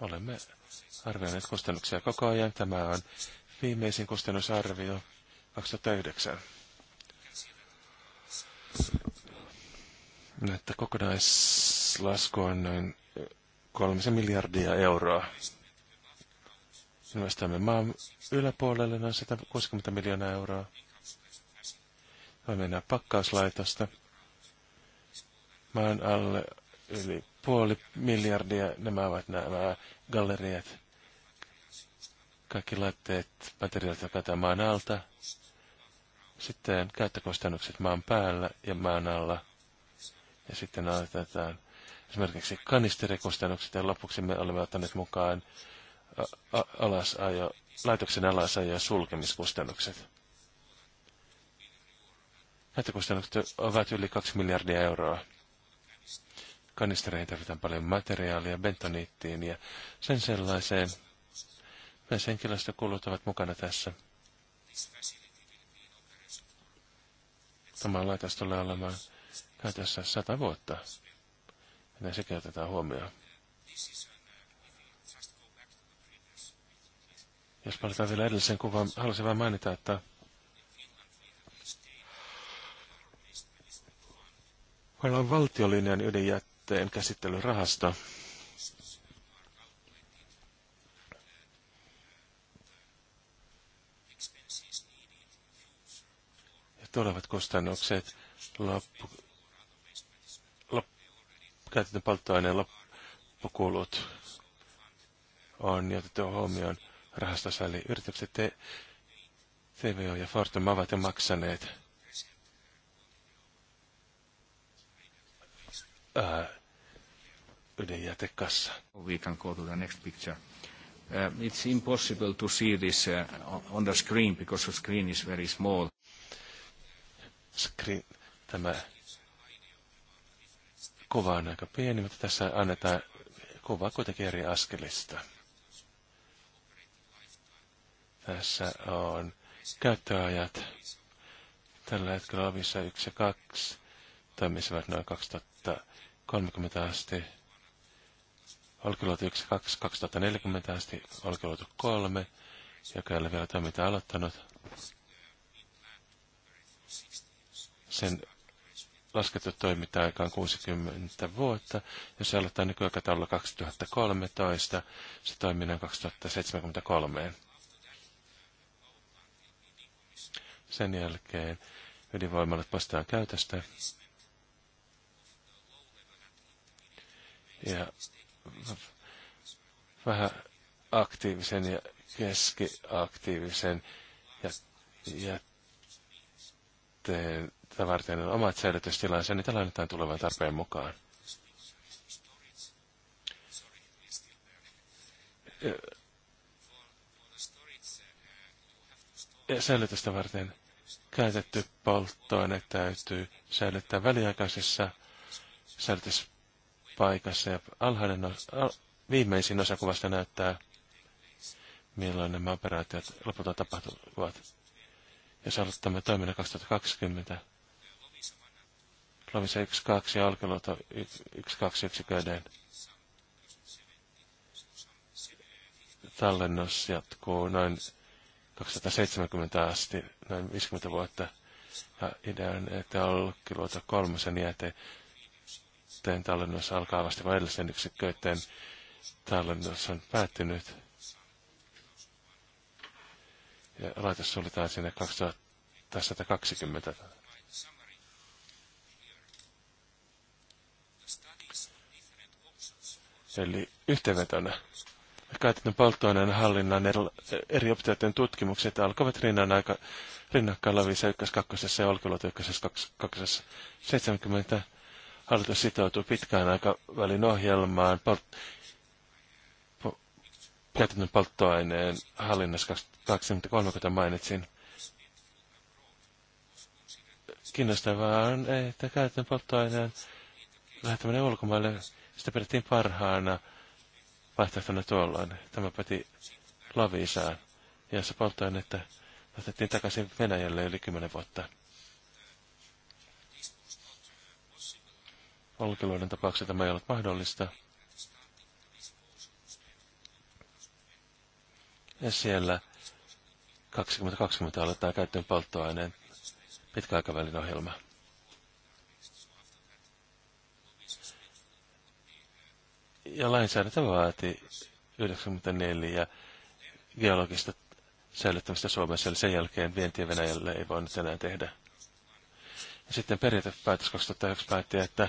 Olemme arvioineet kustannuksia koko ajan. Tämä on viimeisin kustannusarvio 2009. Että kokonaislasku on noin kolmisen miljardia euroa. Investoimme maan yläpuolelle noin 160 miljoonaa euroa. Voi mennä pakkauslaitosta maan alle yli puoli miljardia. Nämä ovat nämä galleriat, kaikki laitteet, materiaalit, jotka tämä maan alta. Sitten käyttökustannukset maan päällä ja maan alla. Ja sitten aloitetaan esimerkiksi kanisterikustannukset ja lopuksi me olemme ottaneet mukaan alasajo, laitoksen alasajo ja sulkemiskustannukset. Käyttökustannukset ovat yli 2 miljardia euroa. Kanistereihin tarvitaan paljon materiaalia, bentoniittiin ja sen sellaiseen. Myös henkilöstökulut ovat mukana tässä. Tämä laitos tulee olemaan käytössä sata vuotta, joten sekin otetaan huomioon. Jos palataan vielä edelliseen kuvaan, haluaisin vain mainita, että Meillä on valtiollinen ydinjätteen käsittelyrahasto. Ja tulevat kustannukset loppu, lop, käytetyn polttoaineen loppukulut on otettu huomioon rahastossa, yritykset te, TVO ja Fortum ovat jo maksaneet ydinjätekassa. We can go to the next picture. Uh, it's impossible to see this uh, on the screen because the screen is very small. Screen, tämä kuva on aika pieni, mutta tässä annetaan kuva kuitenkin eri askelista. Tässä on käyttöajat. Tällä hetkellä ovissa 1 ja 2 toimisivat noin 2000 30 asti, Olkiluoto 1, 2, 2040 asti, Olkiluoto 3, joka ei ole vielä toiminta aloittanut. Sen laskettu toiminta-aika on 60 vuotta. ja se aloittaa nykyaikataululla 2013, se toiminnan noin 2073. Sen jälkeen ydinvoimalat poistetaan käytöstä. ja vähän aktiivisen ja keskiaktiivisen ja, ja teen, varten on omat säilytystilansa, niitä lainataan tulevan tarpeen mukaan. Ja, säilytystä varten käytetty polttoaine täytyy säilyttää väliaikaisessa säilytys paikassa ja alhainen osa, al, viimeisin osa kuvasta näyttää, milloin nämä operaatiot lopulta tapahtuvat. Jos aloittamme toiminnan 2020, Lovisa 1.2 ja Olkiluoto 1.2 yksiköiden tallennus jatkuu noin 270 asti, noin 50 vuotta. Ja idea on, että Olkiluoto kolmosen jäte yksikköiden tallennus alkaa vasta vain edellisen yksikköiden tallennus on päättynyt. Ja laite suljetaan sinne 2120. Eli yhteenvetona. Käytetyn polttoaineen hallinnan eri optioiden tutkimukset alkoivat rinnan aika rinnakkain Lavi 1.2. ja Olkiluoto 1.2. 70 Hallitus sitoutuu pitkään aikavälin ohjelmaan pol- po- polttoaineen hallinnassa 2030 mainitsin. Kiinnostavaa on, että käytetyn polttoaineen lähettäminen ulkomaille, sitä pidettiin parhaana vaihtoehtona tuolloin. Tämä päti Lavisaan, jossa polttoainetta otettiin takaisin Venäjälle yli 10 vuotta olkiluiden tapauksessa tämä ei ollut mahdollista. Ja siellä 2020 aletaan käyttöön polttoaineen pitkäaikavälin ohjelma. Ja lainsäädäntö vaati 94 geologista säilyttämistä Suomessa, eli sen jälkeen vientiä Venäjälle ei voinut enää tehdä. Ja sitten periaatepäätös 2001 päätti, että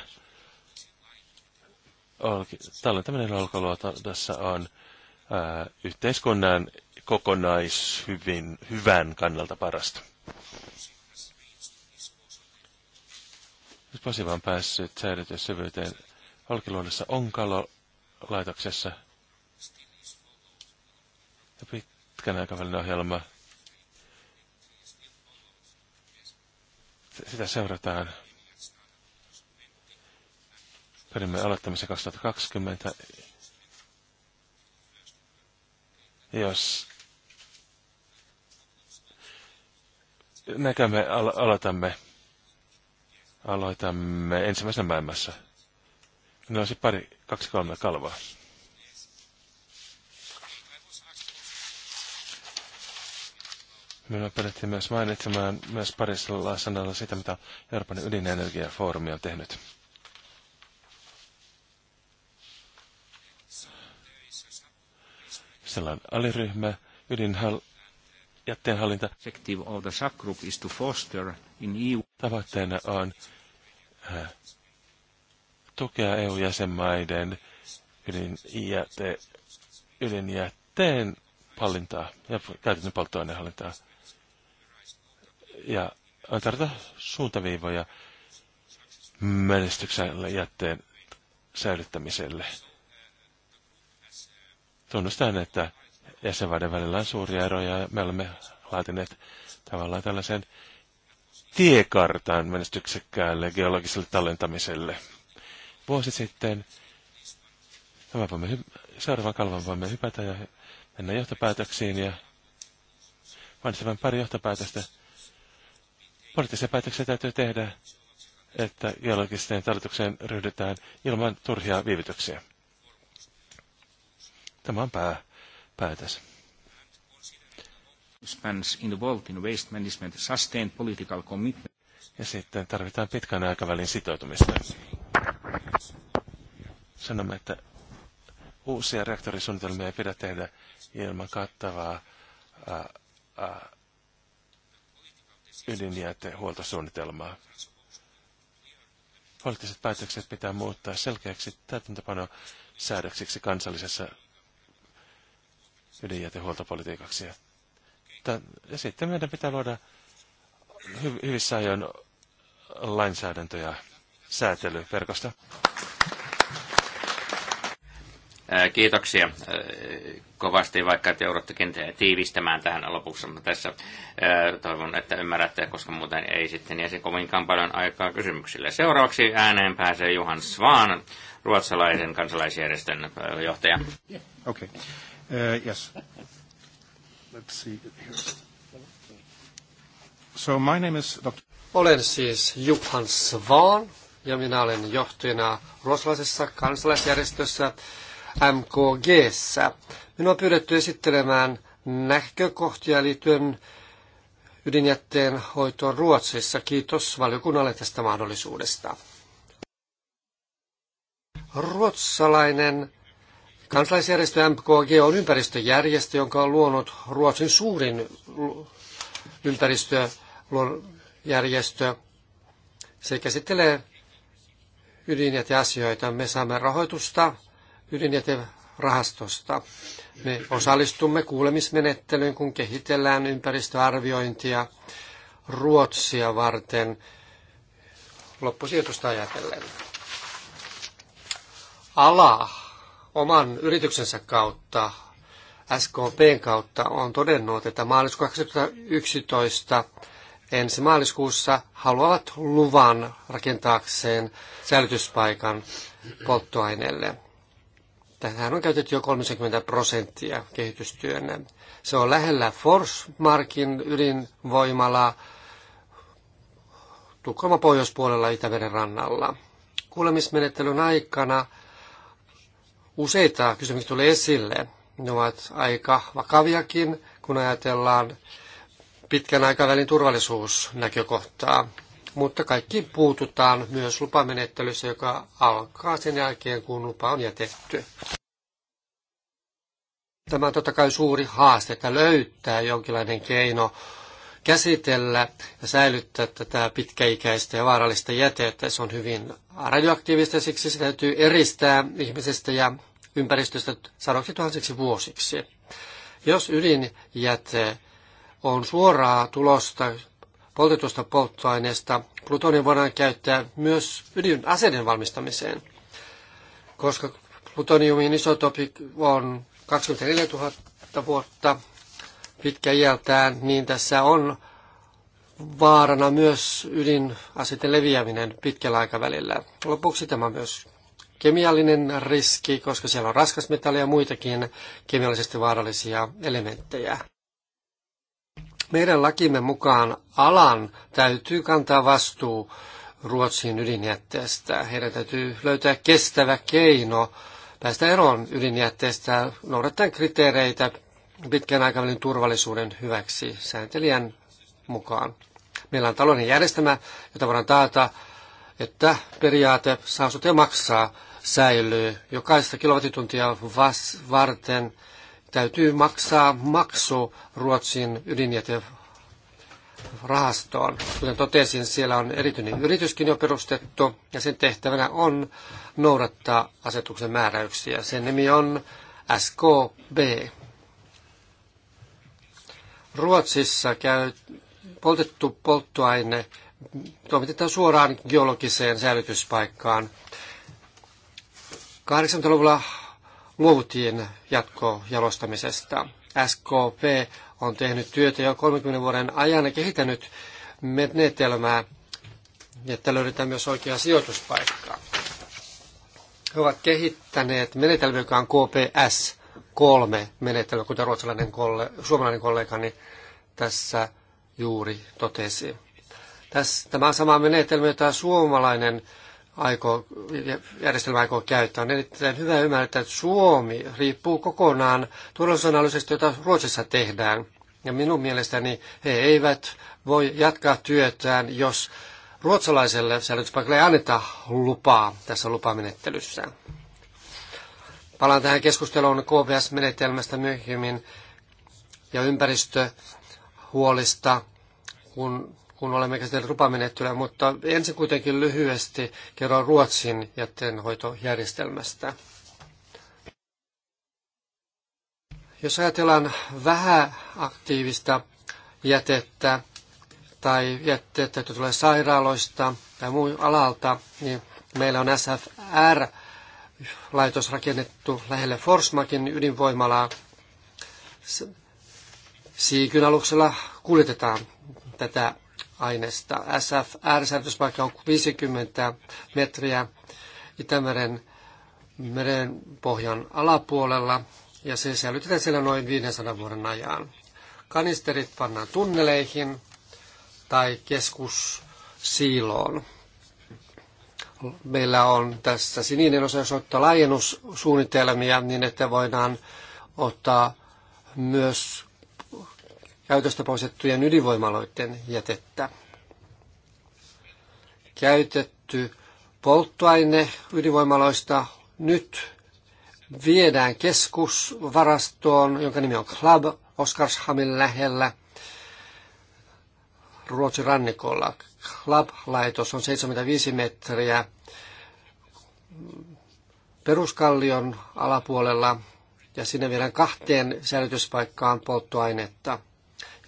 alkaluota tässä on ää, yhteiskunnan kokonaishyvin hyvän kannalta parasta. Nyt Pasiva on päässyt syvyyteen Olkiluodossa Onkalo-laitoksessa. Ja pitkän aikavälin ohjelma. Sitä seurataan Pyrimme aloittamisen 2020. Jos näkemme, al- aloitamme, aloitamme ensimmäisenä maailmassa. Ne no, olisi pari, kaksi, kolme kalvaa. Minua pyydettiin myös mainitsemaan myös parissa sanalla sitä, mitä Euroopan ydinenergiafoorumi on tehnyt. sellainen aliryhmä, ydinhal- jätteenhallinta. Of the subgroup is to foster in EU. Tavoitteena on äh, tukea EU-jäsenmaiden ydinjäte, ydinjätteen hallintaa ja käytetyn polttoaineen hallintaa. Ja on tarvita suuntaviivoja menestykselle jätteen säilyttämiselle. Tunnustan, että jäsenvaiden välillä on suuria eroja ja me olemme laatineet tavallaan tällaisen tiekartan menestyksekkäälle geologiselle tallentamiselle. Vuosi sitten tämä voimme seuraavan kalvan voimme hypätä ja mennä johtopäätöksiin ja vain pari johtopäätöstä. Poliittisia päätöksiä täytyy tehdä, että geologisten talletukseen ryhdytään ilman turhia viivytyksiä. Tämä on pää, päätös. Ja sitten tarvitaan pitkän aikavälin sitoutumista. Sanomme, että uusia reaktorisuunnitelmia ei pidä tehdä ilman kattavaa ydinjätehuoltosuunnitelmaa. Poliittiset päätökset pitää muuttaa selkeäksi täytäntöpano säädöksiksi kansallisessa ydinjätehuoltopolitiikaksi. Ja sitten meidän pitää luoda hyvissä ajoin lainsäädäntö ja säätelyverkosto. Kiitoksia kovasti, vaikka te jouduttekin tiivistämään tähän lopuksi tässä. Toivon, että ymmärrätte, koska muuten ei sitten jäisi kovinkaan paljon aikaa kysymyksille. Seuraavaksi ääneen pääsee Juhan Svaan, ruotsalaisen kansalaisjärjestön johtaja. Yeah. Okay. Uh, yes. Let's see here. So my name is Dr. Olen siis Juhan Svan ja minä olen johtajana ruotsalaisessa kansalaisjärjestössä MKGssä. Minua on pyydetty esittelemään näkökohtia liittyen ydinjätteen hoitoon Ruotsissa. Kiitos valiokunnalle tästä mahdollisuudesta. Ruotsalainen Kansalaisjärjestö MKG on ympäristöjärjestö, jonka on luonut Ruotsin suurin ympäristöjärjestö. Se käsittelee ydinjäteasioita. Me saamme rahoitusta ydinjäterahastosta. Me osallistumme kuulemismenettelyyn, kun kehitellään ympäristöarviointia Ruotsia varten loppusijoitusta ajatellen. Ala oman yrityksensä kautta, SKPn kautta, on todennut, että maaliskuun 2011 ensi maaliskuussa haluavat luvan rakentaakseen säilytyspaikan polttoaineelle. Tähän on käytetty jo 30 prosenttia kehitystyönä. Se on lähellä Forsmarkin ydinvoimala, Tukholman pohjoispuolella Itämeren rannalla. Kuulemismenettelyn aikana Useita kysymyksiä tulee esille. Ne ovat aika vakaviakin, kun ajatellaan pitkän aikavälin turvallisuusnäkökohtaa. Mutta kaikki puututaan myös lupamenettelyssä, joka alkaa sen jälkeen, kun lupa on jätetty. Tämä on totta kai suuri haaste, että löytää jonkinlainen keino käsitellä ja säilyttää tätä pitkäikäistä ja vaarallista jätettä. Se on hyvin radioaktiivista, siksi se täytyy eristää ihmisestä ja ympäristöstä sadoksi tuhansiksi vuosiksi. Jos ydinjäte on suoraa tulosta poltetusta polttoaineesta, plutonia voidaan käyttää myös ydinaseiden valmistamiseen, koska plutoniumin isotopi on 24 000 vuotta pitkä iältään, niin tässä on vaarana myös ydinaseiden leviäminen pitkällä aikavälillä. Lopuksi tämä myös kemiallinen riski, koska siellä on raskasmetalleja ja muitakin kemiallisesti vaarallisia elementtejä. Meidän lakimme mukaan alan täytyy kantaa vastuu Ruotsin ydinjätteestä. Heidän täytyy löytää kestävä keino päästä eroon ydinjätteestä noudattaen kriteereitä pitkän aikavälin turvallisuuden hyväksi sääntelijän mukaan. Meillä on talouden järjestelmä, jota voidaan taata, että periaate saastuttaja maksaa säilyy. Jokaista kilowattituntia vas- varten täytyy maksaa maksu Ruotsin ydinjäterahastoon. Kuten totesin, siellä on erityinen yrityskin jo perustettu ja sen tehtävänä on noudattaa asetuksen määräyksiä. Sen nimi on SKB. Ruotsissa käy poltettu polttoaine toimitetaan suoraan geologiseen säilytyspaikkaan 80-luvulla luovuttiin jatkojalostamisesta. SKP on tehnyt työtä jo 30 vuoden ajan ja kehittänyt menetelmää, että löydetään myös oikea sijoituspaikka. He ovat kehittäneet menetelmän, joka on kps kolme menetelmä kuten ruotsalainen kolle, suomalainen kollegani tässä juuri totesi. Tässä, tämä on sama menetelmä, jota suomalainen aikoo, järjestelmä aikoo käyttää. On erittäin hyvä ymmärtää, että Suomi riippuu kokonaan turvallisuusanalyysistä, jota Ruotsissa tehdään. Ja minun mielestäni he eivät voi jatkaa työtään, jos ruotsalaiselle säilytyspaikalle ei anneta lupaa tässä lupamenettelyssä. Palaan tähän keskusteluun KVS-menetelmästä myöhemmin ja ympäristöhuolista, kun kun olemme käsitelleet rupamenettelyä, mutta ensin kuitenkin lyhyesti kerron Ruotsin jätteenhoitojärjestelmästä. Jos ajatellaan vähän aktiivista jätettä tai jätettä jotka tulee sairaaloista tai muun alalta, niin meillä on SFR-laitos rakennettu lähelle Forsmakin ydinvoimalaa. Siikyn aluksella kuljetetaan tätä aineesta. SFR-säilytyspaikka on 50 metriä Itämeren meren pohjan alapuolella ja se säilytetään siellä noin 500 vuoden ajan. Kanisterit pannaan tunneleihin tai keskussiiloon. Meillä on tässä sininen osa, jos ottaa laajennussuunnitelmia niin, että voidaan ottaa myös käytöstä poistettujen ydinvoimaloiden jätettä. Käytetty polttoaine ydinvoimaloista nyt viedään keskusvarastoon, jonka nimi on Club Oskarshamin lähellä Ruotsin rannikolla. Club-laitos on 75 metriä peruskallion alapuolella ja sinne viedään kahteen säilytyspaikkaan polttoainetta.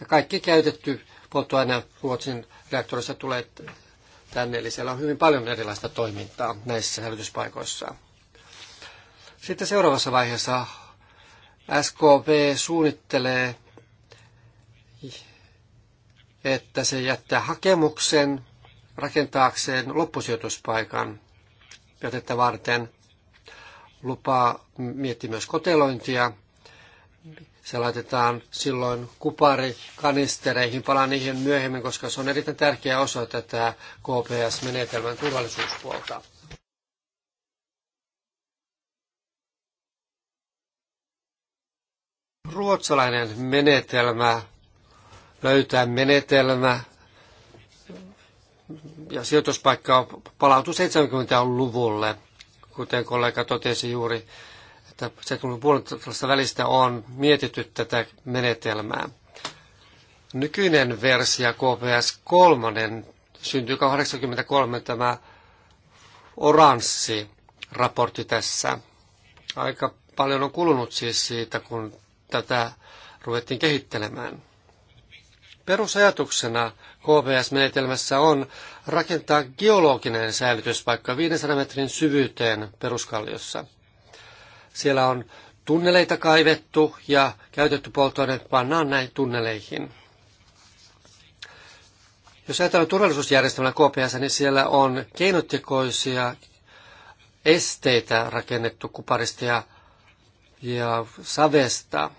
Ja kaikki käytetty polttoaine Ruotsin reaktorissa tulee tänne, eli siellä on hyvin paljon erilaista toimintaa näissä hälytyspaikoissa. Sitten seuraavassa vaiheessa SKV suunnittelee, että se jättää hakemuksen rakentaakseen loppusijoituspaikan jätettä varten. Lupaa miettiä myös kotelointia se laitetaan silloin kupari kanistereihin, palaan niihin myöhemmin, koska se on erittäin tärkeä osa tätä KPS-menetelmän turvallisuuspuolta. Ruotsalainen menetelmä löytää menetelmä ja sijoituspaikka palautui 70-luvulle, kuten kollega totesi juuri että 70-luvun välistä on mietitty tätä menetelmää. Nykyinen versio KPS 3 syntyi 83 tämä oranssi raportti tässä. Aika paljon on kulunut siis siitä, kun tätä ruvettiin kehittelemään. Perusajatuksena KVS-menetelmässä on rakentaa geologinen säilytyspaikka 500 metrin syvyyteen peruskalliossa – siellä on tunneleita kaivettu ja käytetty polttoaine pannaan näin tunneleihin. Jos ajatellaan turvallisuusjärjestelmällä KPS, niin siellä on keinotekoisia esteitä rakennettu kuparista ja, ja savesta.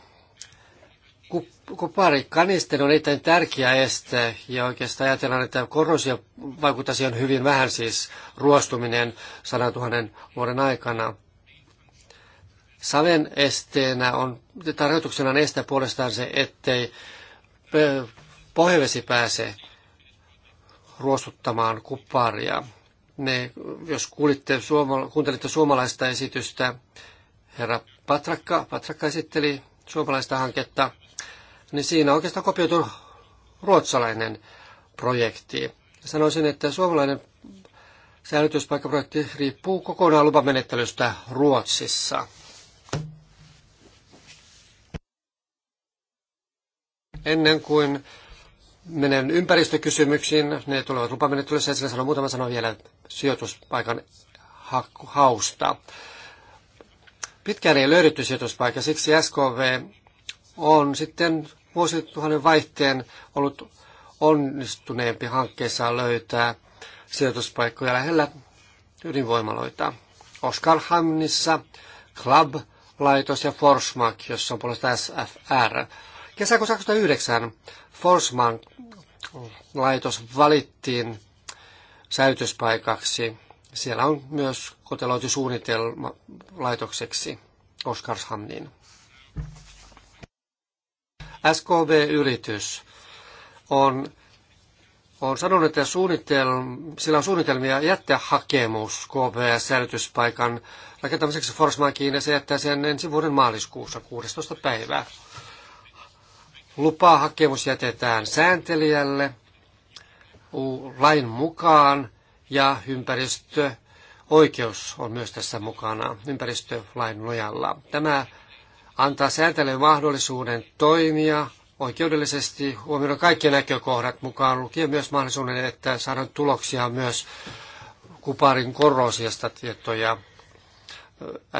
Kupari kanisteri on erittäin tärkeä este ja oikeastaan ajatellaan, että korrosio vaikuttaa siihen hyvin vähän siis ruostuminen 100 000 vuoden aikana. Saven esteenä on, tarkoituksena on estää puolestaan se, ettei pohjavesi pääse ruostuttamaan kupparia. Ne, jos kuulitte, kuuntelitte suomalaista esitystä, herra Patrakka, Patrakka esitteli suomalaista hanketta, niin siinä oikeastaan kopioitu ruotsalainen projekti. Sanoisin, että suomalainen säilytyspaikkaprojekti riippuu kokonaan lupamenettelystä Ruotsissa. ennen kuin menen ympäristökysymyksiin. Ne tulevat lupamenettelyssä. Esille sanon muutama sana vielä sijoituspaikan hausta. Pitkään ei löydetty sijoituspaikka, siksi SKV on sitten vuosituhannen vaihteen ollut onnistuneempi hankkeessa löytää sijoituspaikkoja lähellä ydinvoimaloita. Hamnissa, Club, laitos ja Forsmark, jossa on puolesta SFR, Kesäkuussa 2009 Forsman laitos valittiin säytöspaikaksi. Siellä on myös koteloitu suunnitelma laitokseksi Oskarshamniin. SKB-yritys on, on sanonut, että suunnitelm, sillä on suunnitelmia jättää hakemus kvs säilytyspaikan rakentamiseksi Forsman Kiinassa ja jättää sen ensi vuoden maaliskuussa 16. päivää lupahakemus jätetään sääntelijälle lain mukaan ja Oikeus on myös tässä mukana ympäristölain nojalla. Tämä antaa sääntelyyn mahdollisuuden toimia oikeudellisesti huomioida kaikki näkökohdat mukaan lukien myös mahdollisuuden, että saadaan tuloksia myös kuparin korrosiasta tietoja.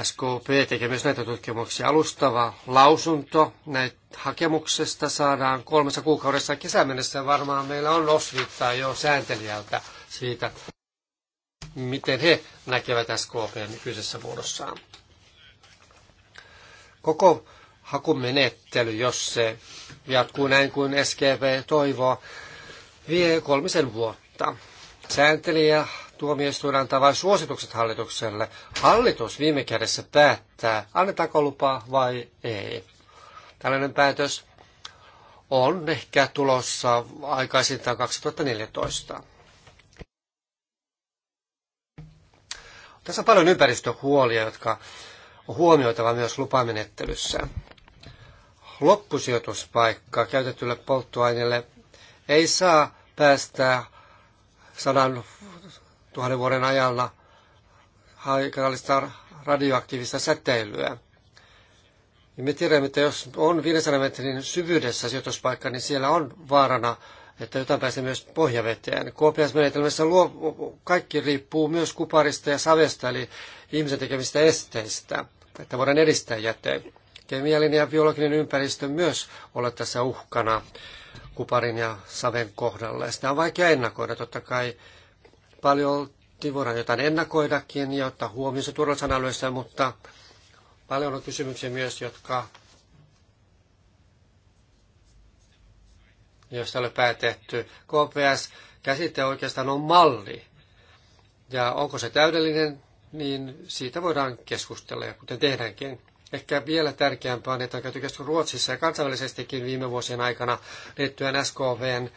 SKP tekee myös näitä tutkimuksia. Alustava lausunto näitä hakemuksesta saadaan kolmessa kuukaudessa kesän mennessä. Varmaan meillä on osviittaa jo sääntelijältä siitä, miten he näkevät SKP nykyisessä muodossaan. Koko hakumenettely, jos se jatkuu näin kuin SKP toivoo, vie kolmisen vuotta. Sääntelijä tuomioistuin antaa vain suositukset hallitukselle. Hallitus viime kädessä päättää, annetaanko lupa vai ei. Tällainen päätös on ehkä tulossa aikaisintaan 2014. Tässä on paljon ympäristöhuolia, jotka on huomioitava myös lupamenettelyssä. Loppusijoituspaikka käytetylle polttoaineelle ei saa päästää sadan tuhannen vuoden ajalla haikallista radioaktiivista säteilyä. Ja me tiedämme, että jos on 500 metrin syvyydessä sijoituspaikka, niin siellä on vaarana, että jotain pääsee myös pohjaveteen. Kuopiasmenetelmässä luo, kaikki riippuu myös kuparista ja savesta, eli ihmisen tekemistä esteistä, että voidaan edistää jätteen. Kemiallinen ja biologinen ympäristö myös olla tässä uhkana kuparin ja saven Ja Sitä on vaikea ennakoida totta kai paljon voidaan jotain ennakoidakin ja ottaa huomioon se turvallisuusanalyysissä, mutta paljon on kysymyksiä myös, jotka josta ole päätetty. KPS-käsite oikeastaan on malli. Ja onko se täydellinen, niin siitä voidaan keskustella, ja kuten tehdäänkin. Ehkä vielä tärkeämpää on, että on käyty keskustelua Ruotsissa ja kansainvälisestikin viime vuosien aikana liittyen SKVn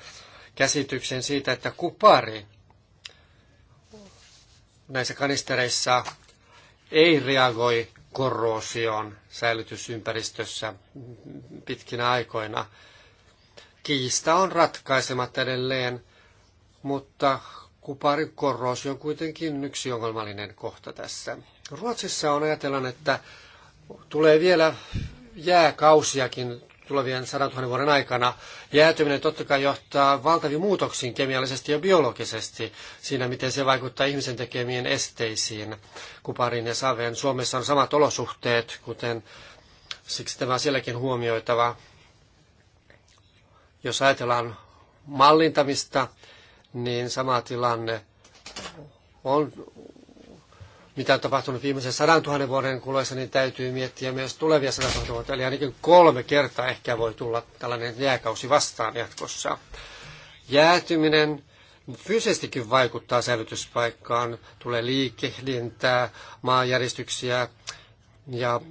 käsityksen siitä, että kupari näissä kanistereissa ei reagoi korrosioon säilytysympäristössä pitkinä aikoina. Kiista on ratkaisematta edelleen, mutta kuparin korroosio on kuitenkin yksi ongelmallinen kohta tässä. Ruotsissa on ajatellut, että tulee vielä jääkausiakin tulevien sadantuhannen vuoden aikana. Jäätyminen totta kai johtaa valtaviin muutoksiin kemiallisesti ja biologisesti siinä, miten se vaikuttaa ihmisen tekemiin esteisiin. Kuparin ja saveen Suomessa on samat olosuhteet, kuten siksi tämä on sielläkin huomioitava. Jos ajatellaan mallintamista, niin sama tilanne on mitä on tapahtunut viimeisen 100 000 vuoden kuluessa, niin täytyy miettiä myös tulevia 100 000 vuotta. Eli ainakin kolme kertaa ehkä voi tulla tällainen jääkausi vastaan jatkossa. Jäätyminen fyysisestikin vaikuttaa säilytyspaikkaan. Tulee liikehdintää, maanjäristyksiä ja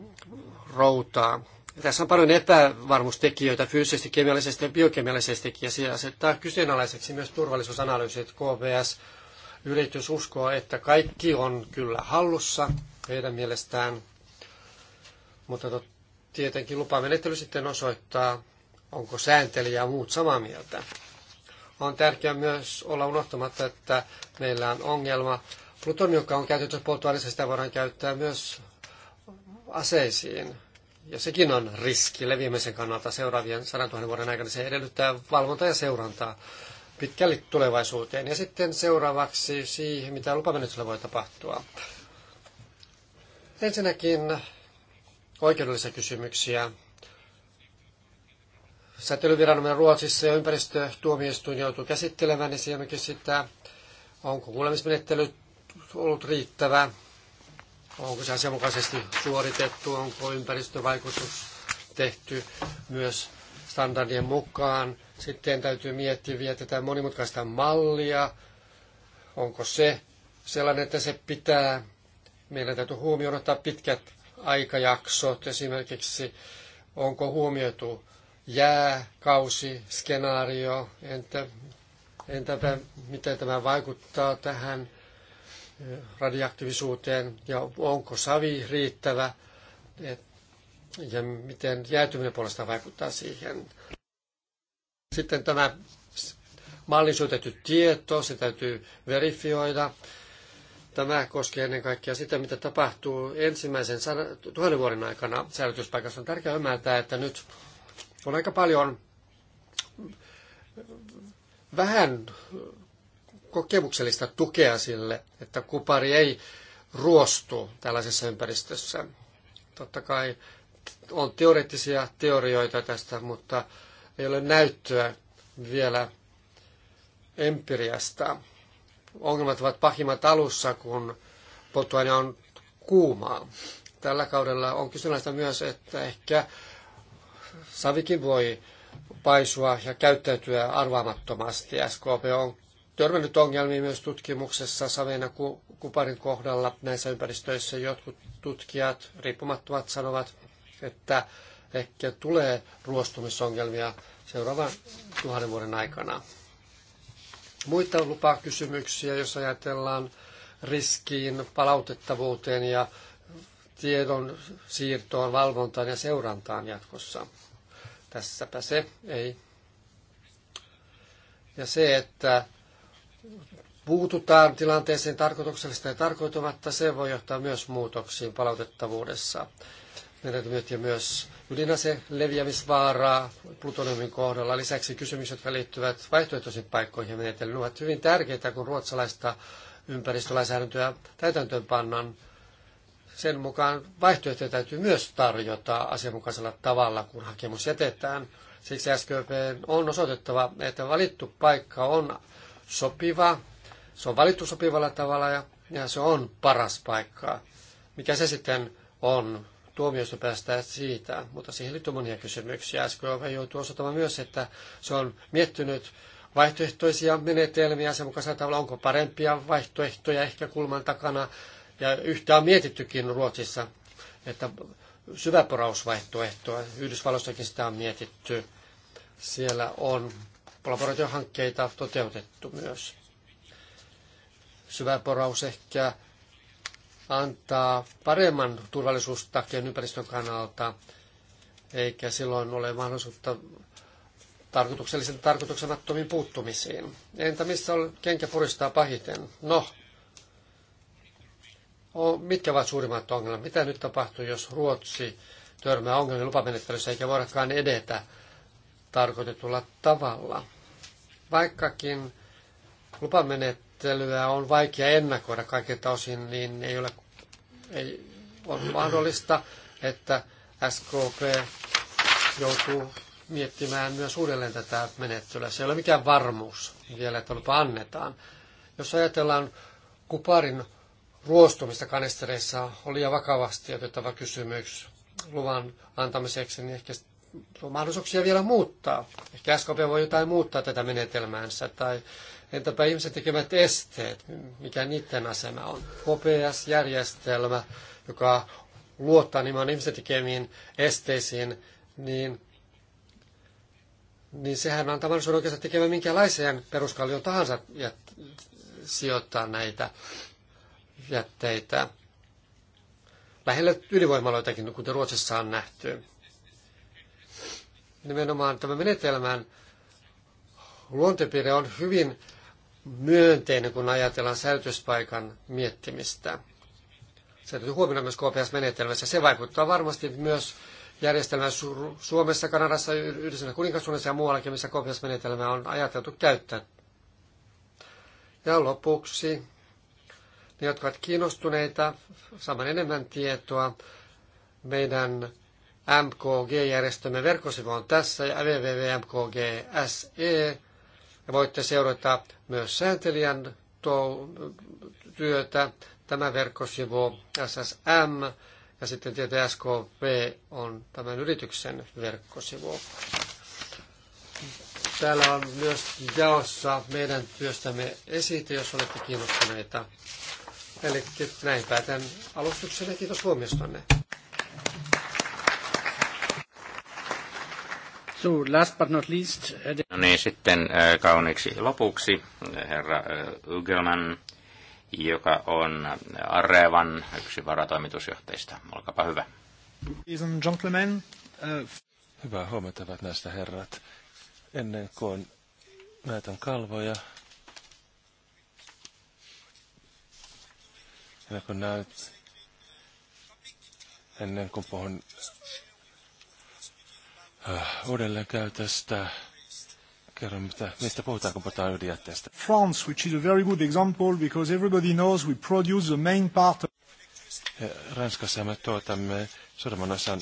routaa. Tässä on paljon epävarmuustekijöitä fyysisesti, kemiallisesti ja biokemiallisesti, ja se asettaa kyseenalaiseksi myös turvallisuusanalyysit, KVS, Yritys uskoa, että kaikki on kyllä hallussa heidän mielestään, mutta tietenkin lupamenettely sitten osoittaa, onko sääntelijä ja muut samaa mieltä. On tärkeää myös olla unohtamatta, että meillä on ongelma. Plutoni, joka on käytetty polttoaineessa, sitä voidaan käyttää myös aseisiin. Ja sekin on riski leviämisen kannalta seuraavien 100 000 vuoden aikana. Se edellyttää valvontaa ja seurantaa pitkälle tulevaisuuteen. Ja sitten seuraavaksi siihen, mitä lupamenettelyllä voi tapahtua. Ensinnäkin oikeudellisia kysymyksiä. Säteilyviranomainen Ruotsissa ja ympäristötuomioistuin joutuu käsittelemään esimerkiksi sitä, onko kuulemismenettely ollut riittävä, onko se asianmukaisesti suoritettu, onko ympäristövaikutus tehty myös standardien mukaan, sitten täytyy miettiä vielä tätä monimutkaista mallia. Onko se sellainen, että se pitää, meillä täytyy huomioon ottaa pitkät aikajaksot, esimerkiksi onko huomioitu jääkausi, skenaario, entä, entäpä miten tämä vaikuttaa tähän eh, radioaktiivisuuteen ja onko savi riittävä et, ja miten jäätyminen puolesta vaikuttaa siihen. Sitten tämä mallin syötetty tieto, se täytyy verifioida. Tämä koskee ennen kaikkea sitä, mitä tapahtuu ensimmäisen tuhannen vuoden aikana säilytyspaikassa. On tärkeää ymmärtää, että nyt on aika paljon vähän kokemuksellista tukea sille, että kupari ei ruostu tällaisessa ympäristössä. Totta kai on teoreettisia teorioita tästä, mutta ei ole näyttöä vielä empiriasta. Ongelmat ovat pahimmat alussa, kun polttoaine on kuumaa. Tällä kaudella on kyseenalaista myös, että ehkä savikin voi paisua ja käyttäytyä arvaamattomasti. SKP on törmännyt ongelmiin myös tutkimuksessa Savena Kuparin kohdalla näissä ympäristöissä. Jotkut tutkijat, riippumattomat, sanovat, että ehkä tulee ruostumisongelmia seuraavan tuhannen vuoden aikana. Muita lupakysymyksiä, jos ajatellaan riskiin, palautettavuuteen ja tiedon siirtoon, valvontaan ja seurantaan jatkossa. Tässäpä se ei. Ja se, että puututaan tilanteeseen tarkoituksellista ja tarkoitumatta, se voi johtaa myös muutoksiin palautettavuudessa. Meidän miettiä myös ydinase leviämisvaaraa plutoniumin kohdalla. Lisäksi kysymykset, jotka liittyvät vaihtoehtoisiin paikkoihin ja menetelmiin, ovat hyvin tärkeitä, kun ruotsalaista ympäristölainsäädäntöä täytäntöön pannaan. Sen mukaan vaihtoehtoja täytyy myös tarjota asianmukaisella tavalla, kun hakemus jätetään. Siksi SKP on osoitettava, että valittu paikka on sopiva, se on valittu sopivalla tavalla ja, ja se on paras paikka. Mikä se sitten on, tuomiosta päästään siitä, mutta siihen liittyy monia kysymyksiä. SKV joutuu osoittamaan myös, että se on miettinyt vaihtoehtoisia menetelmiä sen mukaisella tavalla, onko parempia vaihtoehtoja ehkä kulman takana. Ja yhtä on mietittykin Ruotsissa, että syväporausvaihtoehtoa, Yhdysvalloissakin sitä on mietitty. Siellä on laboratoriohankkeita toteutettu myös. Syväporaus ehkä antaa paremman turvallisuustakeen ympäristön kannalta, eikä silloin ole mahdollisuutta tarkoituksellisen tarkoituksenattomiin puuttumisiin. Entä missä on, kenkä puristaa pahiten? No, mitkä ovat suurimmat ongelmat? Mitä nyt tapahtuu, jos Ruotsi törmää ongelmien lupamenettelyssä eikä voidakaan edetä tarkoitetulla tavalla? Vaikkakin lupamenettely sääntelyä on vaikea ennakoida kaikilta osin, niin ei ole ei, on mahdollista, että SKP joutuu miettimään myös uudelleen tätä menettelyä. Se ei ole mikään varmuus vielä, että lupa annetaan. Jos ajatellaan kuparin ruostumista kanistereissa, oli ja vakavasti otettava kysymys luvan antamiseksi, niin ehkä on mahdollisuuksia vielä muuttaa. Ehkä SKP voi jotain muuttaa tätä menetelmäänsä tai Entäpä ihmiset tekemät esteet, mikä niiden asema on? KPS-järjestelmä, joka luottaa nimenomaan ihmisten tekemiin esteisiin, niin, niin sehän on mahdollisuuden oikeastaan tekemään minkälaiseen peruskallion tahansa ja sijoittaa näitä jätteitä. Lähellä ydinvoimaloitakin, kuten Ruotsissa on nähty. Nimenomaan tämän menetelmän luontepiirre on hyvin myönteinen, kun ajatellaan säilytyspaikan miettimistä. Se täytyy huomioida myös KPS-menetelmässä. Se vaikuttaa varmasti myös järjestelmään Suomessa, Kanadassa, Yhdysvallan kuningasuunnassa ja muuallakin, missä KPS-menetelmää on ajateltu käyttää. Ja lopuksi, ne jotka ovat kiinnostuneita, saman enemmän tietoa, meidän MKG-järjestömme verkkosivu on tässä ja www.mkg.se ja voitte seurata myös sääntelijän työtä. Tämä verkkosivu SSM ja sitten tietysti SKP on tämän yrityksen verkkosivu. Täällä on myös jaossa meidän työstämme esite, jos olette kiinnostuneita. Eli näin päätän ja Kiitos huomiostanne. So last but not least... Uh, no niin, sitten äh, kauniiksi lopuksi äh, herra äh, Ugelman, joka on Arevan yksi varatoimitusjohtajista. Olkaapa hyvä. gentlemen, uh... Hyvää huomenta, hyvät näistä herrat. Ennen kuin näytän kalvoja, ennen kuin näyt, ennen kuin puhun Äh, uudelleen käy tästä. Kerro, mitä, mistä puhutaan, kun puhutaan ydinjätteestä. France, which is a very good example, because everybody knows we produce the main part of... Ja Ranskassa me tuotamme suurimman osan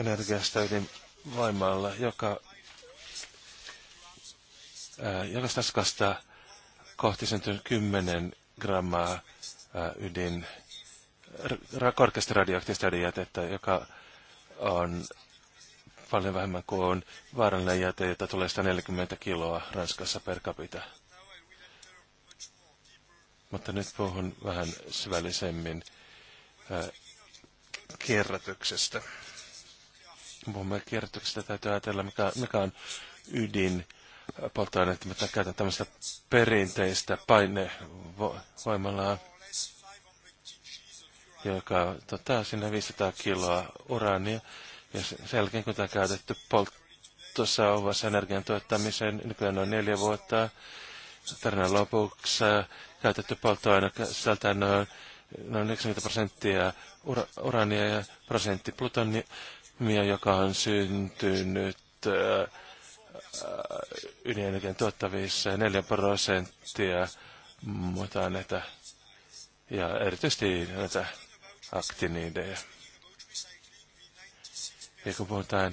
energiasta ydinvoimalla, joka äh, joka Tanskasta kohti syntyy 10 grammaa äh, ydin ra, korkeasti radioaktiivista ydinjätettä, joka on paljon vähemmän kuin on vaarallinen jäte, jota tulee 140 kiloa Ranskassa per capita. Mutta nyt puhun vähän syvällisemmin ää, äh, kierrätyksestä. Puhumme kierrätyksestä, täytyy ajatella, mikä, mikä on ydin polttoainetta. Mä käytän tämmöistä perinteistä painevoimalaa, joka tota, sinne 500 kiloa uraania. Ja sen jälkeen, kun tämä käytetty polttossa ovassa energian tuottamiseen, nykyään niin on neljä vuotta, tarinan lopuksi käytetty polttoaine sisältää noin, noin 90 prosenttia ura, urania ja prosentti plutonia, joka on syntynyt äh, ydinenergian tuottavissa 4 prosenttia muuta näitä ja erityisesti näitä aktiniideja. Ja kun puhutaan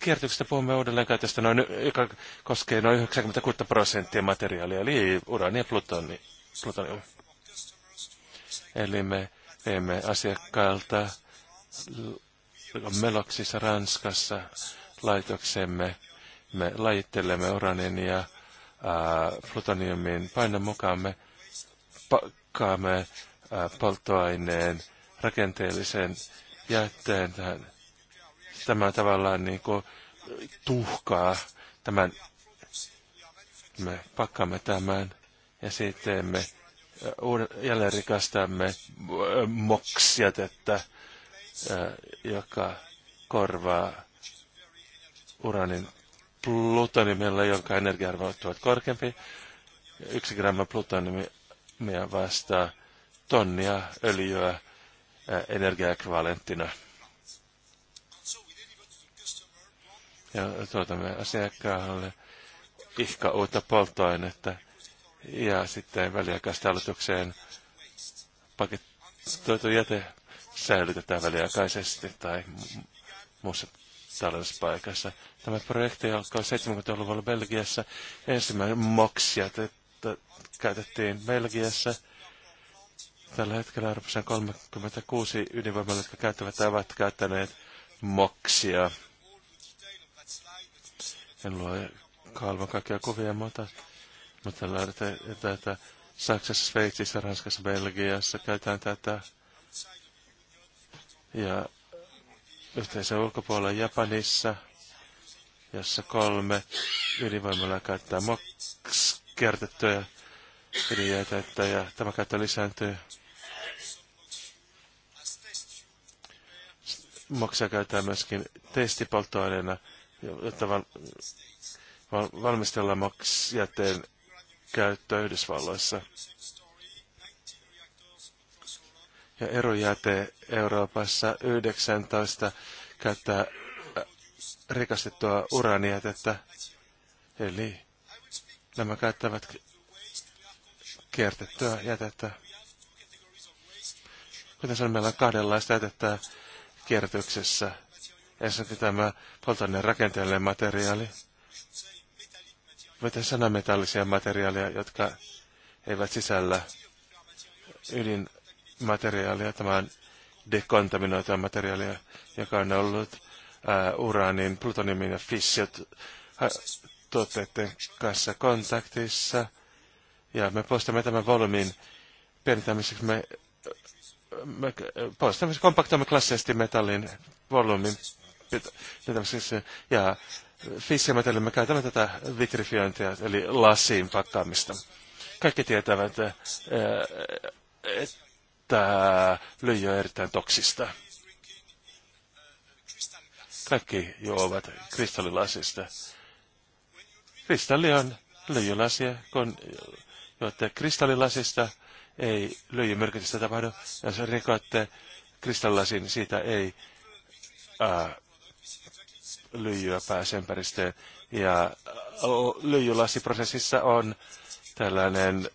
kierrätyksestä, puhumme käytöstä, noin, joka koskee noin 96 prosenttia materiaalia, eli uraania ja plutoni, plutonium. Eli me teemme asiakkailta Meloksissa Ranskassa laitoksemme. Me lajittelemme uranin ja ää, plutoniumin painon mukaan. Me pakkaamme ää, polttoaineen rakenteellisen jätteen tähän tämä tavallaan niin kuin tuhkaa tämän, me pakkaamme tämän ja sitten me jälleen rikastamme moksjätettä, joka korvaa uranin plutoniumilla, jonka energiaarvot on korkeampi. Yksi gramma plutoniumia vastaa tonnia öljyä energiaekvalenttina. ja tuotamme asiakkaalle ihka uutta polttoainetta ja sitten väliaikaista aloitukseen pakettoitu jäte säilytetään väliaikaisesti tai muussa tällaisessa paikassa. Tämä projekti alkoi 70-luvulla Belgiassa. Ensimmäinen moksia käytettiin Belgiassa. Tällä hetkellä Euroopassa on 36 ydinvoimalla, jotka käyttävät tai ovat käyttäneet moksia. En luo kalvon kaikkia kovia mutta, mutta löydätte, että, että Saksassa, Sveitsissä, Ranskassa, Belgiassa käytetään tätä. Ja yhteisen ulkopuolella Japanissa, jossa kolme ydinvoimalla käyttää MOX-kertettyä ydinjätettä ja tämä käyttö lisääntyy. Moksia käytetään myöskin testipolttoaineena jotta van, val, valmistellaan jätteen käyttöä Yhdysvalloissa. Ja erojäte Euroopassa 19 käyttää äh, rikastettua uraanijätettä, eli nämä käyttävät kiertettyä jätettä. Kuten sanoin, meillä on kahdenlaista jätettä kierrätyksessä – Ensinnäkin tämä polttoaineen rakenteellinen materiaali. Miten sanametallisia materiaaleja, jotka eivät sisällä ydinmateriaalia, tämä on dekontaminoitua materiaalia, joka on ollut uh, uraanin, plutoniumin ja fissiot äh, tuotteiden kanssa kontaktissa. Ja me poistamme tämän volyymin pienentämiseksi. Me, me poistamme, kompaktoimme klassisesti metallin volyymin pitämiseksi. Siis, eh, ja eh, fissimätelle me käytämme tätä vitrifiointia, eli lasiin pakkaamista. Kaikki tietävät, eh, että lyijy on erittäin toksista. Kaikki juovat kristallilasista. Kristalli on lyijylasia, kun juotte kristallilasista, ei lyijymerkitystä tapahdu. Jos rikotte kristallilasin, siitä ei ää, lyijyä pääsempäristöön. Ja lyijylasiprosessissa on tällainen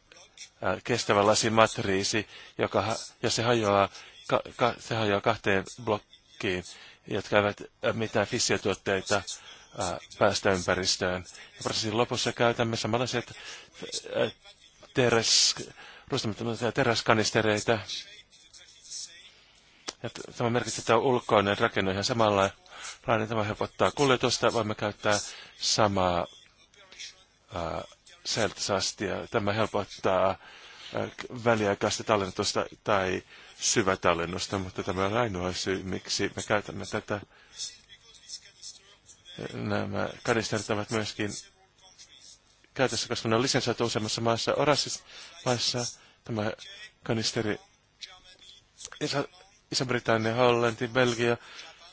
kestävä lasimatriisi, joka, ja se hajoaa, ka, ka, se hajoaa kahteen blokkiin, jotka eivät mitään fissiotuotteita päästä ympäristöön. Ja prosessin lopussa käytämme samanlaiset teräs, teräskanistereita. Ja tämä merkitsee, että ulkoinen rakennus ihan samalla tämä helpottaa kuljetusta, voimme käyttää samaa äh, seltsastia. Tämä helpottaa äh, väliaikaista tallennusta tai syvätallennusta, mutta tämä on ainoa syy, miksi me käytämme tätä. Nämä kanisterit ovat myöskin käytössä, koska ne on lisensoitu useammassa maassa. Orasissa maassa tämä kanisteri Iso-Britannia, Hollanti, Belgia,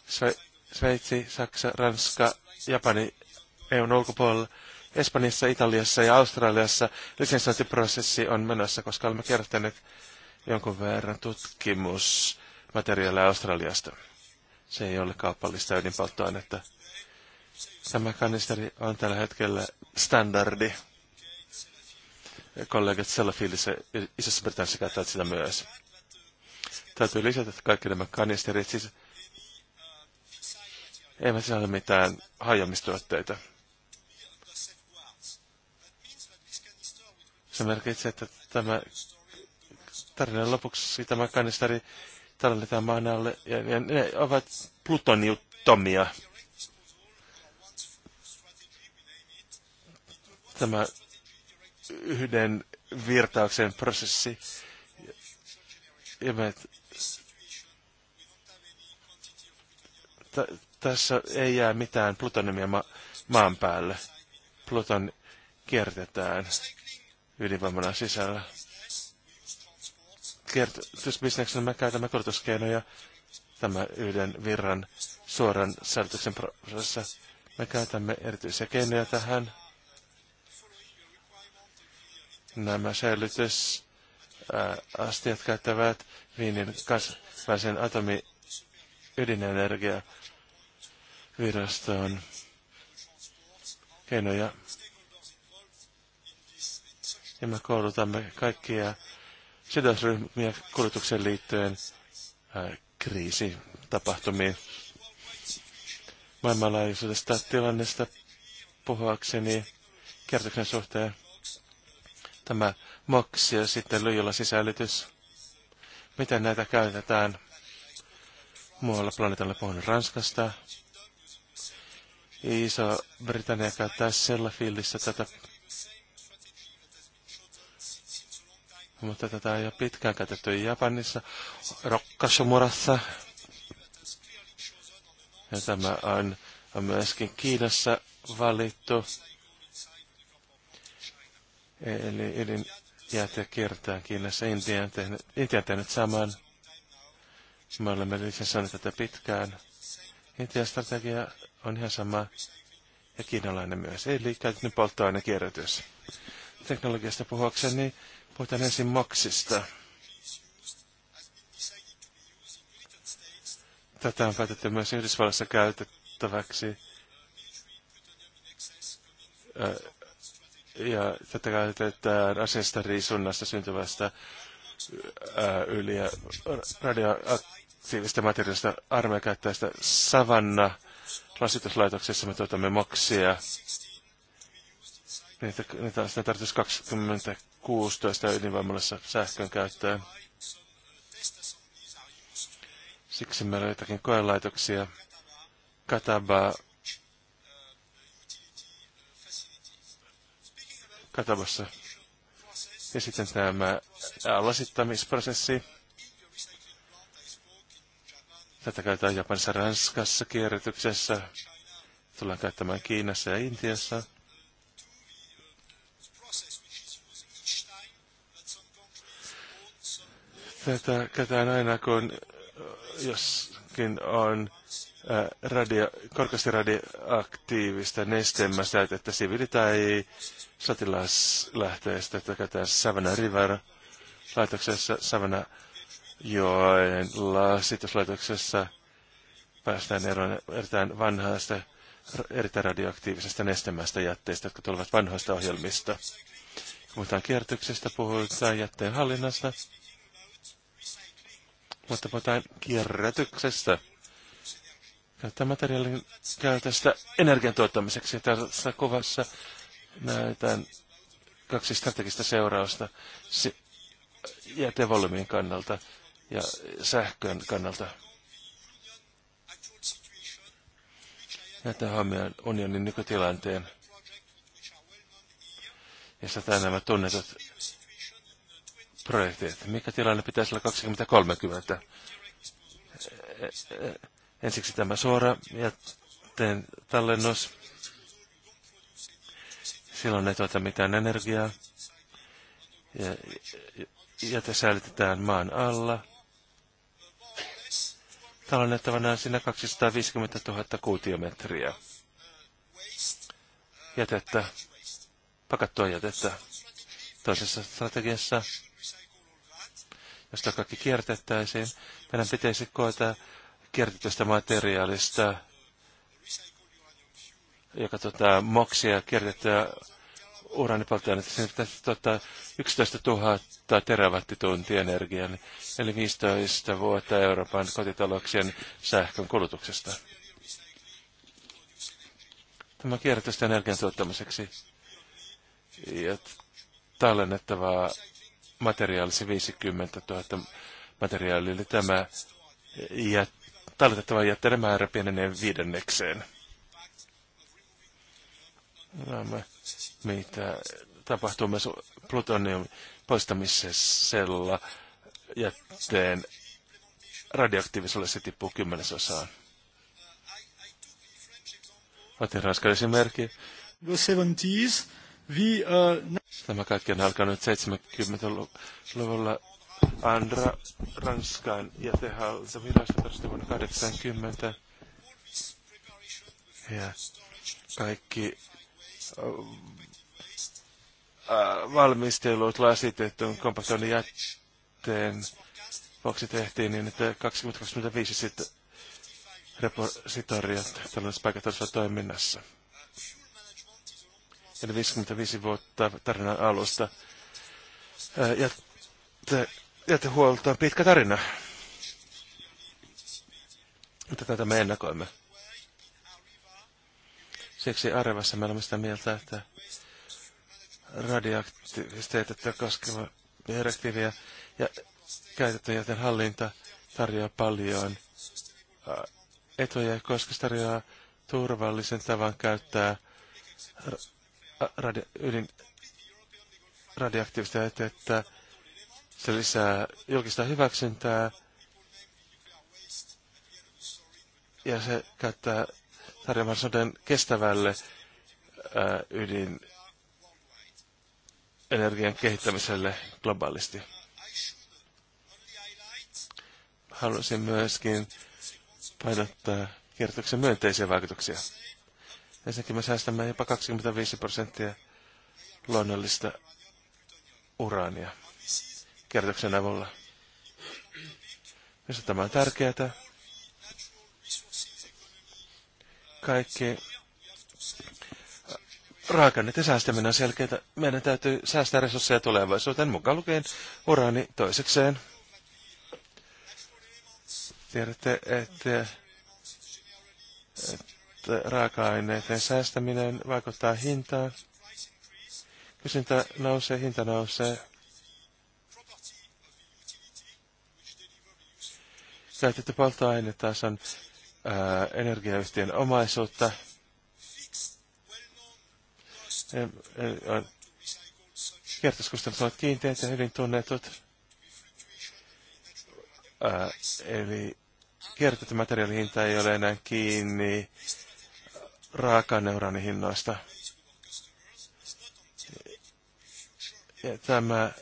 Sve, Sveitsi, Saksa, Ranska, Japani, EUn ulkopuolella, Espanjassa, Italiassa ja Australiassa lisensointiprosessi on menossa, koska olemme kertaneet jonkun verran tutkimusmateriaalia Australiasta. Se ei ole kaupallista ydinpolttoainetta. Tämä kanisteri on tällä hetkellä standardi. Kollegat Sellafieldissä Isossa Britannissa käyttävät sitä myös. Täytyy lisätä, että kaikki nämä kanisterit, siis eivät ole mitään hajoamistuotteita. Se merkitsee, että tämä tarinan lopuksi tämä kanisteri tallennetaan maan alle, ja, ja ne ovat plutoniuttomia. Tämä yhden virtauksen prosessi. Ja me, tässä ei jää mitään plutoniumia ma- maan päälle. Pluton kiertetään ydinvoimana sisällä. Kierrätysbisneksenä me käytämme kulutuskeinoja tämä yhden virran suoran säilytyksen prosessissa. Me käytämme erityisiä keinoja tähän. Nämä säilytysastiat käyttävät Viinin kansainvälisen atomi ydinenergia virastoon keinoja. Ja me koulutamme kaikkia sidosryhmiä kulutukseen liittyen ää, äh, kriisitapahtumiin. Maailmanlaajuisesta tilannesta puhuakseni kertoksen suhteen tämä moksi ja sitten lyijyllä sisällytys. Miten näitä käytetään muualla planeetalla puhunut Ranskasta, ei Iso-Britannia käyttää Sellafieldissä tätä. Mutta tätä ei ole pitkään käytetty Japanissa, Rokkashimurassa. Ja tämä on, on myöskin Kiinassa valittu. Eli ydin jäätä kiertää Kiinassa. Intia on tehnyt, Intia on tehnyt saman. Me olemme lisäksi saaneet tätä pitkään. Intian strategia on ihan sama. Ja kiinalainen myös. Eli käytetty polttoainekierrätys. Teknologiasta puhuakseni niin puhutaan ensin MOXista. Tätä on päätetty myös Yhdysvalloissa käytettäväksi. Ja tätä käytetään asiasta riisunnasta syntyvästä yli radioaktiivista materiaalista armeija käyttää sitä savanna rasituslaitoksessa me tuotamme moksia. Niitä, niitä niitä tarvitsisi 2016 ydinvoimalassa sähkön käyttöön. Siksi meillä on jotakin koelaitoksia. Kataba, Katabassa. Ja sitten tämä lasittamisprosessi. Tätä käytetään Japanissa, Ranskassa, kierrätyksessä. Tullaan käyttämään Kiinassa ja Intiassa. Tätä käytetään aina, kun joskin on äh, radio, korkeasti radioaktiivista nestemästä, että siviili- tai sotilaslähteestä, että käytetään Savannah River laitoksessa Savannah joilla lasituslaitoksessa päästään eroon erittäin vanhaasta, erittäin radioaktiivisesta nestemästä jätteistä, jotka tulevat vanhoista ohjelmista. puhutaan kierrätyksestä, puhutaan jätteen hallinnasta, mutta puhutaan kierrätyksestä. Käyttää materiaalin käytöstä energian tuottamiseksi. Tässä kuvassa näytän kaksi strategista seurausta jätevolyymin kannalta ja sähkön kannalta. Näitä on unionin nykytilanteen. Ja sitä nämä tunnetut projektit. Mikä tilanne pitäisi olla 2030? Ensiksi tämä suora jätteen tallennus. Silloin ei tuota mitään energiaa. Ja te säilytetään maan alla tallennettavana siinä 250 000 kuutiometriä jätettä, pakattua jätettä. Toisessa strategiassa, josta kaikki kiertettäisiin, meidän pitäisi koeta kiertetystä materiaalista, joka tuota, moksia kiertettyä uraanipolttoaineita, sinne pitäisi tuottaa 11 000 terawattituntia energiaa, niin- eli 15 vuotta Euroopan kotitalouksien sähkön kulutuksesta. Tämä kierrätystä energian tuottamiseksi ja tallennettavaa materiaalisi 50 000 materiaalia, eli tämä ja tallennettava jätteiden määrä pienenee viidennekseen. No, Nämä mitä tapahtuu myös plutonium poistamisella jätteen radioaktiivisuudelle se tippuu kymmenesosaan. Otin Ranskan esimerkki. Uh, Tämä kaikki on alkanut 70-luvulla. Andra Ranskan ja virasta perusti vuonna 80. Ja kaikki valmistelut lasitettuun kompaktoinnin jätteen vuoksi tehtiin niin, että 2025 sitten repositoriot tällaisessa paikat toiminnassa. Eli 55 vuotta tarinan alusta. Jätte, jätehuolto on pitkä tarina. Mutta tätä me ennakoimme. Siksi Arevassa me olemme sitä mieltä, että radioaktiviteetettä koskeva direktiiviä ja käytetty jäten hallinta tarjoaa paljon äh, etuja, koska se tarjoaa turvallisen tavan käyttää radio, ydin, radioaktiivista jätettä. Se lisää julkista hyväksyntää ja se käyttää tarjoamaisuuden kestävälle äh, ydin energian kehittämiselle globaalisti. Haluaisin myöskin painottaa kertoksen myönteisiä vaikutuksia. Ensinnäkin me säästämme jopa 25 prosenttia luonnollista uraania kertoksen avulla. Jos tämä on tärkeää, kaikki Raaka-aineiden säästäminen on selkeää. Meidän täytyy säästää resursseja tulevaisuuteen mukaan lukien uraani toisekseen. Tiedätte, että, että raaka-aineiden säästäminen vaikuttaa hintaan. Kysyntä nousee, hinta nousee. Käytetty polttoaine taas on ää, energiayhtiön omaisuutta. Kiertoskustannukset ovat kiinteät ja hyvin tunnetut. eli kierrätetty materiaalihinta ei ole enää kiinni neuraani hinnoista. Ja tämä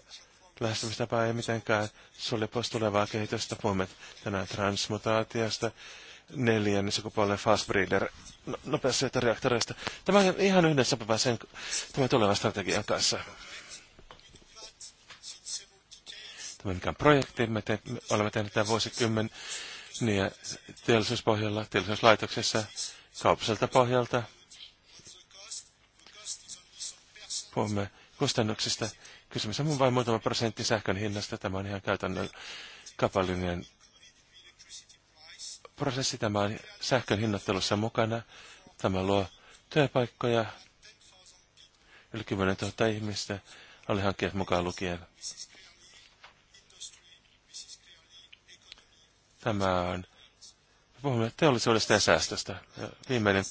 lähestymistapa ei mitenkään sulle pois tulevaa kehitystä. Puhumme tänään transmutaatiosta, neljän sukupolven fast breeder no, nopeasti reaktoreista. Tämä on ihan yhdessä päivä sen tämän tulevan strategian kanssa. Tämä mikä on projekti, me te, me olemme tehneet tämän vuosikymmen niin teollisuuspohjalla, teollisuuslaitoksessa, kaupalliselta pohjalta. Puhumme kustannuksista. Kysymys on vain muutama prosentti sähkön hinnasta. Tämä on ihan käytännön kapallinen prosessi. Tämä on sähkön hinnoittelussa mukana. Tämä luo työpaikkoja yli 10 000 ihmistä, alihankkijat mukaan lukien. Tämä on, puhumme teollisuudesta ja säästöstä. Ja viimeinen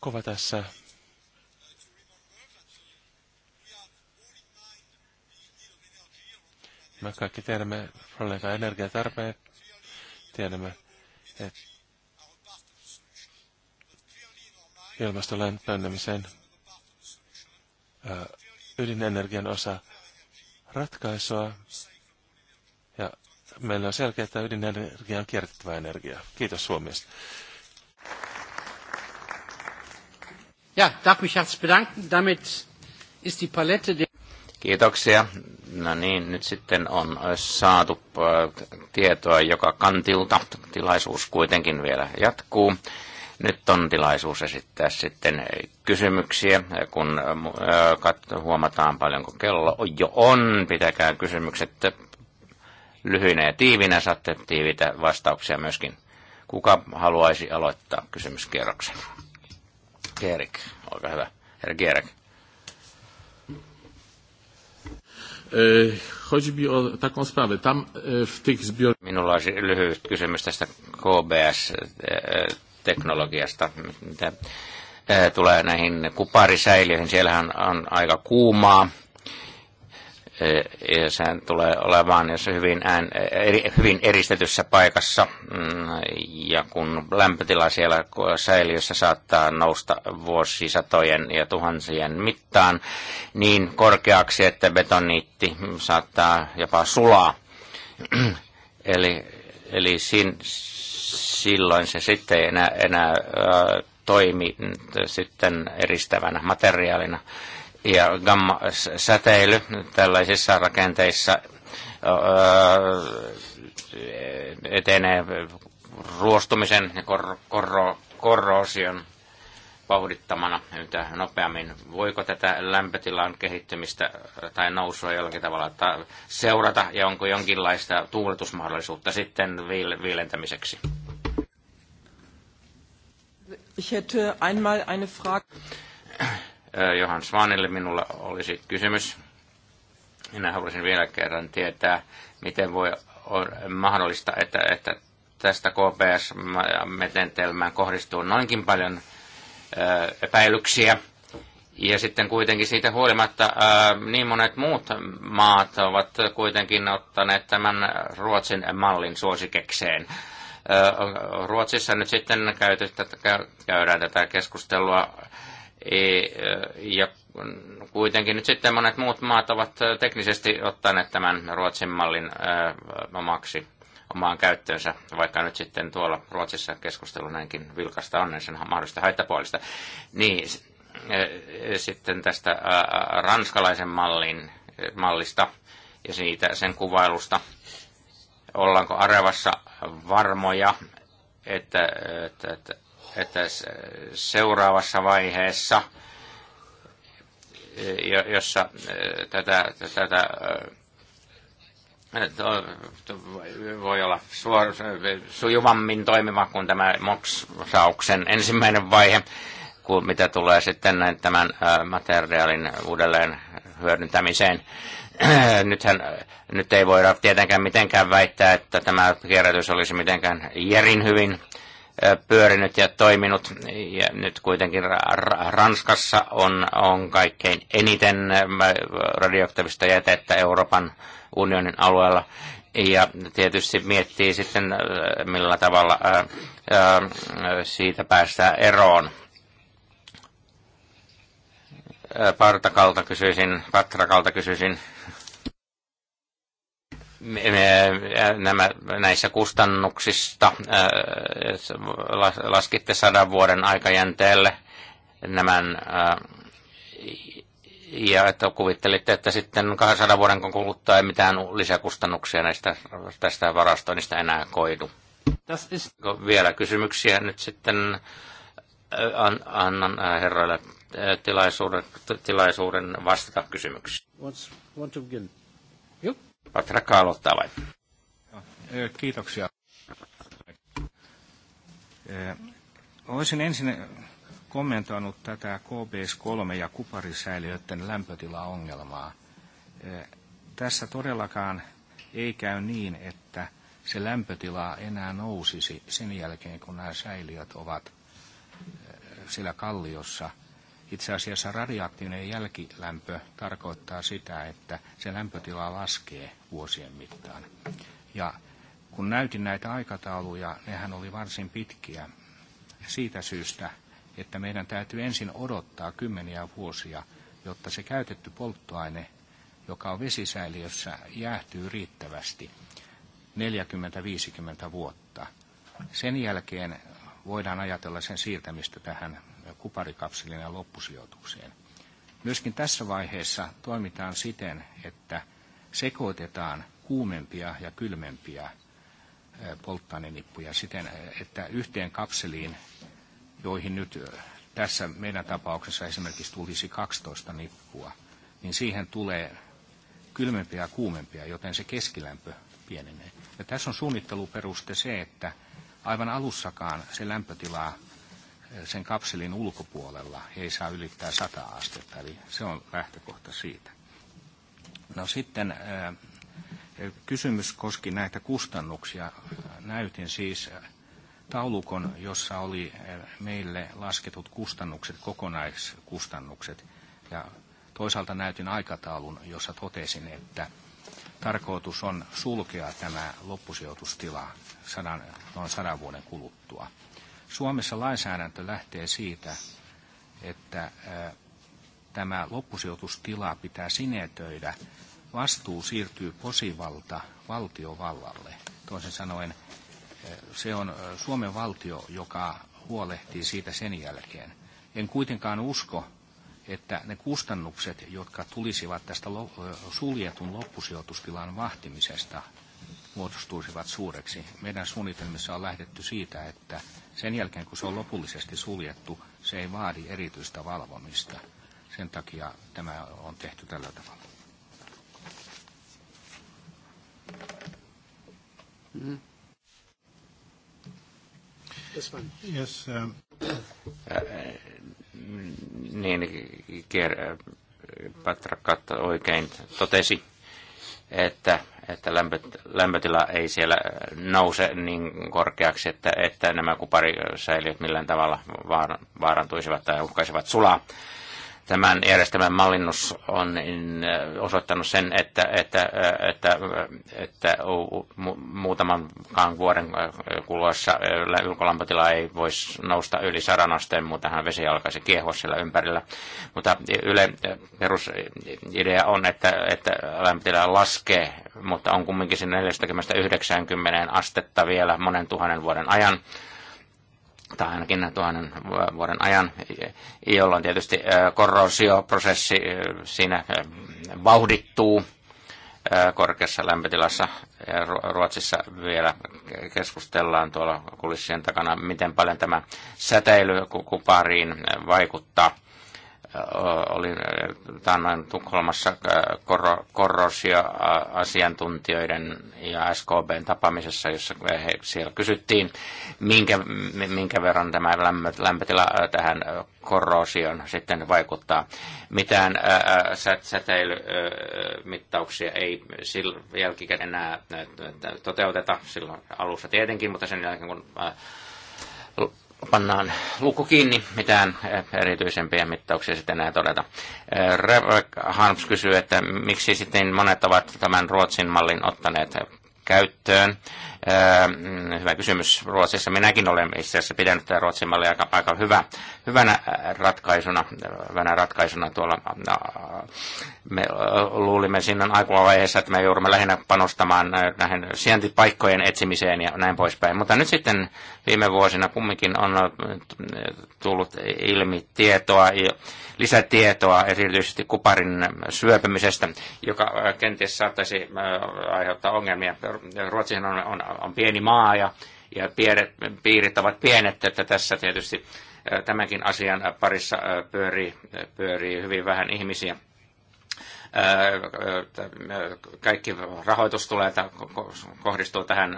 kuva tässä. Me kaikki tiedämme että energiatarpeet, tiedämme että ilmaston lämpenemisen ydinenergian osa ratkaisua. Ja meillä on selkeää, että ydinenergia on kierrättävää energia. Kiitos Suomesta. Ja, darf mich herzlich bedanken. Damit ist die Palette Kiitoksia. No niin, nyt sitten on äh, saatu äh, tietoa joka kantilta. Tilaisuus kuitenkin vielä jatkuu. Nyt on tilaisuus esittää sitten kysymyksiä, kun äh, huomataan paljonko kello jo on. Pitäkää kysymykset lyhyinä ja tiivinä, saatte tiivitä vastauksia myöskin. Kuka haluaisi aloittaa kysymyskierroksen? Gerik, olkaa hyvä. Herra Kierik. E, chodzi mi o taką sprawę. Tam e, w tych Minulla olisi lyhyt kysymys tästä KBS-teknologiasta, mitä e, tulee näihin kuparisäiliöihin. Siellähän on aika kuumaa ja sehän tulee olemaan jos hyvin, ään, eri, hyvin eristetyssä paikassa, mm, ja kun lämpötila siellä säiliössä saattaa nousta vuosisatojen ja tuhansien mittaan niin korkeaksi, että betoniitti saattaa jopa sulaa. eli eli sin, silloin se sitten ei enää, enää toimi sitten eristävänä materiaalina ja säteily tällaisissa rakenteissa etenee ruostumisen ja kor, korro, korroosion vauhdittamana yhtä nopeammin. Voiko tätä lämpötilan kehittymistä tai nousua jollakin tavalla seurata ja onko jonkinlaista tuuletusmahdollisuutta sitten viil- viilentämiseksi? Ich hätte einmal eine Frage Äh, Johan Svanille minulla olisi kysymys. Minä haluaisin vielä kerran tietää, miten voi on mahdollista, että, että tästä kps metentelmään kohdistuu noinkin paljon äh, epäilyksiä. Ja sitten kuitenkin siitä huolimatta äh, niin monet muut maat ovat kuitenkin ottaneet tämän Ruotsin mallin suosikekseen. Ruotsissa nyt sitten käyty, käydään tätä keskustelua E, ja kuitenkin nyt sitten monet muut maat ovat teknisesti ottaneet tämän Ruotsin mallin omaksi omaan käyttöönsä, vaikka nyt sitten tuolla Ruotsissa keskustelu näinkin vilkasta on, niin sen mahdollista haittapuolista. Niin, sitten tästä ranskalaisen mallin, mallista ja siitä sen kuvailusta. Ollaanko Arevassa varmoja, että, että, että että seuraavassa vaiheessa, jossa e, tätä, tätä e, voi olla suor, sujuvammin toimiva kuin tämä moksauksen ensimmäinen vaihe, kuin mitä tulee sitten näin tämän e, materiaalin uudelleen hyödyntämiseen. Nythän, nyt ei voida tietenkään mitenkään väittää, että tämä kierrätys olisi mitenkään järin hyvin pyörinyt ja toiminut. Ja nyt kuitenkin Ranskassa on, on kaikkein eniten radioaktiivista jätettä Euroopan unionin alueella. Ja tietysti miettii sitten, millä tavalla siitä päästään eroon. Partakalta kysyisin, Patrakalta kysyisin, nämä, näissä kustannuksista laskitte sadan vuoden aikajänteelle nämä ja että kuvittelitte, että sitten 200 vuoden kuluttua ei mitään lisäkustannuksia näistä, tästä varastoinnista enää koidu. Is... Vielä kysymyksiä nyt sitten annan herroille tilaisuuden, tilaisuuden vastata kysymyksiin. What's, what Patrakka aloittaa vai? Eh, kiitoksia. Eh, olisin ensin kommentoinut tätä KBS-3 ja kuparisäiliöiden lämpötilaongelmaa. Eh, tässä todellakaan ei käy niin, että se lämpötila enää nousisi sen jälkeen, kun nämä säiliöt ovat siellä kalliossa – itse asiassa radioaktiivinen jälkilämpö tarkoittaa sitä, että se lämpötila laskee vuosien mittaan. Ja kun näytin näitä aikatauluja, nehän oli varsin pitkiä siitä syystä, että meidän täytyy ensin odottaa kymmeniä vuosia, jotta se käytetty polttoaine, joka on vesisäiliössä, jäähtyy riittävästi 40-50 vuotta. Sen jälkeen voidaan ajatella sen siirtämistä tähän kuparikapselin ja loppusijoitukseen. Myöskin tässä vaiheessa toimitaan siten, että sekoitetaan kuumempia ja kylmempiä polttoainenippuja siten, että yhteen kapseliin, joihin nyt tässä meidän tapauksessa esimerkiksi tulisi 12 nippua, niin siihen tulee kylmempiä ja kuumempia, joten se keskilämpö pienenee. Ja tässä on suunnitteluperuste se, että aivan alussakaan se lämpötilaa sen kapselin ulkopuolella ei saa ylittää 100 astetta, eli se on lähtökohta siitä. No sitten eh, kysymys koski näitä kustannuksia. Näytin siis eh, taulukon, jossa oli eh, meille lasketut kustannukset, kokonaiskustannukset. Ja toisaalta näytin aikataulun, jossa totesin, että tarkoitus on sulkea tämä loppusijoitustila sadan, noin sadan vuoden kuluttua. Suomessa lainsäädäntö lähtee siitä, että tämä loppusijoitustila pitää sinetöidä. Vastuu siirtyy posivalta valtiovallalle. Toisin sanoen se on Suomen valtio, joka huolehtii siitä sen jälkeen. En kuitenkaan usko, että ne kustannukset, jotka tulisivat tästä suljetun loppusijoitustilan vahtimisesta – muodostuisivat suureksi. Meidän suunnitelmissa on lähdetty siitä, että sen jälkeen kun se on lopullisesti suljettu, se ei vaadi erityistä valvomista. Sen takia tämä on tehty tällä tavalla. Mm-hmm. Yes, uh... niin, Kier, äh, Patrakka oikein totesi että, että lämpötila ei siellä nouse niin korkeaksi, että, että nämä kuparisäiliöt millään tavalla vaarantuisivat tai uhkaisivat sulaa tämän järjestelmän mallinnus on osoittanut sen, että, että, että, että muutaman vuoden kuluessa ulkolämpötila ei voisi nousta yli sadan asteen, muutenhan vesi alkaisi kiehua siellä ympärillä. Mutta yle perusidea on, että, että lämpötila laskee, mutta on kumminkin sinne 40-90 astetta vielä monen tuhannen vuoden ajan tai ainakin tuhannen vuoden ajan, jolloin tietysti korrosioprosessi siinä vauhdittuu korkeassa lämpötilassa. Ruotsissa vielä keskustellaan tuolla kulissien takana, miten paljon tämä säteily kupariin vaikuttaa olin tämän Tukholmassa asiantuntijoiden ja SKBn tapaamisessa, jossa he siellä kysyttiin, minkä, minkä verran tämä lämpötila tähän korrosion sitten vaikuttaa. Mitään säteilymittauksia ei jälkikäteen enää toteuteta silloin alussa tietenkin, mutta sen jälkeen kun pannaan luku kiinni, mitään eh, erityisempiä mittauksia sitten enää todeta. Eh, Rebecca Harms kysyy, että miksi sitten monet ovat tämän Ruotsin mallin ottaneet käyttöön Mm, hyvä kysymys Ruotsissa. Minäkin olen itse asiassa pidänyt tämä Ruotsin malli aika, aika hyvä, hyvänä ratkaisuna, hyvänä ratkaisuna tuolla. Me luulimme siinä aikavaiheessa, että me joudumme lähinnä panostamaan näihin sijaintipaikkojen etsimiseen ja näin poispäin. Mutta nyt sitten viime vuosina kumminkin on tullut ilmi tietoa, lisätietoa erityisesti kuparin syöpymisestä, joka kenties saattaisi aiheuttaa ongelmia. Ruotsihan on, on on pieni maa ja, ja pienet, piirit ovat pienet, että tässä tietysti tämänkin asian parissa pyörii, pyörii hyvin vähän ihmisiä kaikki rahoitus tulee, kohdistuu tähän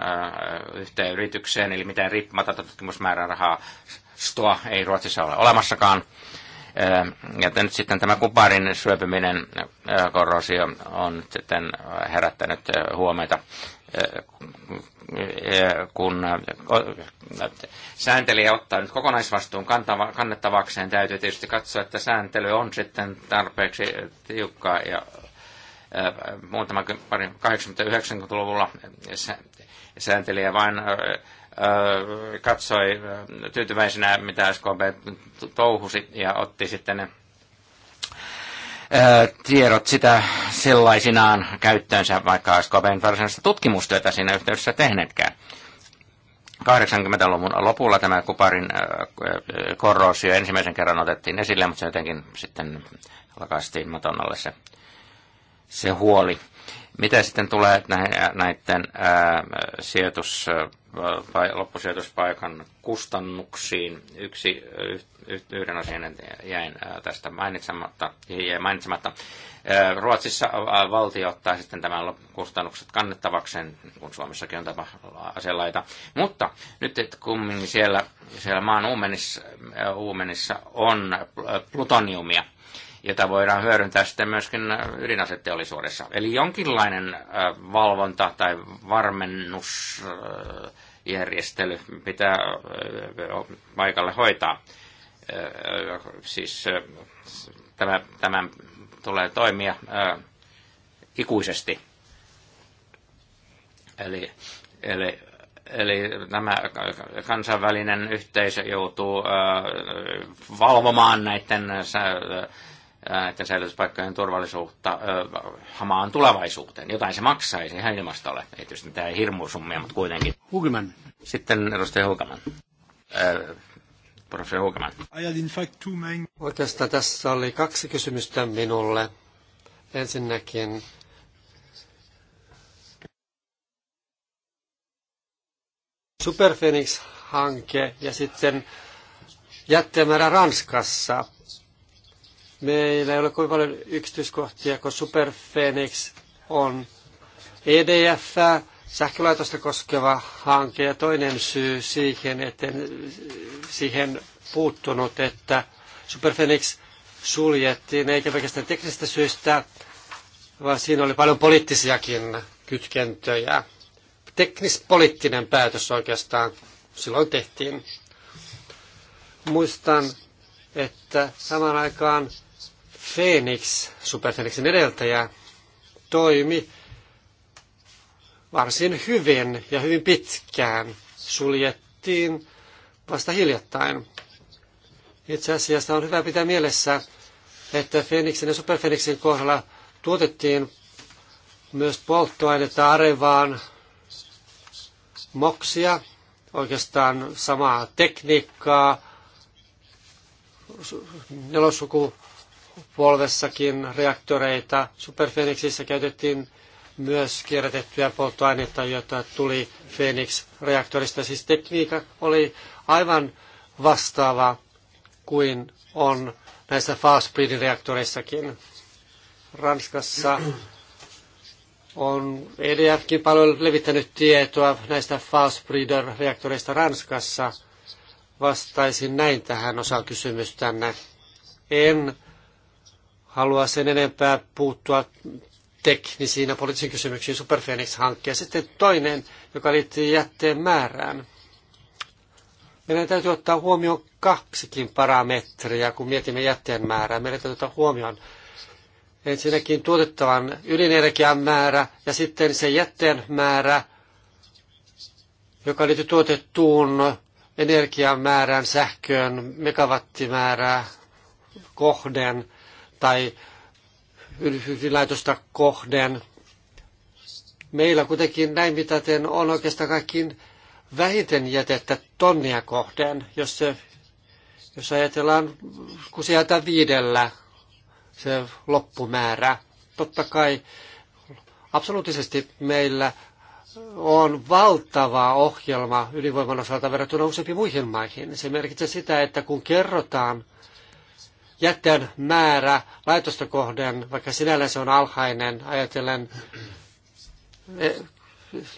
yhteen yritykseen, eli mitään riippumatonta tutkimusmäärärahaa STOA ei Ruotsissa ole olemassakaan. Ja nyt sitten tämä kuparin syöpyminen, korrosio, on sitten herättänyt huomiota kun sääntelijä ottaa nyt kokonaisvastuun kannettavakseen, täytyy tietysti katsoa, että sääntely on sitten tarpeeksi tiukkaa ja muutama pari 80-90-luvulla sääntelijä vain katsoi tyytyväisenä, mitä SKB touhusi ja otti sitten ne tiedot sitä sellaisinaan käyttöönsä, vaikka SKPn varsinaista tutkimustyötä siinä yhteydessä tehneetkään. 80-luvun lopulla tämä kuparin korrosio ensimmäisen kerran otettiin esille, mutta se jotenkin sitten lakastiin matonnalle se, se huoli. Mitä sitten tulee näiden, näiden ää, sijoitus loppusijoituspaikan kustannuksiin. Yksi, yhden asian jäin tästä mainitsematta. Jäi mainitsematta. Ruotsissa valtio ottaa sitten tämän kustannukset kannettavakseen, kun Suomessakin on tämä aselaita. Mutta nyt että kumminkin siellä, siellä maan uumenissa, uumenissa on plutoniumia – jota voidaan hyödyntää sitten myöskin ydinaseteollisuudessa. Eli jonkinlainen valvonta tai varmennusjärjestely pitää paikalle hoitaa. Siis tämä, tämän tulee toimia ikuisesti. Eli, eli eli nämä kansainvälinen yhteisö joutuu valvomaan näiden että säilytyspaikkojen turvallisuutta hamaan tulevaisuuteen. Jotain se maksaisi ihan ilmastolle. Ei tietysti mitään hirmuusummia, mutta kuitenkin. Hugeman. Sitten edustaja Hugeman. professori Hugeman. Oikeastaan tässä oli kaksi kysymystä minulle. Ensinnäkin Superphoenix-hanke ja sitten jättemäärä Ranskassa. Meillä ei ole kuin paljon yksityiskohtia, kun Super Phoenix on EDF, sähkölaitosta koskeva hanke. Ja toinen syy siihen, että siihen puuttunut, että Super Phoenix suljettiin, eikä pelkästään teknisistä syistä, vaan siinä oli paljon poliittisiakin kytkentöjä. Teknispoliittinen päätös oikeastaan silloin tehtiin. Muistan, että samaan aikaan Phoenix, Super Phoenixin edeltäjä, toimi varsin hyvin ja hyvin pitkään. Suljettiin vasta hiljattain. Itse asiassa on hyvä pitää mielessä, että Phoenixin ja Super Phoenixin kohdalla tuotettiin myös polttoainetta Arevaan moksia, oikeastaan samaa tekniikkaa, nelossuku polvessakin reaktoreita. superfeniksissä käytettiin myös kierrätettyä polttoainetta, jota tuli Phoenix-reaktorista. Siis tekniikka oli aivan vastaava kuin on näissä fast speedin reaktoreissakin. Ranskassa on EDFkin paljon levittänyt tietoa näistä fast breeder reaktoreista Ranskassa. Vastaisin näin tähän osaan kysymystänne. En halua sen enempää puuttua teknisiin ja poliittisiin kysymyksiin Superphoenix-hankkeen. Sitten toinen, joka liittyy jätteen määrään. Meidän täytyy ottaa huomioon kaksikin parametria, kun mietimme jätteen määrää. Meidän täytyy ottaa huomioon ensinnäkin tuotettavan ydinenergian määrä ja sitten se jätteen määrä, joka liittyy tuotettuun energian määrään, sähköön, megawattimäärää kohden – tai laitosta kohden. Meillä kuitenkin näin mitaten on oikeastaan kaikkiin vähiten jätettä tonnia kohden, jos, se, jos ajatellaan, kun se jätetään viidellä se loppumäärä. Totta kai absoluuttisesti meillä on valtava ohjelma ydinvoiman osalta verrattuna useampiin muihin maihin. Se merkitsee sitä, että kun kerrotaan jätteen määrä laitosta kohden, vaikka sinällään se on alhainen, ajatellen eh,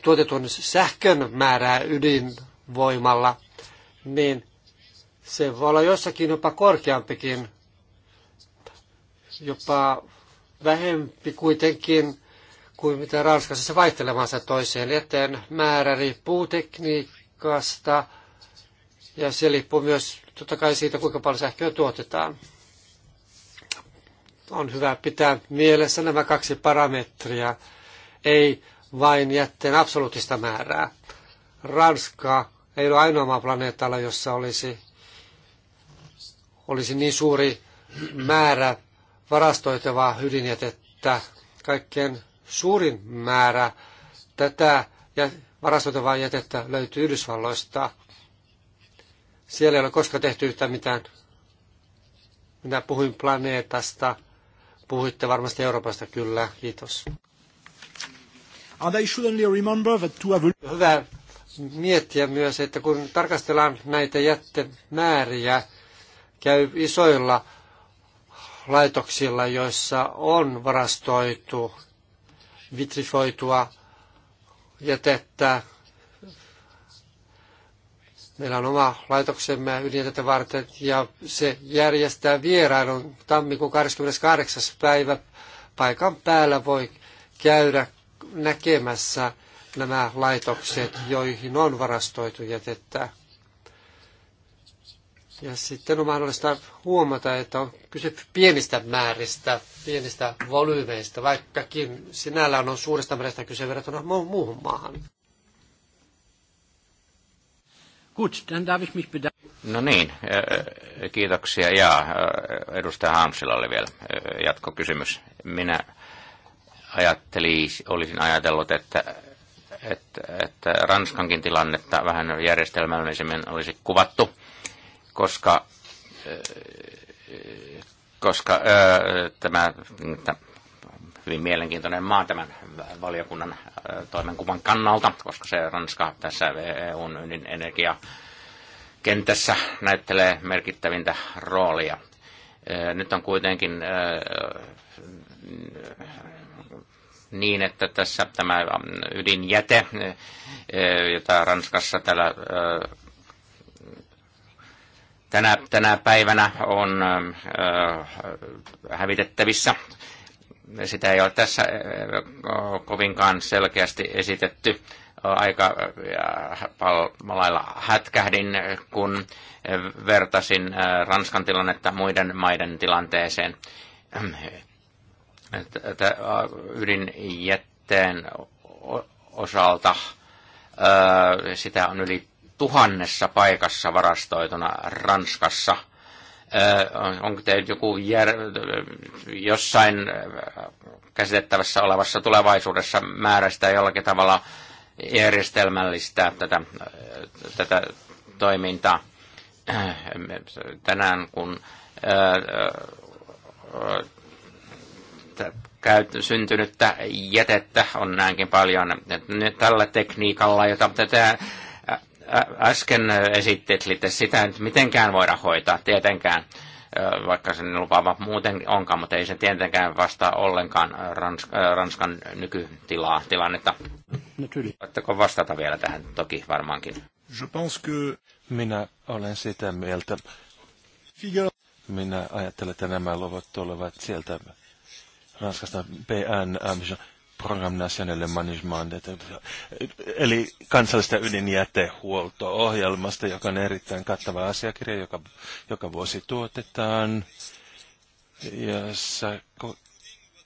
tuotetun sähkön määrää ydinvoimalla, niin se voi olla jossakin jopa korkeampikin, jopa vähempi kuitenkin kuin mitä Ranskassa se vaihtelemansa toiseen. Jätteen määrä riippuu tekniikasta ja se riippuu myös totta kai siitä, kuinka paljon sähköä tuotetaan on hyvä pitää mielessä nämä kaksi parametria, ei vain jätteen absoluuttista määrää. Ranska ei ole ainoa maa planeetalla, jossa olisi, olisi niin suuri määrä varastoitavaa ydinjätettä. Kaikkein suurin määrä tätä varastoitavaa jätettä löytyy Yhdysvalloista. Siellä ei ole koskaan tehty yhtään mitään. Minä puhuin planeetasta, Puhuitte varmasti Euroopasta, kyllä, kiitos. Hyvä miettiä myös, että kun tarkastellaan näitä jättemääriä, käy isoilla laitoksilla, joissa on varastoitu vitrifoitua jätettä Meillä on oma laitoksemme ydinjätettä varten ja se järjestää vierailun tammikuun 28. päivä. Paikan päällä voi käydä näkemässä nämä laitokset, joihin on varastoitu jätettä. Ja sitten on mahdollista huomata, että on kyse pienistä määristä, pienistä volyymeista, vaikkakin sinällään on suuresta määrästä kyse verrattuna muuhun maahan. Gut, dann darf ich mich bedanken. No niin, kiitoksia. Ja edustaja Hamsilalle vielä jatkokysymys. Minä olisin ajatellut, että, että, että Ranskankin tilannetta vähän järjestelmällisemmin olisi kuvattu, koska, koska tämä hyvin mielenkiintoinen maa tämän valiokunnan toimenkuvan kannalta, koska se Ranska tässä EUn energia kentässä näyttelee merkittävintä roolia. Nyt on kuitenkin niin, että tässä tämä ydinjäte, jota Ranskassa täällä tänä, tänä päivänä on hävitettävissä sitä ei ole tässä eh, eh, kovinkaan selkeästi esitetty. Aika lailla hätkähdin, kun vertasin eh, Ranskan tilannetta muiden maiden tilanteeseen. Ydinjätteen osalta sitä on yli tuhannessa paikassa varastoituna Ranskassa – onko teillä joku jär, jossain käsitettävässä olevassa tulevaisuudessa määrä sitä jollakin tavalla järjestelmällistä tätä, tätä toimintaa. Tänään kun syntynyttä jätettä on näinkin paljon. tällä tekniikalla, jota tätä äsken esittelitte sitä, että mitenkään voida hoitaa, tietenkään, vaikka sen lupaava muuten onkaan, mutta ei se tietenkään vastaa ollenkaan Ranskan, Ranskan nykytilaa, tilannetta. No, Voitteko vastata vielä tähän, toki varmaankin. Je pense que... Minä olen sitä mieltä. Minä ajattelen, että nämä luvut tulevat sieltä Ranskasta PNM Program National Management, eli kansallista ydinjätehuolto-ohjelmasta, joka on erittäin kattava asiakirja, joka, joka vuosi tuotetaan, jossa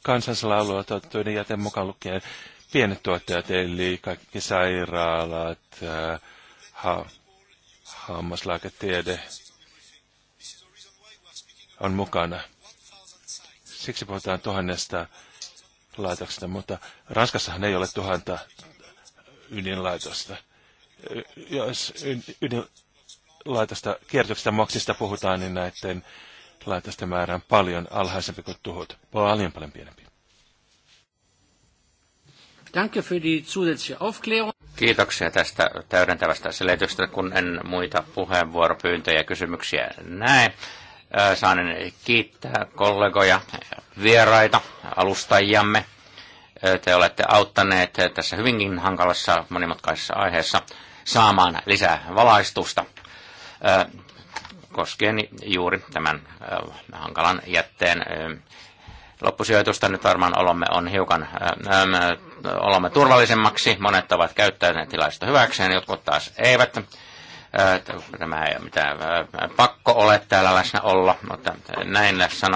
kansallisella alueella tuotettu ydinjäte mukaan lukien pienet tuottajat, eli kaikki sairaalat, äh, ha, hammaslääketiede on mukana. Siksi puhutaan tuhannesta laitoksista, mutta Ranskassahan ei ole tuhanta ydinlaitosta. Jos ydinlaitosta kierrätyksestä moksista puhutaan, niin näiden laitosten määrä on paljon alhaisempi kuin tuhot. Paljon paljon pienempi. Danke für die zusätzliche Aufklärung. Kiitoksia tästä täydentävästä selityksestä, kun en muita puheenvuoropyyntöjä ja kysymyksiä näe. Äh, saanen kiittää kollegoja, vieraita, alustajiamme. Äh, te olette auttaneet tässä hyvinkin hankalassa monimutkaisessa aiheessa saamaan lisää valaistusta äh, koskien juuri tämän hankalan jätteen loppusijoitusta. Nyt varmaan olemme on hiukan ähm, olemme turvallisemmaksi. Monet ovat käyttäneet tilaisuutta hyväkseen, jotkut taas eivät tämä ei ole mitään pakko ole täällä läsnä olla, mutta näin sanoin